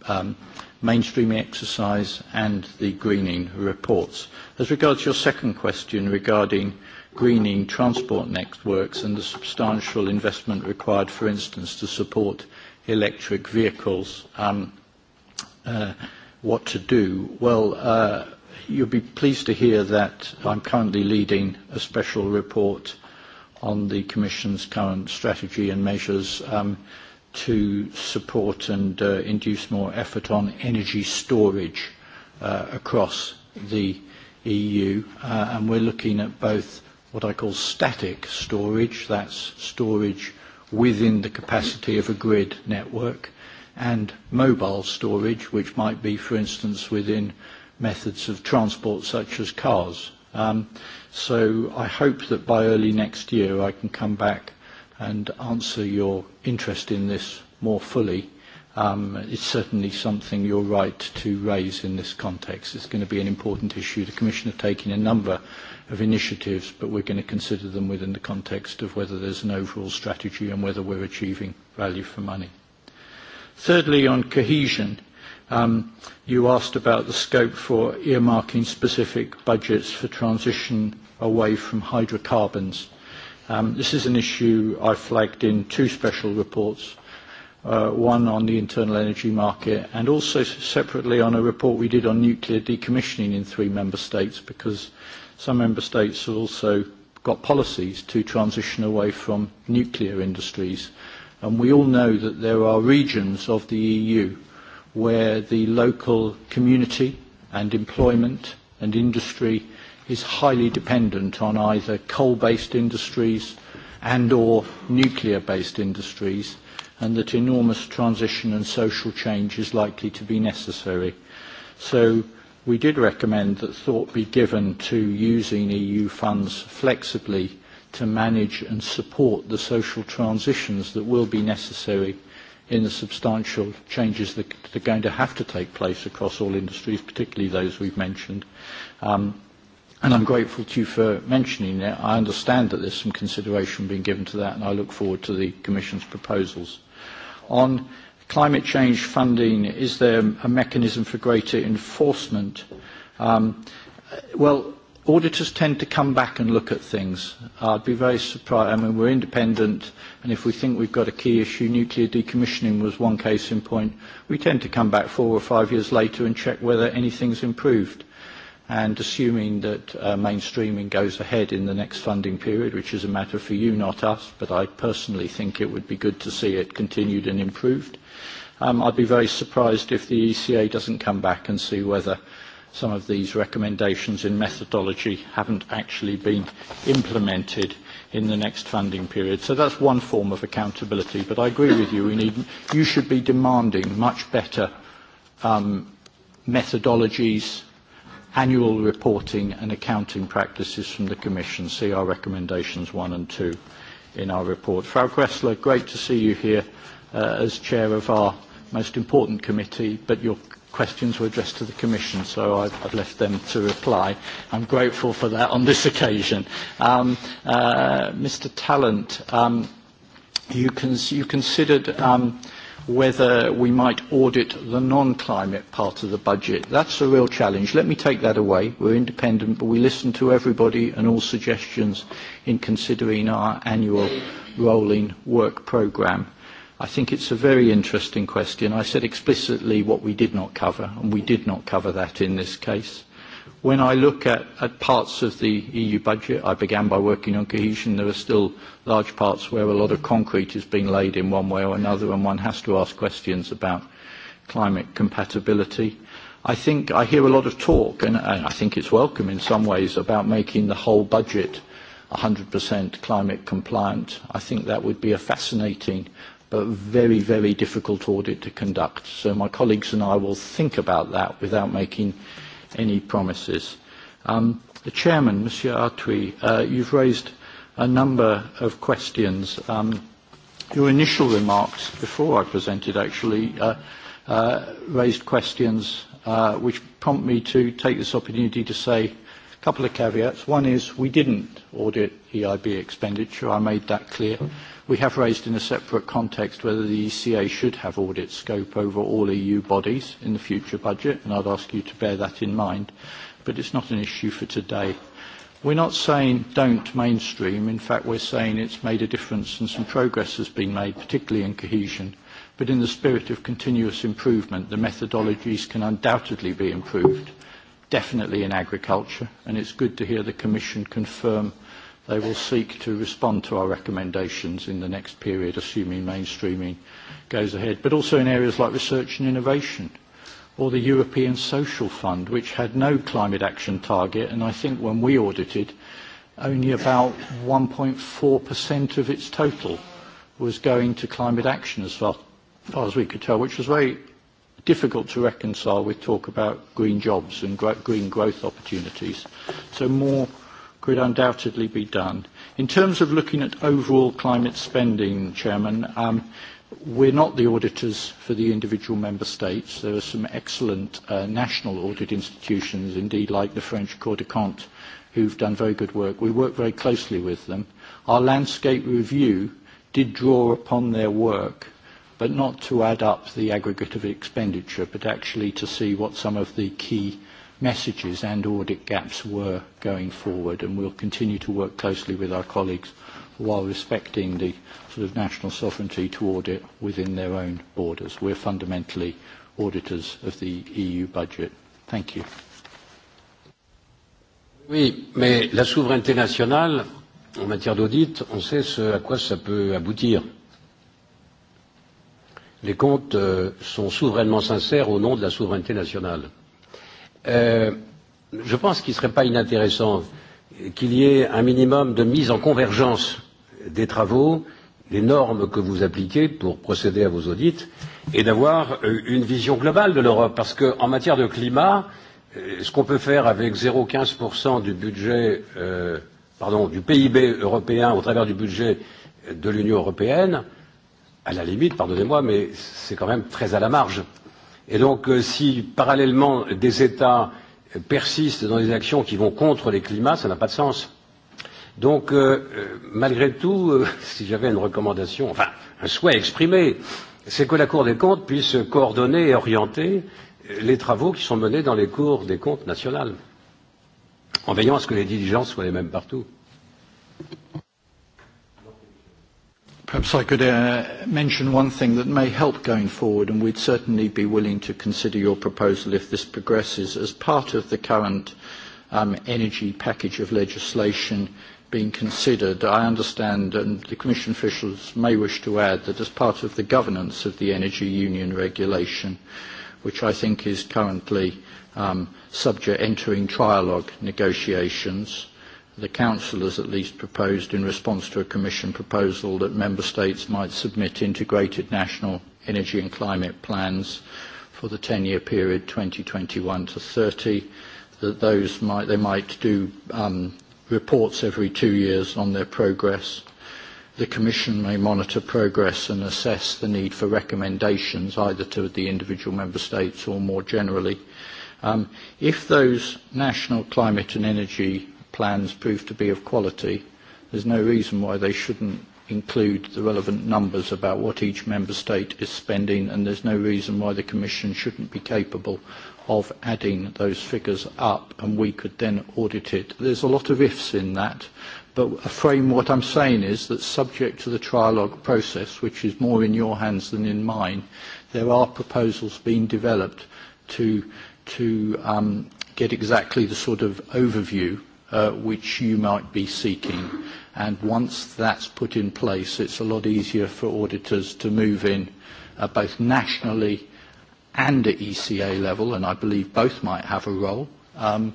um, mainstreaming exercise and the greening reports. As regards your second question regarding greening transport networks and the substantial investment required, for instance, to support electric vehicles, um, uh, what to do? Well, uh, you'll be pleased to hear that I'm currently leading a special report on the Commission's current strategy and measures um, to support and uh, induce more effort on energy storage uh, across the EU. Uh, and we're looking at both what I call static storage, that's storage within the capacity of a grid network, and mobile storage, which might be, for instance, within methods of transport such as cars Um, so I hope that by early next year I can come back and answer your interest in this more fully. Um, it's certainly something you're right to raise in this context. It's going to be an important issue. The Commission are taking a number of initiatives, but we're going to consider them within the context of whether there's an overall strategy and whether we're achieving value for money. Thirdly, on cohesion, Um, you asked about the scope for earmarking specific budgets for transition away from hydrocarbons. Um, this is an issue I flagged in two special reports, uh, one on the internal energy market and also separately on a report we did on nuclear decommissioning in three member states because some member states have also got policies to transition away from nuclear industries. And we all know that there are regions of the EU where the local community and employment and industry is highly dependent on either coal-based industries and or nuclear-based industries and that enormous transition and social change is likely to be necessary. So we did recommend that thought be given to using EU funds flexibly to manage and support the social transitions that will be necessary in the substantial changes that are going to have to take place across all industries, particularly those we've mentioned. Um, and I'm grateful to you for mentioning it. I understand that there's some consideration being given to that, and I look forward to the Commission's proposals. On climate change funding, is there a mechanism for greater enforcement? Um, well, auditors tend to come back and look at things. I'd be very surprised. I mean, we're independent, and if we think we've got a key issue, nuclear decommissioning was one case in point. We tend to come back four or five years later and check whether anything's improved. And assuming that uh, mainstreaming goes ahead in the next funding period, which is a matter for you, not us, but I personally think it would be good to see it continued and improved. Um, I'd be very surprised if the ECA doesn't come back and see whether some of these recommendations in methodology haven't actually been implemented in the next funding period. So that's one form of accountability, but I agree with you. We need, you should be demanding much better um, methodologies, annual reporting and accounting practices from the Commission. See our recommendations one and two in our report. Frau Gressler, great to see you here uh, as chair of our most important committee, but your questions were addressed to the Commission, so I've, I've left them to reply. I'm grateful for that on this occasion. Um, uh, Mr. Talent, um, you, cons you considered um, whether we might audit the non-climate part of the budget. That's a real challenge. Let me take that away. We're independent, but we listen to everybody and all suggestions in considering our annual rolling work programme. I think it's a very interesting question. I said explicitly what we did not cover, and we did not cover that in this case. When I look at, at parts of the EU budget, I began by working on cohesion. There are still large parts where a lot of concrete is being laid in one way or another, and one has to ask questions about climate compatibility. I think I hear a lot of talk, and, and I think it's welcome in some ways, about making the whole budget 100% climate compliant. I think that would be a fascinating but very, very difficult audit to conduct. So my colleagues and I will think about that without making any promises. Um, the chairman, Monsieur Artui, uh, you've raised a number of questions. Um, your initial remarks before I presented actually uh, uh, raised questions uh, which prompt me to take this opportunity to say a couple of caveats. One is we didn't audit EIB expenditure. I made that clear. Mm-hmm We have raised in a separate context whether the ECA should have audit scope over all EU bodies in the future budget, and I'd ask you to bear that in mind. But it's not an issue for today. We're not saying don't mainstream. In fact, we're saying it's made a difference and some progress has been made, particularly in cohesion. But in the spirit of continuous improvement, the methodologies can undoubtedly be improved, definitely in agriculture. And it's good to hear the Commission confirm They will seek to respond to our recommendations in the next period, assuming mainstreaming goes ahead, but also in areas like research and innovation or the European Social Fund, which had no climate action target, and I think when we audited, only about 1.4% of its total was going to climate action as far, far as we could tell, which was very difficult to reconcile with talk about green jobs and gro green growth opportunities. So more could undoubtedly be done. In terms of looking at overall climate spending, Chairman, um, we're not the auditors for the individual member states. There are some excellent uh, national audit institutions, indeed like the French Cour des Comptes, who've done very good work. We work very closely with them. Our landscape review did draw upon their work, but not to add up the aggregate of expenditure, but actually to see what some of the key uh, messages and audit gaps were going forward, and we'll continue to work closely with our colleagues while respecting the sort of national sovereignty to audit within their own borders. We're fundamentally auditors of the EU budget. Thank you. Oui, mais la souveraineté nationale, en matière d'audit, on sait ce à quoi ça peut aboutir. Les comptes euh, sont souverainement sincères au nom de la souveraineté nationale euh, je pense qu'il ne serait pas inintéressant qu'il y ait un minimum de mise en convergence des travaux, des normes que vous appliquez pour procéder à vos audits, et d'avoir euh, une vision globale de l'Europe, parce qu'en matière de climat, euh, ce qu'on peut faire avec 0,15% du budget, euh, pardon, du PIB européen au travers du budget de l'Union européenne, à la limite, pardonnez-moi, mais c'est quand même très à la marge Et donc, euh, si parallèlement des États persistent dans des actions qui vont contre les climats, ça n'a pas de sens. Donc, euh, euh malgré tout, euh, (laughs) si j'avais une recommandation, enfin un souhait exprimé, c'est que la Cour des comptes puisse coordonner et orienter euh, les travaux qui sont menés dans les cours des comptes nationales, en veillant à ce que les diligences soient les mêmes partout. Perhaps I could uh, mention one thing that may help going forward, and we'd certainly be willing to consider your proposal if this progresses as part of the current um, energy package of legislation being considered. I understand, and um, the Commission officials may wish to add, that as part of the governance of the Energy Union regulation, which I think is currently um, subject entering trialogue negotiations, the Council has at least proposed in response to a Commission proposal that Member States might submit integrated national energy and climate plans for the 10-year period 2021 to 30, that those might, they might do um, reports every two years on their progress. The Commission may monitor progress and assess the need for recommendations either to the individual Member States or more generally. Um, if those national climate and energy plans prove to be of quality, there's no reason why they shouldn't include the relevant numbers about what each member state is spending, and there's no reason why the Commission shouldn't be capable of adding those figures up, and we could then audit it. There's a lot of ifs in that, but a frame, what I'm saying is that subject to the trialogue process, which is more in your hands than in mine, there are proposals being developed to, to um, get exactly the sort of overview uh, which you might be seeking. And once that's put in place, it's a lot easier for auditors to move in uh, both nationally and at ECA level, and I believe both might have a role, um,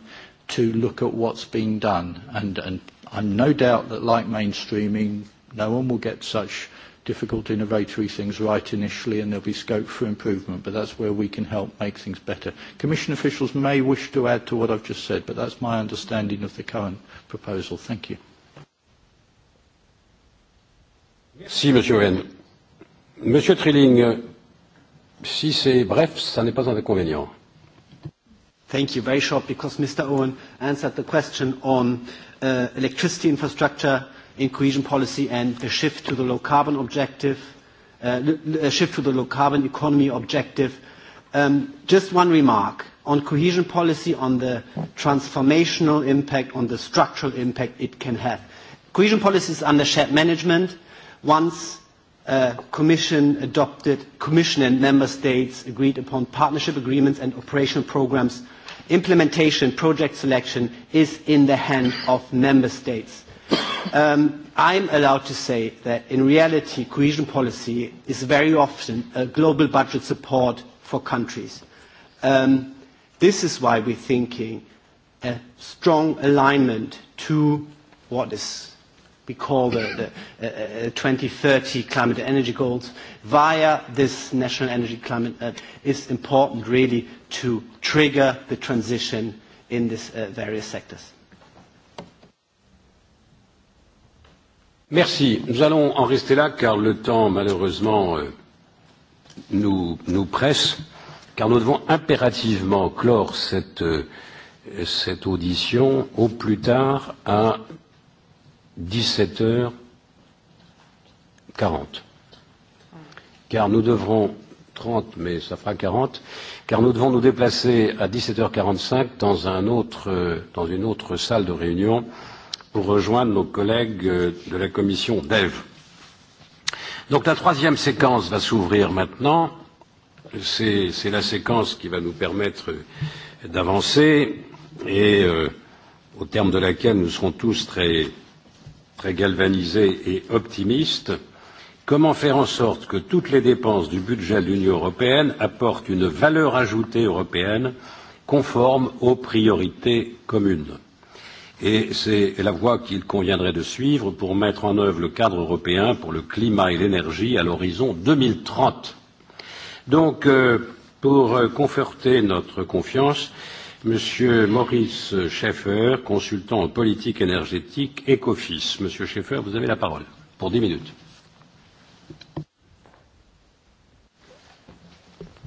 to look at what's being done. And, and I'm no doubt that like mainstreaming, no one will get such difficult innovatory things right initially and there'll be scope for improvement, but that's where we can help make things better. Commission officials may wish to add to what I've just said, but that's my understanding of the current proposal. Thank you. Merci, Monsieur Rennes. Monsieur Trilling, si c'est bref, ça n'est pas un inconvénient. Thank you. Very short, because Mr. Owen answered the question on uh, electricity infrastructure in cohesion policy and the shift to the low carbon objective, uh, a shift to the low carbon economy objective. Um, just one remark on cohesion policy, on the transformational impact, on the structural impact it can have. Cohesion policy is under shared management. Once uh, Commission adopted, Commission and Member States agreed upon partnership agreements and operational programs, implementation, project selection is in the hand of Member States Um, I'm allowed to say that in reality, cohesion policy is very often a global budget support for countries. Um, this is why we're thinking a strong alignment to what is we call the, the uh, 2030 uh, climate energy goals via this national energy climate uh, is important really to trigger the transition in these uh, various sectors. Merci. Nous allons en rester là car le temps, malheureusement, euh, nous, nous presse, car nous devons impérativement clore cette, euh, cette audition au plus tard à 17h40. Car nous devrons 30, mais ça fera 40, car nous devons nous déplacer à 17h45 dans, un autre, euh, dans une autre salle de réunion euh, pour rejoindre nos collègues euh, de la commission DEV. Donc la troisième séquence va s'ouvrir maintenant. C'est la séquence qui va nous permettre euh, d'avancer et euh, au terme de laquelle nous serons tous très, très galvanisés et optimistes. Comment faire en sorte que toutes les dépenses du budget de l'Union européenne apportent une valeur ajoutée européenne conforme aux priorités communes et c'est la voie qu'il conviendrait de suivre pour mettre en œuvre le cadre européen pour le climat et l'énergie à l'horizon 2030. Donc, euh, pour euh, conforter notre confiance, Monsieur Maurice Schaeffer, consultant en politique énergétique, Ecofis. Monsieur Schaeffer, vous avez la parole pour dix minutes.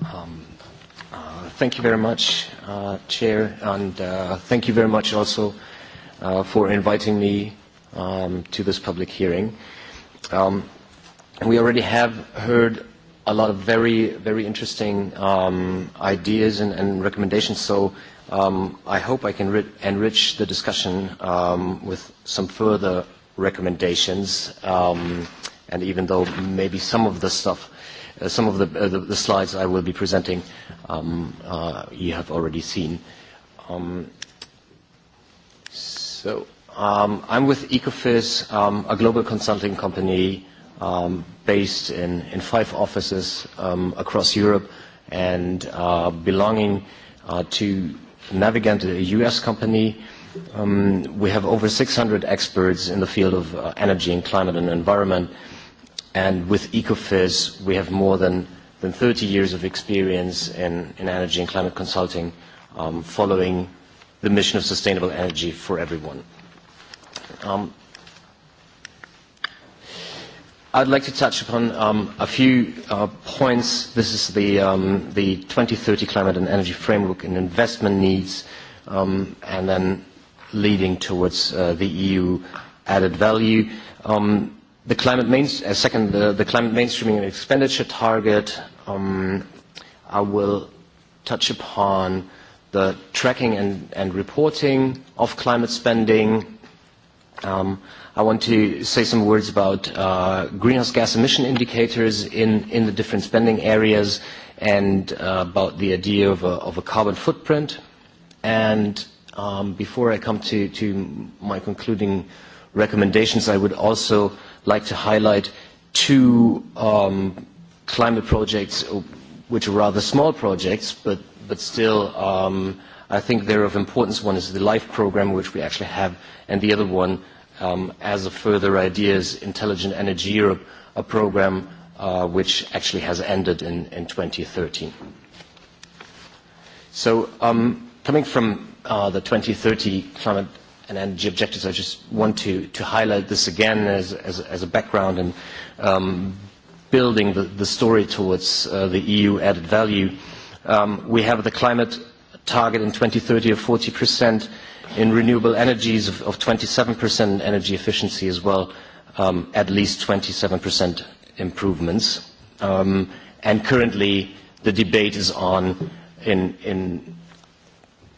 Um, uh, thank you very much, uh, Chair, and uh, thank you very much also uh, for inviting me um, to this public hearing. Um, we already have heard a lot of very, very interesting um, ideas and, and recommendations, so um, I hope I can enrich the discussion um, with some further recommendations, um, and even though maybe some of the stuff, uh, some of the, uh, the, the slides I will be presenting, um, uh, you have already seen. Um, So um, I'm with Ecofis, um, a global consulting company um, based in, in five offices um, across Europe and uh, belonging uh, to Navigant, a U.S. company. Um, we have over 600 experts in the field of uh, energy and climate and environment. And with Ecofis, we have more than, than 30 years of experience in, in energy and climate consulting, um, following the mission of sustainable energy for everyone. Um, I'd like to touch upon um, a few uh, points. This is the, um, the 2030 Climate and Energy Framework and investment needs, um, and then leading towards uh, the EU added value. Um, the climate main, uh, second, the, the climate mainstreaming and expenditure target, um, I will touch upon the tracking and, and reporting of climate spending. Um, I want to say some words about uh, greenhouse gas emission indicators in, in the different spending areas and uh, about the idea of a, of a carbon footprint. And um, before I come to, to my concluding recommendations, I would also like to highlight two um, climate projects, which are rather small projects, but but still um, I think they're of importance. One is the LIFE program, which we actually have, and the other one, um, as a further idea, is Intelligent Energy Europe, a program uh, which actually has ended in, in 2013. So um, coming from uh, the 2030 climate and energy objectives, I just want to, to highlight this again as, as, as a background and um, building the, the story towards uh, the EU added value. Um, we have the climate target in 2030 of 40%, in renewable energies of, of 27% energy efficiency as well, um, at least 27% improvements. Um, and currently, the debate is on in, in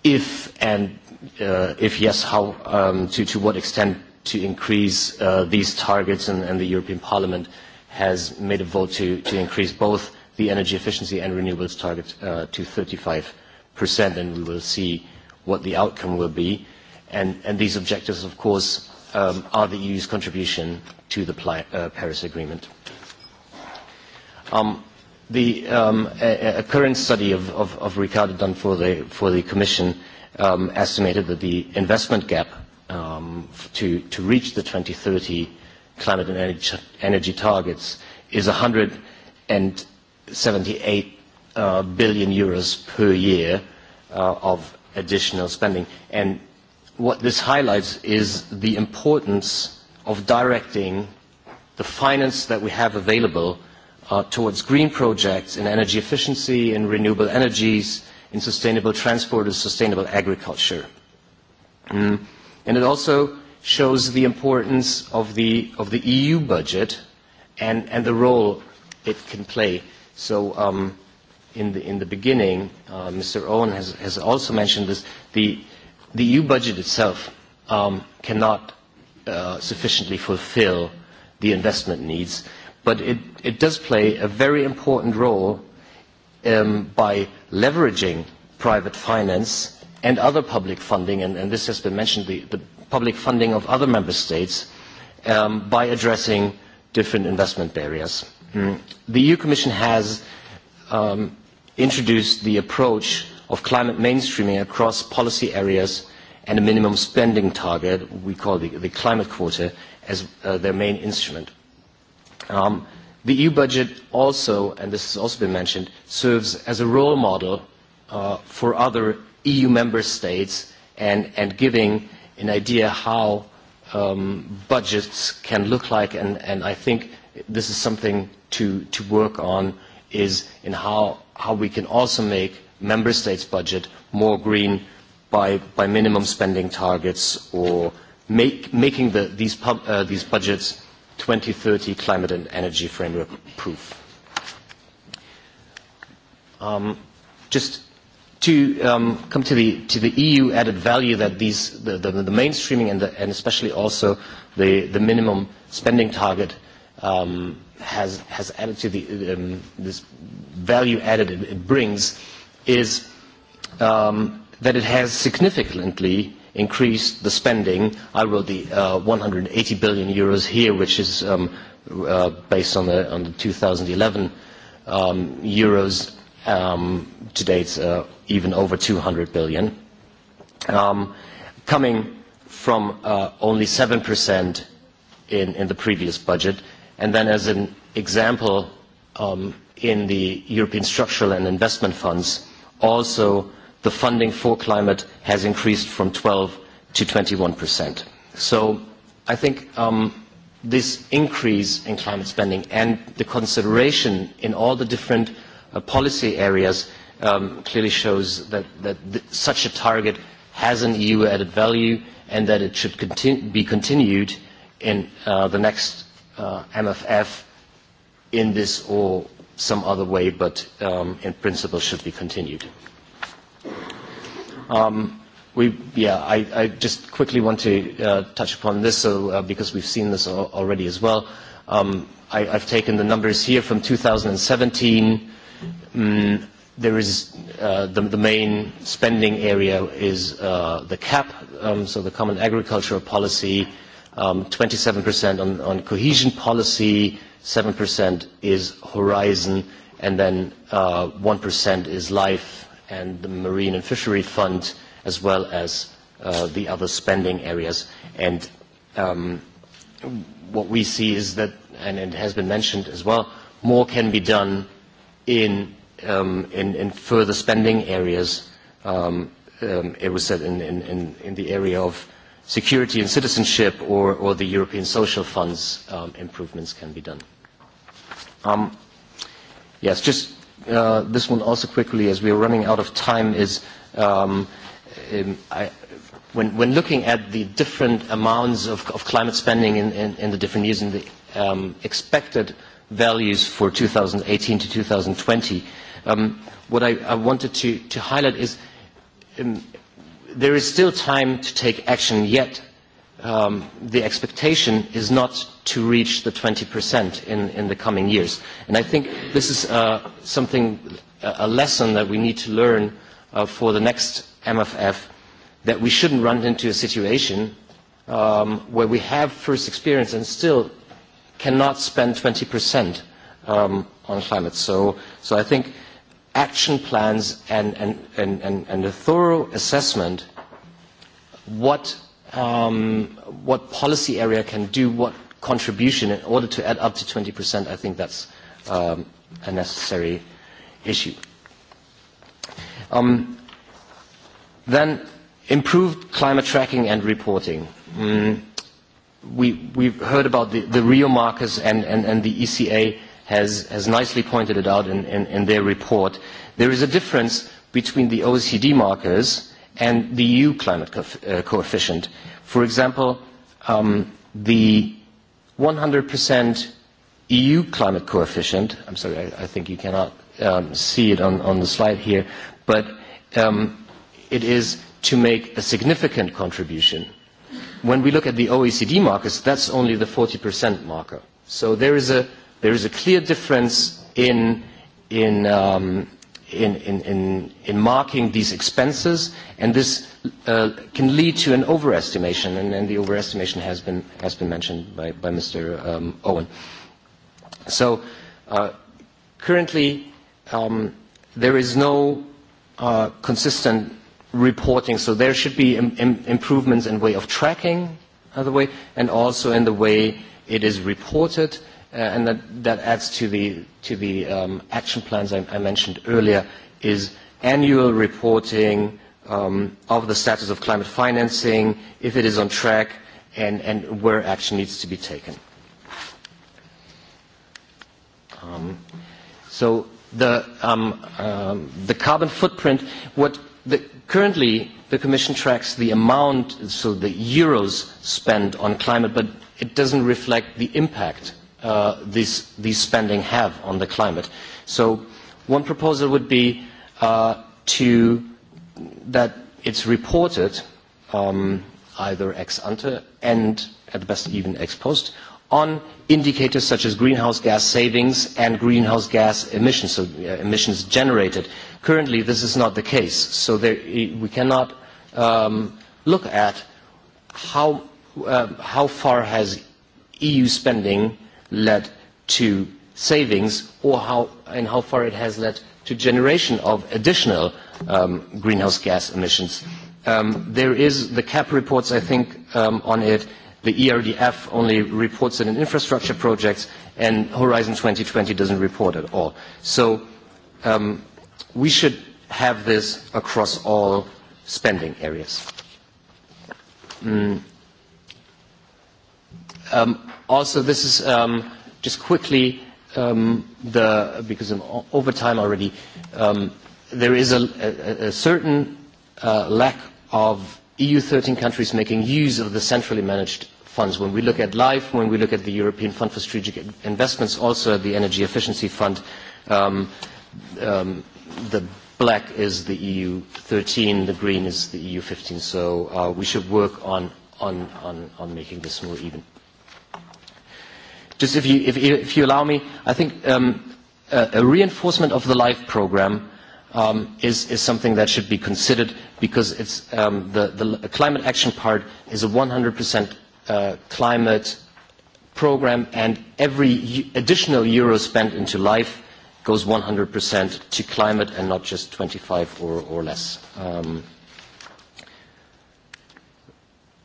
if and uh, if yes, how um, to, to what extent to increase uh, these targets, and, and the European Parliament has made a vote to, to increase both the energy efficiency and renewables target uh, to 35%, and we will see what the outcome will be. And, and these objectives, of course, um, are the EU's contribution to the pli- uh, Paris Agreement. Um, the, um, a, a current study of, of, of Ricardo done for the, for the Commission um, estimated that the investment gap um, to, to reach the 2030 climate and energy, energy targets is 100 and 78 uh, billion euros per year uh, of additional spending. And what this highlights is the importance of directing the finance that we have available uh, towards green projects in energy efficiency, in renewable energies, in sustainable transport and sustainable agriculture. Mm. And it also shows the importance of the, of the EU budget and, and the role it can play. So um, in, the, in the beginning, uh, Mr. Owen has, has also mentioned this, the, the EU budget itself um, cannot uh, sufficiently fulfill the investment needs, but it, it does play a very important role um, by leveraging private finance and other public funding, and, and this has been mentioned, the, the public funding of other member states, um, by addressing different investment barriers. Mm. The EU Commission has um, introduced the approach of climate mainstreaming across policy areas and a minimum spending target we call the, the climate quota as uh, their main instrument. Um, the EU budget also, and this has also been mentioned, serves as a role model uh, for other EU member states and, and giving an idea how um, budgets can look like, and, and I think this is something to, to work on is in how, how we can also make member states' budget more green by, by minimum spending targets or make, making the, these, pub, uh, these budgets 2030 climate and energy framework proof. Um, just to um, come to the, to the EU added value that these, the, the, the mainstreaming and, the, and especially also the, the minimum spending target uh, um, has, has added to the, um, this value added it, it brings is um, that it has significantly increased the spending. I wrote the uh, 180 billion euros here, which is um, uh, based on the, on the 2011 um, euros. Um, to date, uh, even over 200 billion, um, coming from uh, only 7% in, in the previous budget And then as an example, um, in the European Structural and Investment Funds, also the funding for climate has increased from 12 to 21%. So I think um, this increase in climate spending and the consideration in all the different uh, policy areas um, clearly shows that, that th such a target has an EU added value and that it should conti be continued in uh, the next uh, MFF in this or some other way, but um, in principle should be continued. Um, we, yeah, I, I just quickly want to uh, touch upon this so, uh, because we've seen this al already as well. Um, I, I've taken the numbers here from 2017. Mm, there is uh, the, the main spending area is uh, the CAP, um, so the Common Agricultural Policy, uh, um, 27% on, on cohesion policy, 7% is horizon, and then uh, 1% is life and the marine and fishery fund, as well as uh, the other spending areas. And um, what we see is that, and it has been mentioned as well, more can be done in, um, in, in further spending areas. Um, um, it was said in, in, in, in the area of security and citizenship or, or the European Social Fund's um, improvements can be done. Um, yes, just uh, this one also quickly, as we're running out of time, is um, um, I, when, when looking at the different amounts of, of climate spending in, in, in the different years and the um, expected values for 2018 to 2020, um, what I, I wanted to, to highlight is um, there is still time to take action, yet um, the expectation is not to reach the 20% in, in the coming years. And I think this is uh, something, a lesson that we need to learn uh, for the next MFF, that we shouldn't run into a situation um, where we have first experience and still cannot spend 20% um, on climate. So, so I think action plans and, and, and, and, and a thorough assessment what, um, what policy area can do what contribution in order to add up to 20%, I think that's um, a necessary issue. Um, then improved climate tracking and reporting. Mm, we, we've heard about the, the RIO markers and, and, and the ECA uh, has, has nicely pointed it out in, in, in their report. There is a difference between the OECD markers and the EU climate co uh, coefficient. For example, um, the 100% EU climate coefficient, I'm sorry, I, I think you cannot um, see it on, on the slide here, but um, it is to make a significant contribution. When we look at the OECD markers, that's only the 40% marker. So there is a there is a clear difference in, in, um, in, in, in, in marking these expenses, and this uh, can lead to an overestimation, and, and the overestimation has been, has been mentioned by, by Mr. Um, Owen. So uh, currently, um, there is no uh, consistent reporting, so there should be Im Im improvements in way of tracking, uh, the way, and also in the way it is reported. Uh, uh, and that, that adds to the, to the um, action plans I, I mentioned earlier, is annual reporting um, of the status of climate financing, if it is on track, and, and where action needs to be taken. Um, so the, um, um, the carbon footprint, what the, currently the Commission tracks the amount, so the euros spent on climate, but it doesn't reflect the impact uh, this, these spending have on the climate. So one proposal would be uh, to, that it's reported um, either ex ante and at best even ex post on indicators such as greenhouse gas savings and greenhouse gas emissions, so uh, emissions generated. Currently, this is not the case, so there, we cannot um, look at how, uh, how far has EU spending uh, led to savings or how, and how far it has led to generation of additional um, greenhouse gas emissions. Um, there is the CAP reports, I think, um, on it. The ERDF only reports it in infrastructure projects, and Horizon 2020 doesn't report at all. So um, we should have this across all spending areas. Mm. Um, Also, this is um, just quickly um, the because I'm over time already. Um, there is a, a, a certain uh, lack of EU 13 countries making use of the centrally managed funds. When we look at LIFE, when we look at the European Fund for Strategic Investments, also the Energy Efficiency Fund, um, um, the black is the EU 13, the green is the EU 15. So uh, we should work on, on, on, on making this more even just if you, if, if you allow me, I think um, a, a reinforcement of the LIFE program um, is, is something that should be considered because it's, um, the, the climate action part is a 100% uh, climate program and every additional euro spent into life goes 100% to climate and not just 25 or, or less. Um,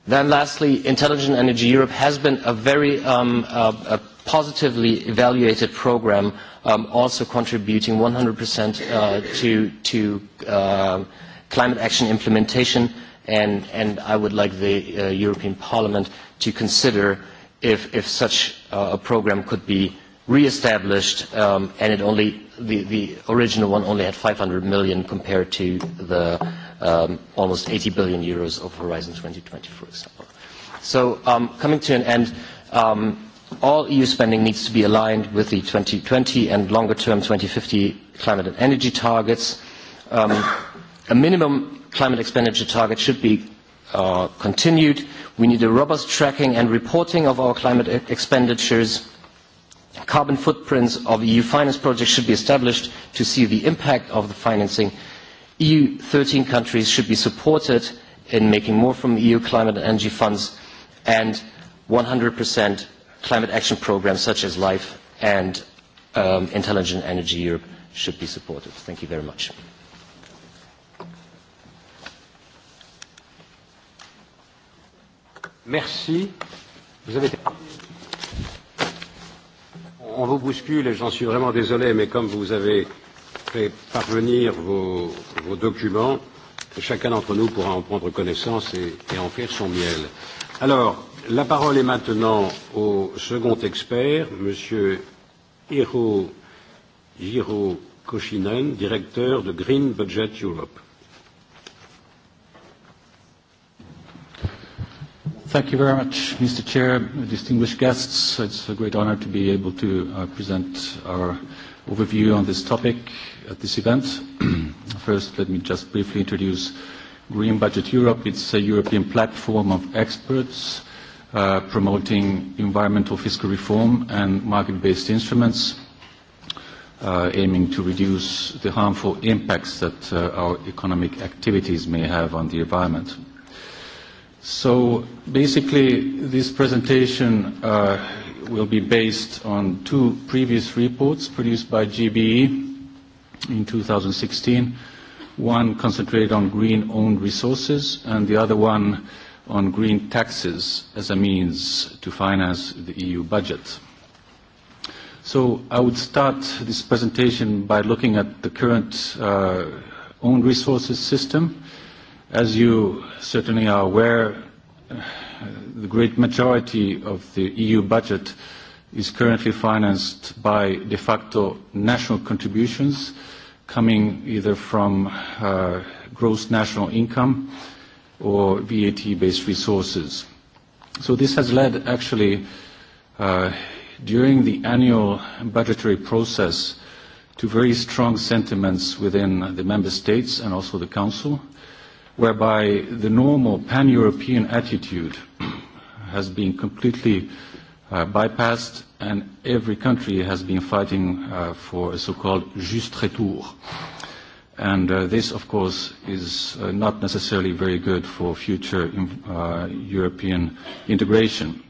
Then lastly, Intelligent Energy Europe has been a very um, uh, a positively evaluated program, um, also contributing 100% uh, to, to uh, climate action implementation, and, and I would like the uh, European Parliament to consider if, if such uh, a program could be reestablished, um, and it only, the, the original one only had 500 million compared to the um, almost 80 billion euros of Horizon 2020, for example. So um, coming to an end, um, all EU spending needs to be aligned with the 2020 and longer-term 2050 climate and energy targets. Um, a minimum climate expenditure target should be uh, continued. We need a robust tracking and reporting of our climate e expenditures. Carbon footprints of EU finance projects should be established to see the impact of the financing uh, EU 13 countries should be supported in making more from EU climate and energy funds and 100% climate action programs such as LIFE and um, Intelligent Energy Europe should be supported. Thank you very much. Merci. Vous avez... On vous bouscule et j'en suis vraiment désolé, mais comme vous avez fait parvenir vos, vos documents. Chacun d'entre nous pourra en prendre connaissance et, et en faire son miel. Alors, la parole est maintenant au second expert, Monsieur Hiro, Hiro Koshinen, directeur de Green Budget Europe. Thank you very much, Mr. Chair, distinguished guests. It's a great honor to be able to uh, present our overview on this topic at this event. (clears throat) First, let me just briefly introduce Green Budget Europe. It's a European platform of experts uh, promoting environmental fiscal reform and market-based instruments, uh, aiming to reduce the harmful impacts that uh, our economic activities may have on the environment. So basically, this presentation uh, will be based on two previous reports produced by GBE in 2016, one concentrated on green-owned resources and the other one on green taxes as a means to finance the EU budget. So I would start this presentation by looking at the current uh, own resources system. As you certainly are aware, the great majority of the EU budget is currently financed by de facto national contributions coming either from uh, gross national income or VAT-based resources. So this has led actually uh, during the annual budgetary process to very strong sentiments within the member states and also the council. Uh, whereby the normal pan-European attitude has been completely uh, bypassed and every country has been fighting uh, for a so-called juste retour. And uh, this, of course, is uh, not necessarily very good for future um, uh, European integration.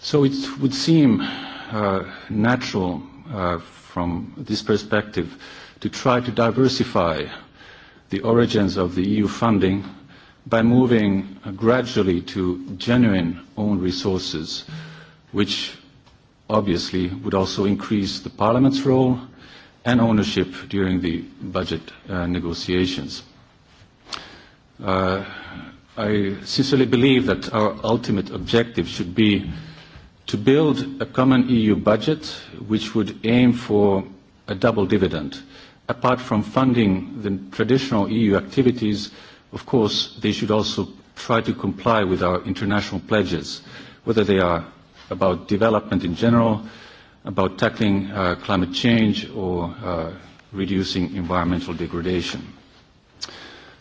So it would seem uh, natural uh, from this perspective to try to diversify uh, the origins of the EU funding by moving uh, gradually to genuine own resources, which obviously would also increase the Parliament's role and ownership during the budget uh, negotiations. Uh, I sincerely believe that our ultimate objective should be to build a common EU budget which would aim for a double dividend – apart from funding the traditional EU activities, of course, they should also try to comply with our international pledges, whether they are about development in general, about tackling uh, climate change, or uh, reducing environmental degradation.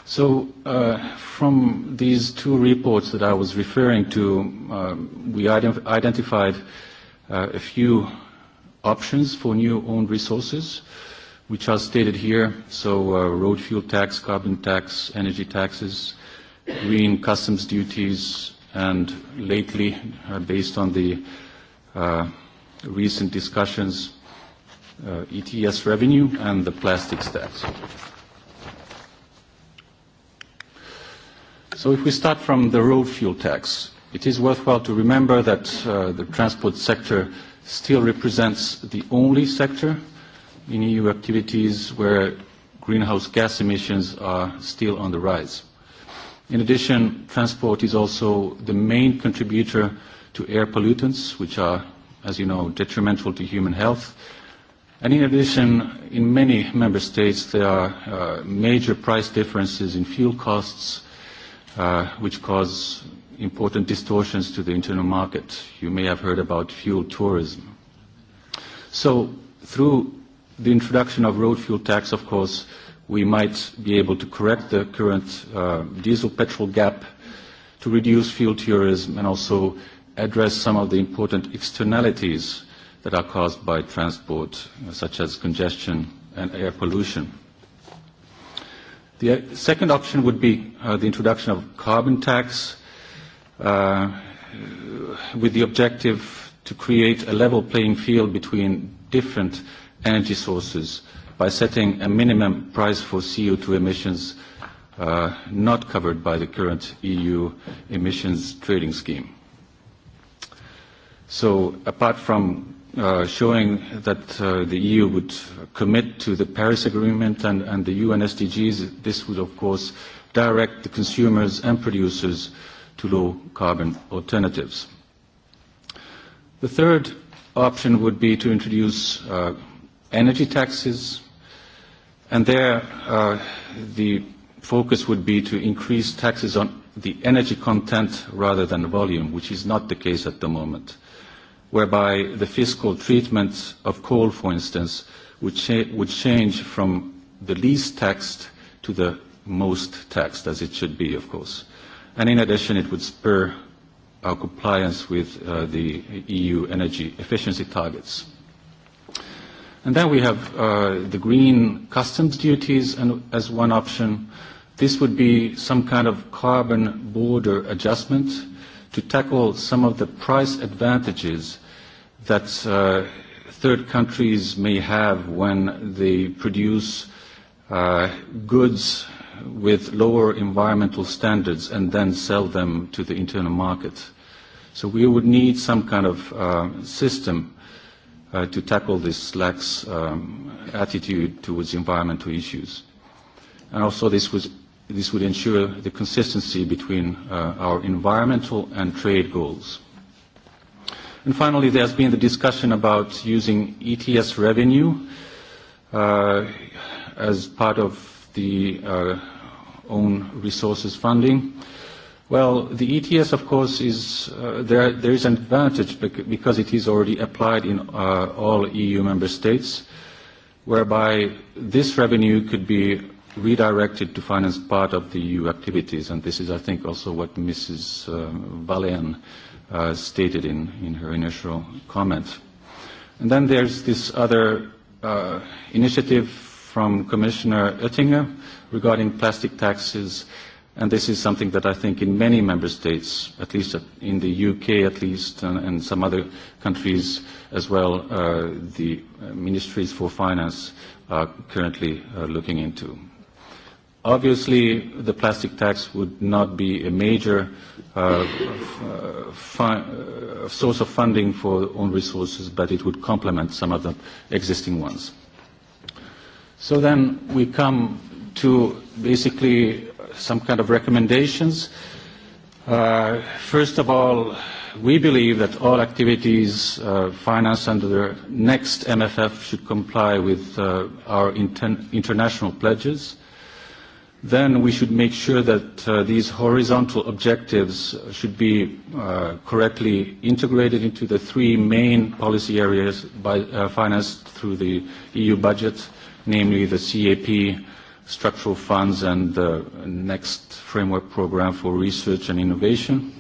So uh, from these two reports that I was referring to, um, we ident identified uh, a few options for new own resources. Uh, which are stated here. So uh, road fuel tax, carbon tax, energy taxes, green customs duties, and lately, uh, based on the uh, recent discussions, uh, ETS revenue and the plastics tax. So if we start from the road fuel tax, it is worthwhile to remember that uh, the transport sector still represents the only sector uh, in EU activities where greenhouse gas emissions are still on the rise. In addition, transport is also the main contributor to air pollutants, which are, as you know, detrimental to human health. And in addition, in many member states, there are uh, major price differences in fuel costs, uh, which cause important distortions to the internal market. You may have heard about fuel tourism. So through the introduction of road fuel tax, of course, we might be able to correct the current uh, diesel-petrol gap to reduce fuel tourism and also address some of the important externalities that are caused by transport, such as congestion and air pollution. The uh, second option would be uh, the introduction of carbon tax uh, with the objective to create a level playing field between different energy sources by setting a minimum price for CO2 emissions uh, not covered by the current EU emissions trading scheme. So apart from uh, showing that uh, the EU would commit to the Paris Agreement and, and the UN SDGs, this would of course direct the consumers and producers to low carbon alternatives. The third option would be to introduce uh, energy taxes. And there, uh, the focus would be to increase taxes on the energy content rather than volume, which is not the case at the moment, whereby the fiscal treatment of coal, for instance, would, cha- would change from the least taxed to the most taxed, as it should be, of course. And in addition, it would spur our compliance with uh, the EU energy efficiency targets. And then we have uh, the green customs duties and, as one option. This would be some kind of carbon border adjustment to tackle some of the price advantages that uh, third countries may have when they produce uh, goods with lower environmental standards and then sell them to the internal market. So we would need some kind of uh, system uh, to tackle this lax um, attitude towards environmental issues. And also this, was, this would ensure the consistency between uh, our environmental and trade goals. And finally, there's been the discussion about using ETS revenue uh, as part of the uh, own resources funding. Uh, Well, the ETS, of course, is uh, there. There is an advantage because it is already applied in uh, all EU member states, whereby this revenue could be redirected to finance part of the EU activities, and this is, I think, also what Mrs. Um, Valen uh, stated in, in her initial comment. And then there's this other uh, initiative from Commissioner Oettinger regarding plastic taxes. Uh, And this is something that I think in many member states, at least in the UK at least, and, and some other countries as well, uh, the uh, ministries for finance are currently uh, looking into. Obviously, the plastic tax would not be a major uh, uh, fi- uh, source of funding for own resources, but it would complement some of the existing ones. So then we come to basically some kind of recommendations. Uh, first of all, we believe that all activities uh, financed under the next MFF should comply with uh, our inter international pledges. Then we should make sure that uh, these horizontal objectives should be uh, correctly integrated into the three main policy areas by, uh, financed through the EU budget, namely the CAP, structural funds and the uh, next framework program for research and innovation.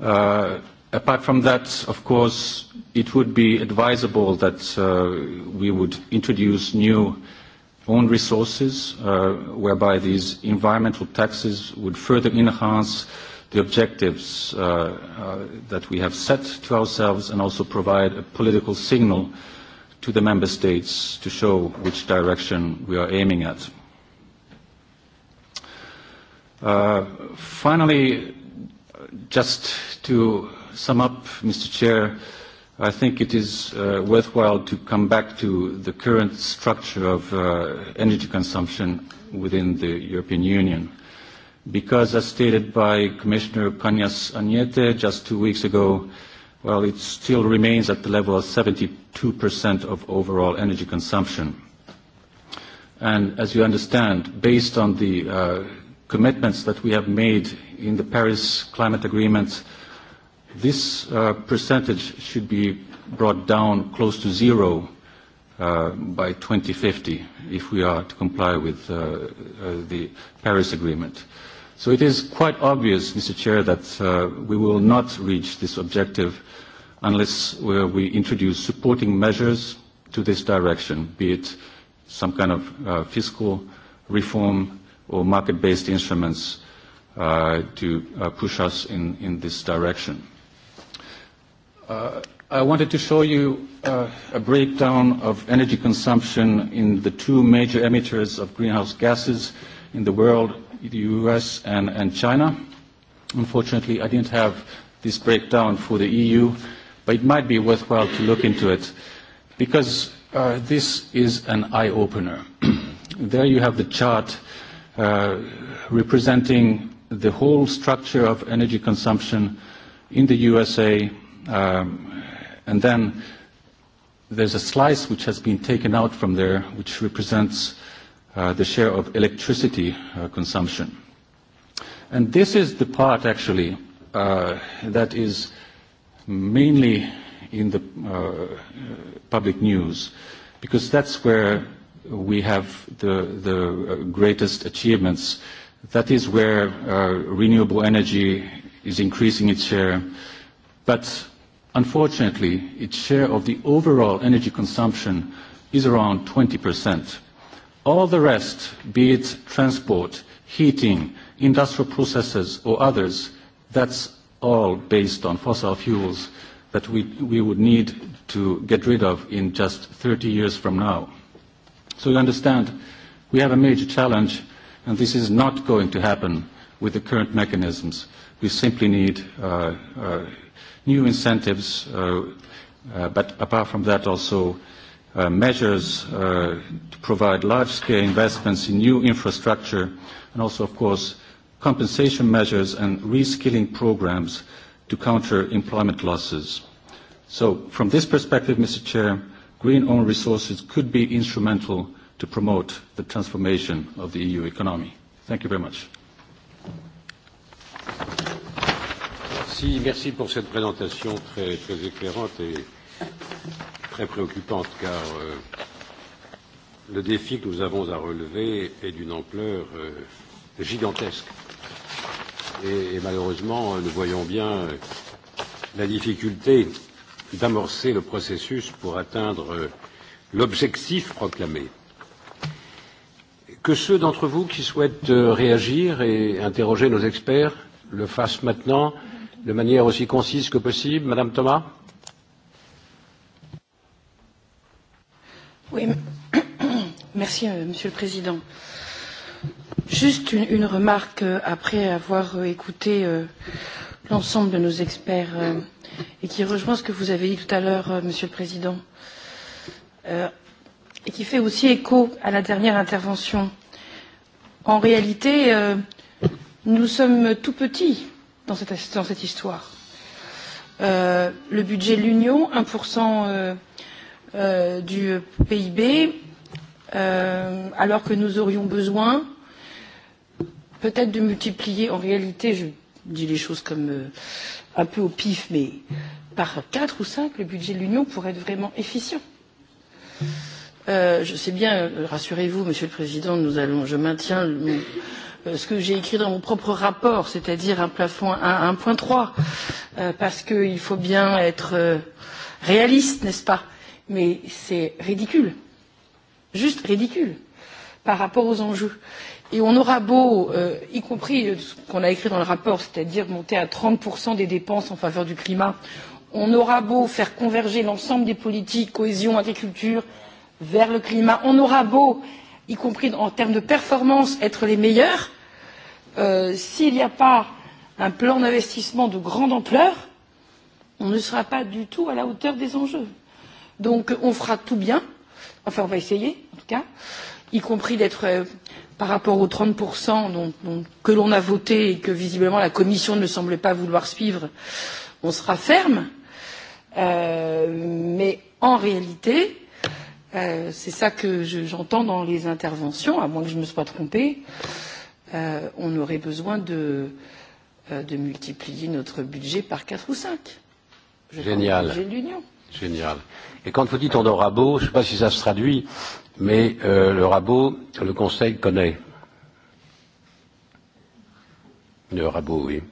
Uh, apart from that, of course, it would be advisable that uh, we would introduce new own resources, uh, whereby these environmental taxes would further enhance the objectives uh, uh, that we have set to ourselves and also provide a political signal uh, to the member states to show which direction we are aiming at. Uh, finally, just to sum up, Mr. Chair, I think it is uh, worthwhile to come back to the current structure of uh, energy consumption within the European Union. Because as stated by Commissioner Cañas Añete just two weeks ago, well, it still remains at the level of 70 2% of overall energy consumption. And as you understand, based on the uh, commitments that we have made in the Paris Climate Agreement, this uh, percentage should be brought down close to zero uh, by 2050 if we are to comply with uh, uh, the Paris Agreement. So it is quite obvious, Mr. Chair, that uh, we will not reach this objective uh, unless uh, we introduce supporting measures to this direction, be it some kind of uh, fiscal reform or market-based instruments uh, to uh, push us in, in this direction. Uh, I wanted to show you uh, a breakdown of energy consumption in the two major emitters of greenhouse gases in the world, the U.S. and, and China. Unfortunately, I didn't have this breakdown for the EU, But it might be worthwhile to look into it because uh, this is an eye-opener. (clears throat) there you have the chart uh, representing the whole structure of energy consumption in the USA. Um, and then there's a slice which has been taken out from there, which represents uh, the share of electricity uh, consumption. And this is the part, actually, uh, that is – mainly in the uh, public news, because that's where we have the, the uh, greatest achievements. That is where uh, renewable energy is increasing its share. But unfortunately, its share of the overall energy consumption is around 20%. All the rest, be it transport, heating, industrial processes, or others, that's all based on fossil fuels that we, we would need to get rid of in just 30 years from now. So you understand, we have a major challenge, and this is not going to happen with the current mechanisms. We simply need uh, uh, new incentives, uh, uh, but apart from that also uh, measures uh, to provide large-scale investments in new infrastructure, and also, of course, compensation measures and reskilling programs to counter employment losses. So from this perspective, Mr. Chair, green own resources could be instrumental to promote the transformation of the EU economy. Thank you very much. Merci, merci pour cette présentation très, très éclairante et très préoccupante, car euh, le défi que nous avons à relever est d'une ampleur euh, gigantesque et, et malheureusement, nous voyons bien euh, la difficulté d'amorcer le processus pour atteindre euh, l'objectif proclamé. Que ceux d'entre vous qui souhaitent euh, réagir et interroger nos experts le fassent maintenant de manière aussi concise que possible. Madame Thomas Oui, (coughs) merci Monsieur le Président. Euh, Juste une, une remarque euh, après avoir euh, écouté euh, l'ensemble de nos experts euh, et qui rejoint ce que vous avez dit tout à l'heure, euh, Monsieur le Président, euh, et qui fait aussi écho à la dernière intervention. En réalité, euh, nous sommes tout petits dans cette, dans cette histoire. Euh, le budget de l'Union, 1% euh, euh, du PIB, euh, alors que nous aurions besoin euh, peut-être de multiplier, en réalité, je dis les choses comme euh, un peu au pif, mais par quatre ou cinq, le budget de l'Union pour être vraiment efficient. Euh, je sais bien, euh, rassurez-vous, Monsieur le Président, nous allons, je maintiens le, euh, ce que j'ai écrit dans mon propre rapport, c'est-à-dire un plafond à 1.3, euh, parce qu'il faut bien être euh, réaliste, n'est-ce pas Mais c'est ridicule, juste ridicule, par rapport aux enjeux. Euh, et on aura beau euh, y compris euh, ce qu'on a écrit dans le rapport c'est à dire monter à trente des dépenses en faveur du climat on aura beau faire converger l'ensemble des politiques cohésion agriculture vers le climat on aura beau y compris en termes de performance être les meilleurs euh, s'il n'y a pas un plan d'investissement de grande ampleur on ne sera pas du tout à la hauteur des enjeux. donc on fera tout bien enfin on va essayer en tout cas y compris d'être euh, par rapport aux 30% dont, dont, que l'on a voté et que visiblement la Commission ne semblait pas vouloir suivre, on sera ferme. Euh, mais en réalité, euh, c'est ça que j'entends je, dans les interventions, à moins que je ne me sois trompée, euh, on aurait besoin de, euh, de multiplier notre budget par 4 ou 5. Je Génial. Génial. Et quand vous dites on aura beau, je ne sais pas si ça se traduit, euh, mais euh, le rabot, le Conseil connaît. Le rabot, oui.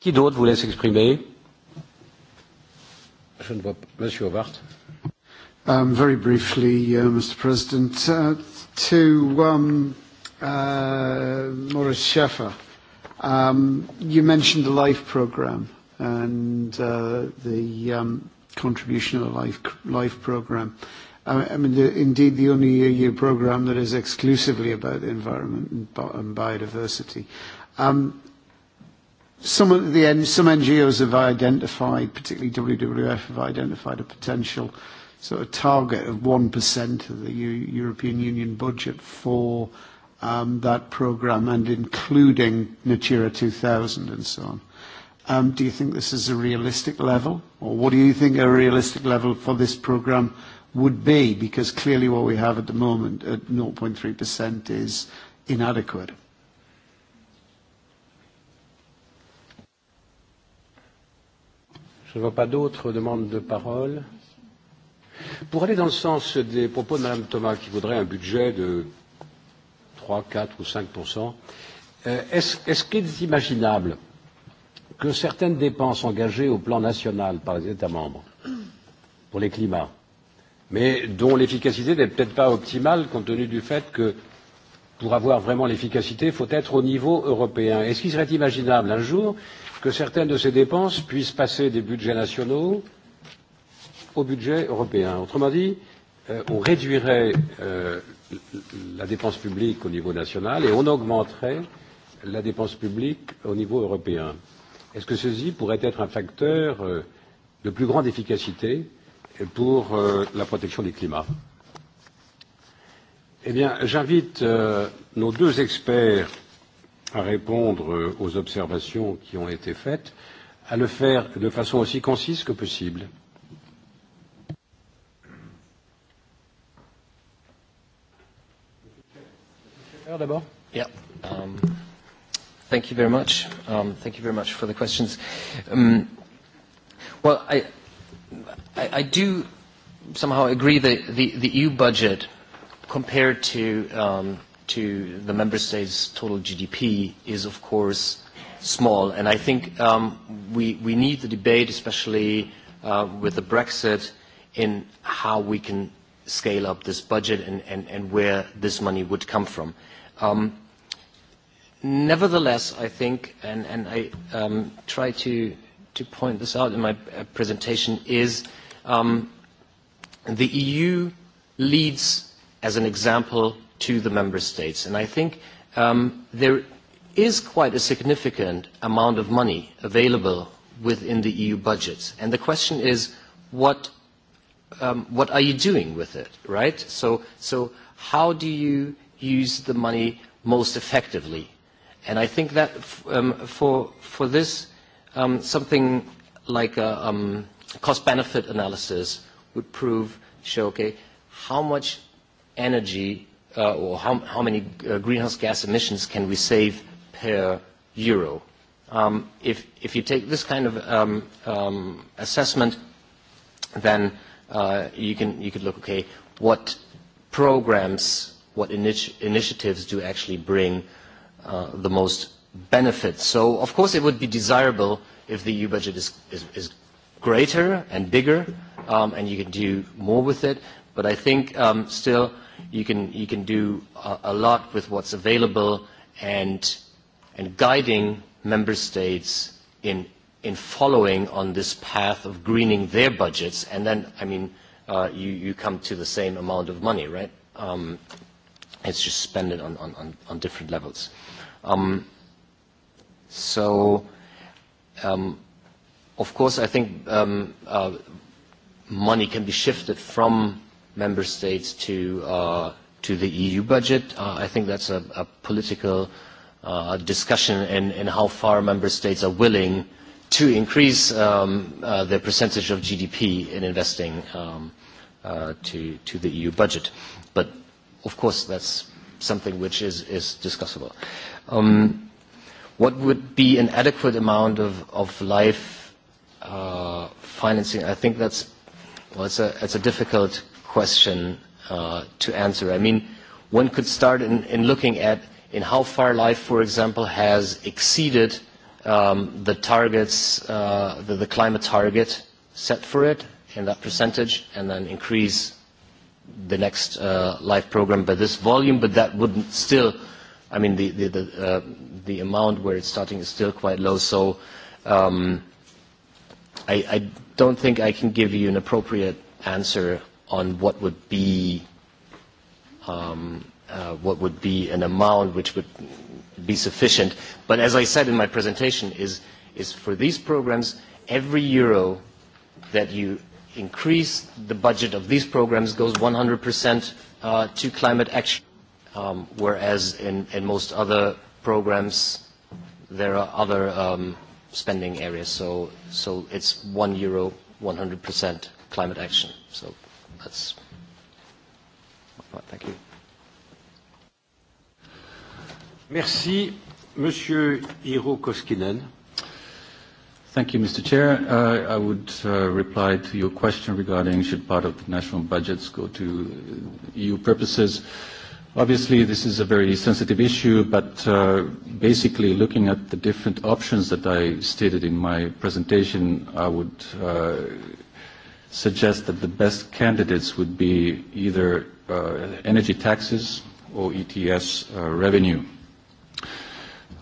Qui d'autre voulait s'exprimer Je ne vois pas. Monsieur Hobart. Um, very briefly, uh, Mr. President, uh, to um, uh, Maurice Schaeffer, um, you mentioned the LIFE program and uh, the um, contribution of the LIFE, LIFE program. Uh, I mean, the, indeed, the only EU program that is exclusively about the environment and, bi and biodiversity. Um, some of the some NGOs have identified, particularly WWF, have identified a potential sort of target of 1% of the EU, European Union budget for um, that program and including Natura 2000 and so on. Um, do you think this is a realistic level, or what do you think a realistic level for this program? would be, because clearly what we have at the moment at 0.3% is inadequate. Je ne vois pas d'autres demandes de parole. Pour aller dans le sens des propos de Mme Thomas, qui voudrait un budget de 3, 4 ou 5 euh, est-ce est, est qu'il est imaginable que certaines dépenses engagées au plan national par les États membres pour les climats mais dont l'efficacité n'est peut-être pas optimale compte tenu du fait que pour avoir vraiment l'efficacité, il faut être au niveau européen. Est-ce qu'il serait imaginable un jour que certaines de ces dépenses puissent passer des budgets nationaux au budget européen Autrement dit, euh, on réduirait euh, la dépense publique au niveau national et on augmenterait la dépense publique au niveau européen. Est-ce que ceci pourrait être un facteur euh, de plus grande efficacité pour euh, la protection du climat. Eh bien, j'invite euh, nos deux experts à répondre euh, aux observations qui ont été faites, à le faire de façon aussi concise que possible. d'abord. Yeah. Um, thank you very much. Um, thank you very much for the questions. Um, well, I, I, I do somehow agree that the, the EU budget, compared to um, to the member states' total GDP, is of course small. And I think um, we we need the debate, especially uh, with the Brexit, in how we can scale up this budget and, and, and where this money would come from. Um, nevertheless, I think, and, and I um, try to to point this out in my uh, presentation is um, the EU leads as an example to the member states. And I think um, there is quite a significant amount of money available within the EU budgets. And the question is, what, um, what are you doing with it, right? So, so how do you use the money most effectively? And I think that um, for, for this, um, something like a um, cost-benefit analysis would prove, show, okay, how much energy uh, or how, how many uh, greenhouse gas emissions can we save per euro? Um, if, if you take this kind of um, um, assessment, then uh, you, can, you could look, okay, what programs, what initi initiatives do actually bring uh, the most benefits. So, of course, it would be desirable if the EU budget is, is, is greater and bigger, um, and you can do more with it. But I think um, still you can, you can do a, a lot with what's available and, and guiding member states in, in following on this path of greening their budgets. And then, I mean, uh, you, you come to the same amount of money, right? Um, it's just spent on, on, on, on different levels. Um, So, um, of course, I think um, uh, money can be shifted from member states to uh, to the EU budget. Uh, I think that's a, a political uh, discussion in, in how far member states are willing to increase um, uh, their percentage of GDP in investing um, uh, to to the EU budget. But of course, that's something which is is discussable. Um, what would be an adequate amount of, of life uh, financing? I think that's, well, it's a, it's a difficult question uh, to answer. I mean, one could start in, in looking at in how far life, for example, has exceeded um, the targets, uh, the, the climate target set for it in that percentage, and then increase the next uh, life program by this volume, but that wouldn't still I mean, the, the, the, uh, the amount where it's starting is still quite low. So um, I, I don't think I can give you an appropriate answer on what would be um, uh, what would be an amount which would be sufficient. But as I said in my presentation, is, is for these programs, every euro that you increase the budget of these programs goes 100% uh, to climate action um, whereas in, in most other programs there are other um, spending areas. So, so it's one euro, 100% climate action. So that's my point. Thank you. Merci, Monsieur Iiro Koskinen. Thank you, Mr. Chair. Uh, I would uh, reply to your question regarding should part of the national budgets go to EU purposes. Uh, Obviously, this is a very sensitive issue, but uh, basically looking at the different options that I stated in my presentation, I would uh, suggest that the best candidates would be either uh, energy taxes or ETS uh, revenue.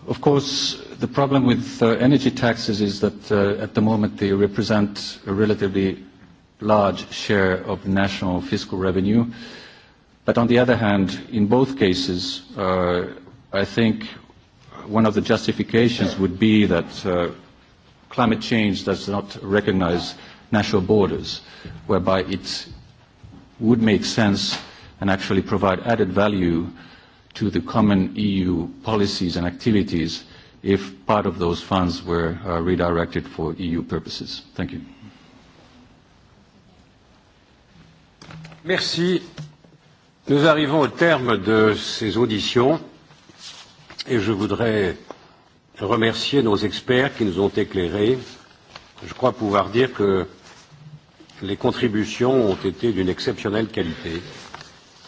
Of course, the problem with uh, energy taxes is that uh, at the moment they represent a relatively large share of national fiscal revenue, But on the other hand, in both cases, uh, I think one of the justifications would be that uh, climate change does not recognize national borders, whereby it would make sense and actually provide added value to the common EU policies and activities if part of those funds were uh, redirected for EU purposes. Thank you. Merci. Nous arrivons au terme de ces auditions et je voudrais remercier nos experts qui nous ont éclairés. Je crois pouvoir dire que les contributions ont été d'une exceptionnelle qualité.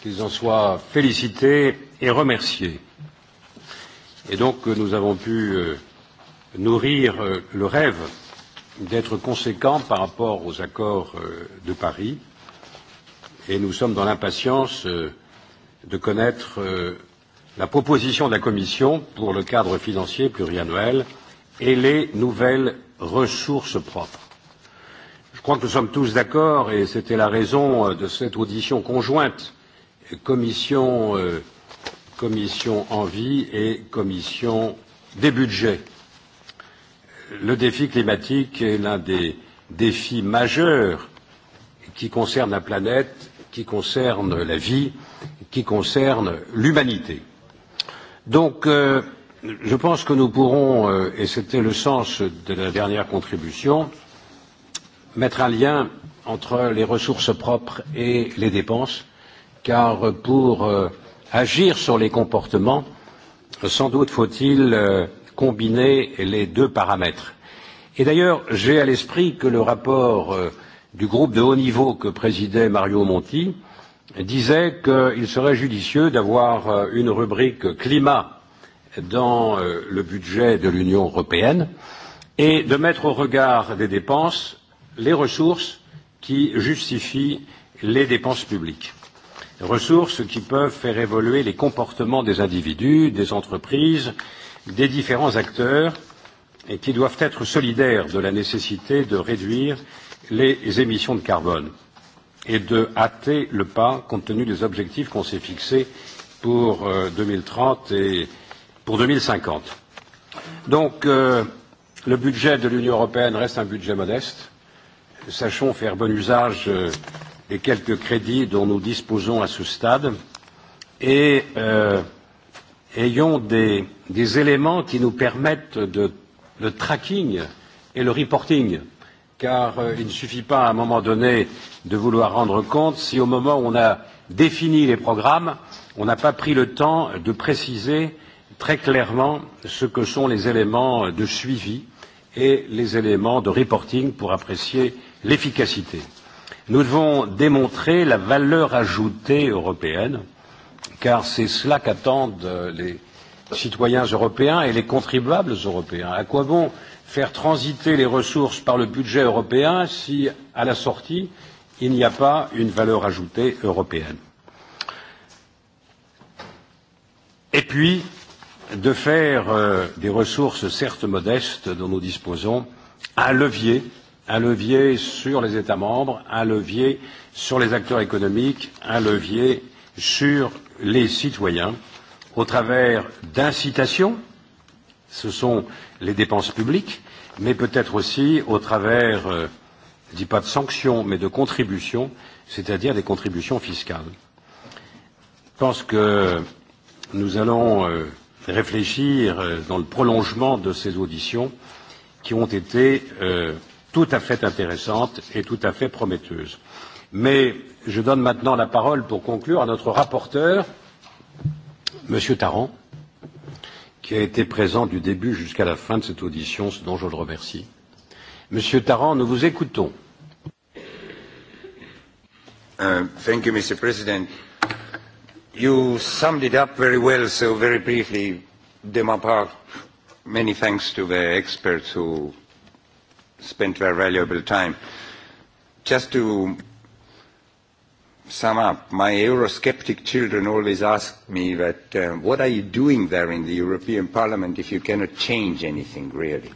Qu'ils en soient félicités et remerciés. Et donc nous avons pu euh, nourrir euh, le rêve d'être conséquents par rapport aux accords euh, de Paris et nous sommes dans l'impatience euh, de connaître euh, la proposition de la Commission pour le cadre financier pluriannuel et les nouvelles ressources propres. Je crois que nous sommes tous d'accord et c'était la raison euh, de cette audition conjointe euh, Commission, euh, commission Envie et Commission des budgets. Le défi climatique est l'un des défis majeurs qui concerne la planète qui concerne la vie, qui concerne l'humanité. Donc, euh, je pense que nous pourrons, euh, et c'était le sens de la dernière contribution, mettre un lien entre les ressources propres et les dépenses, car pour euh, agir sur les comportements, sans doute faut-il euh, combiner les deux paramètres. Et d'ailleurs, j'ai à l'esprit que le rapport euh, du groupe de haut niveau que présidait Mario Monti disait qu'il serait judicieux d'avoir euh, une rubrique climat dans euh, le budget de l'Union européenne et de mettre au regard des dépenses les ressources qui justifient les dépenses publiques ressources qui peuvent faire évoluer les comportements des individus, des entreprises, des différents acteurs et qui doivent être solidaires de la nécessité de réduire les émissions de carbone et de hâter le pas compte tenu des objectifs qu'on s'est fixés pour euh, 2030 et pour 2050. Donc, euh, le budget de l'Union européenne reste un budget modeste. Sachons faire bon usage euh, des quelques crédits dont nous disposons à ce stade et euh, ayons des, des éléments qui nous permettent de le tracking et le reporting euh, car euh, il ne suffit pas à un moment donné de vouloir rendre compte si au moment où on a défini les programmes, on n'a pas pris le temps de préciser très clairement ce que sont les éléments de suivi et les éléments de reporting pour apprécier l'efficacité. Nous devons démontrer la valeur ajoutée européenne, car c'est cela qu'attendent les citoyens européens et les contribuables européens. À quoi bon euh, faire transiter les ressources par le budget européen si, à la sortie, il n'y a pas une valeur ajoutée européenne. Et puis, de faire euh, des ressources certes modestes dont nous disposons un levier, un levier sur les États membres, un levier sur les acteurs économiques, un levier sur les citoyens, au travers d'incitations ce sont les dépenses publiques, mais peut-être aussi au travers, euh, je ne dis pas de sanctions, mais de contributions, c'est-à-dire des contributions fiscales. Je pense que nous allons euh, réfléchir euh, dans le prolongement de ces auditions qui ont été euh, tout à fait intéressantes et tout à fait prometteuses. Mais je donne maintenant la parole pour conclure à notre rapporteur, Monsieur Tarrant, qui a été présent du début jusqu'à la fin de cette audition, ce dont je le remercie. Monsieur Tarrant, nous vous écoutons. Uh, thank you, Mr. President. You summed it up very well, so very briefly, de ma part, many thanks to the experts who spent their valuable time. Just to sum up, my Eurosceptic children always ask me that, uh, what are you doing there in the European Parliament if you cannot change anything, really?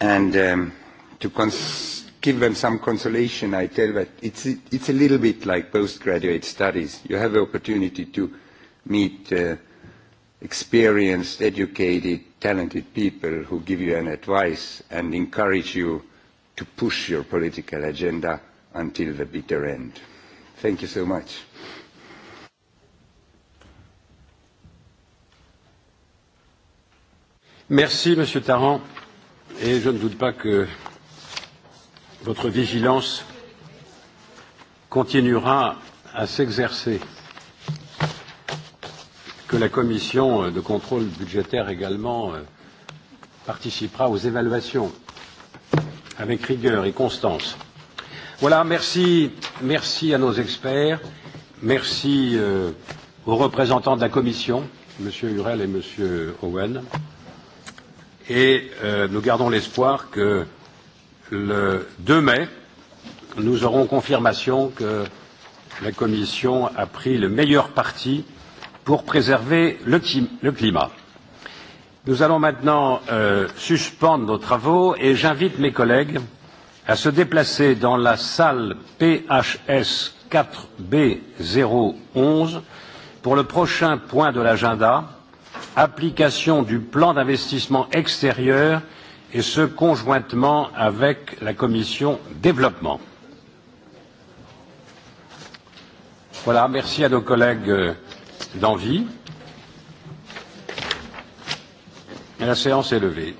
And um, to cons- give them some consolation, I tell that it's a, it's a little bit like postgraduate studies. You have the opportunity to meet uh, experienced, educated, talented people who give you an advice and encourage you to push your political agenda until the bitter end. Thank you so much. Merci, Monsieur Tarrant. Et je ne doute pas que votre vigilance continuera à s'exercer, que la commission de contrôle budgétaire également euh, participera aux évaluations avec rigueur et constance. Voilà, merci, merci à nos experts, merci euh, aux représentants de la Commission, M. Hurel et M. Owen. Et euh, nous gardons l'espoir que le 2 mai, nous aurons confirmation que la Commission a pris le meilleur parti pour préserver le, le climat. Nous allons maintenant euh, suspendre nos travaux et j'invite mes collègues à se déplacer dans la salle PHS 4B011 pour le prochain point de l'agenda, application du plan d'investissement extérieur et ce conjointement avec la commission développement. Voilà, merci à nos collègues euh, d'envie. La séance est levée.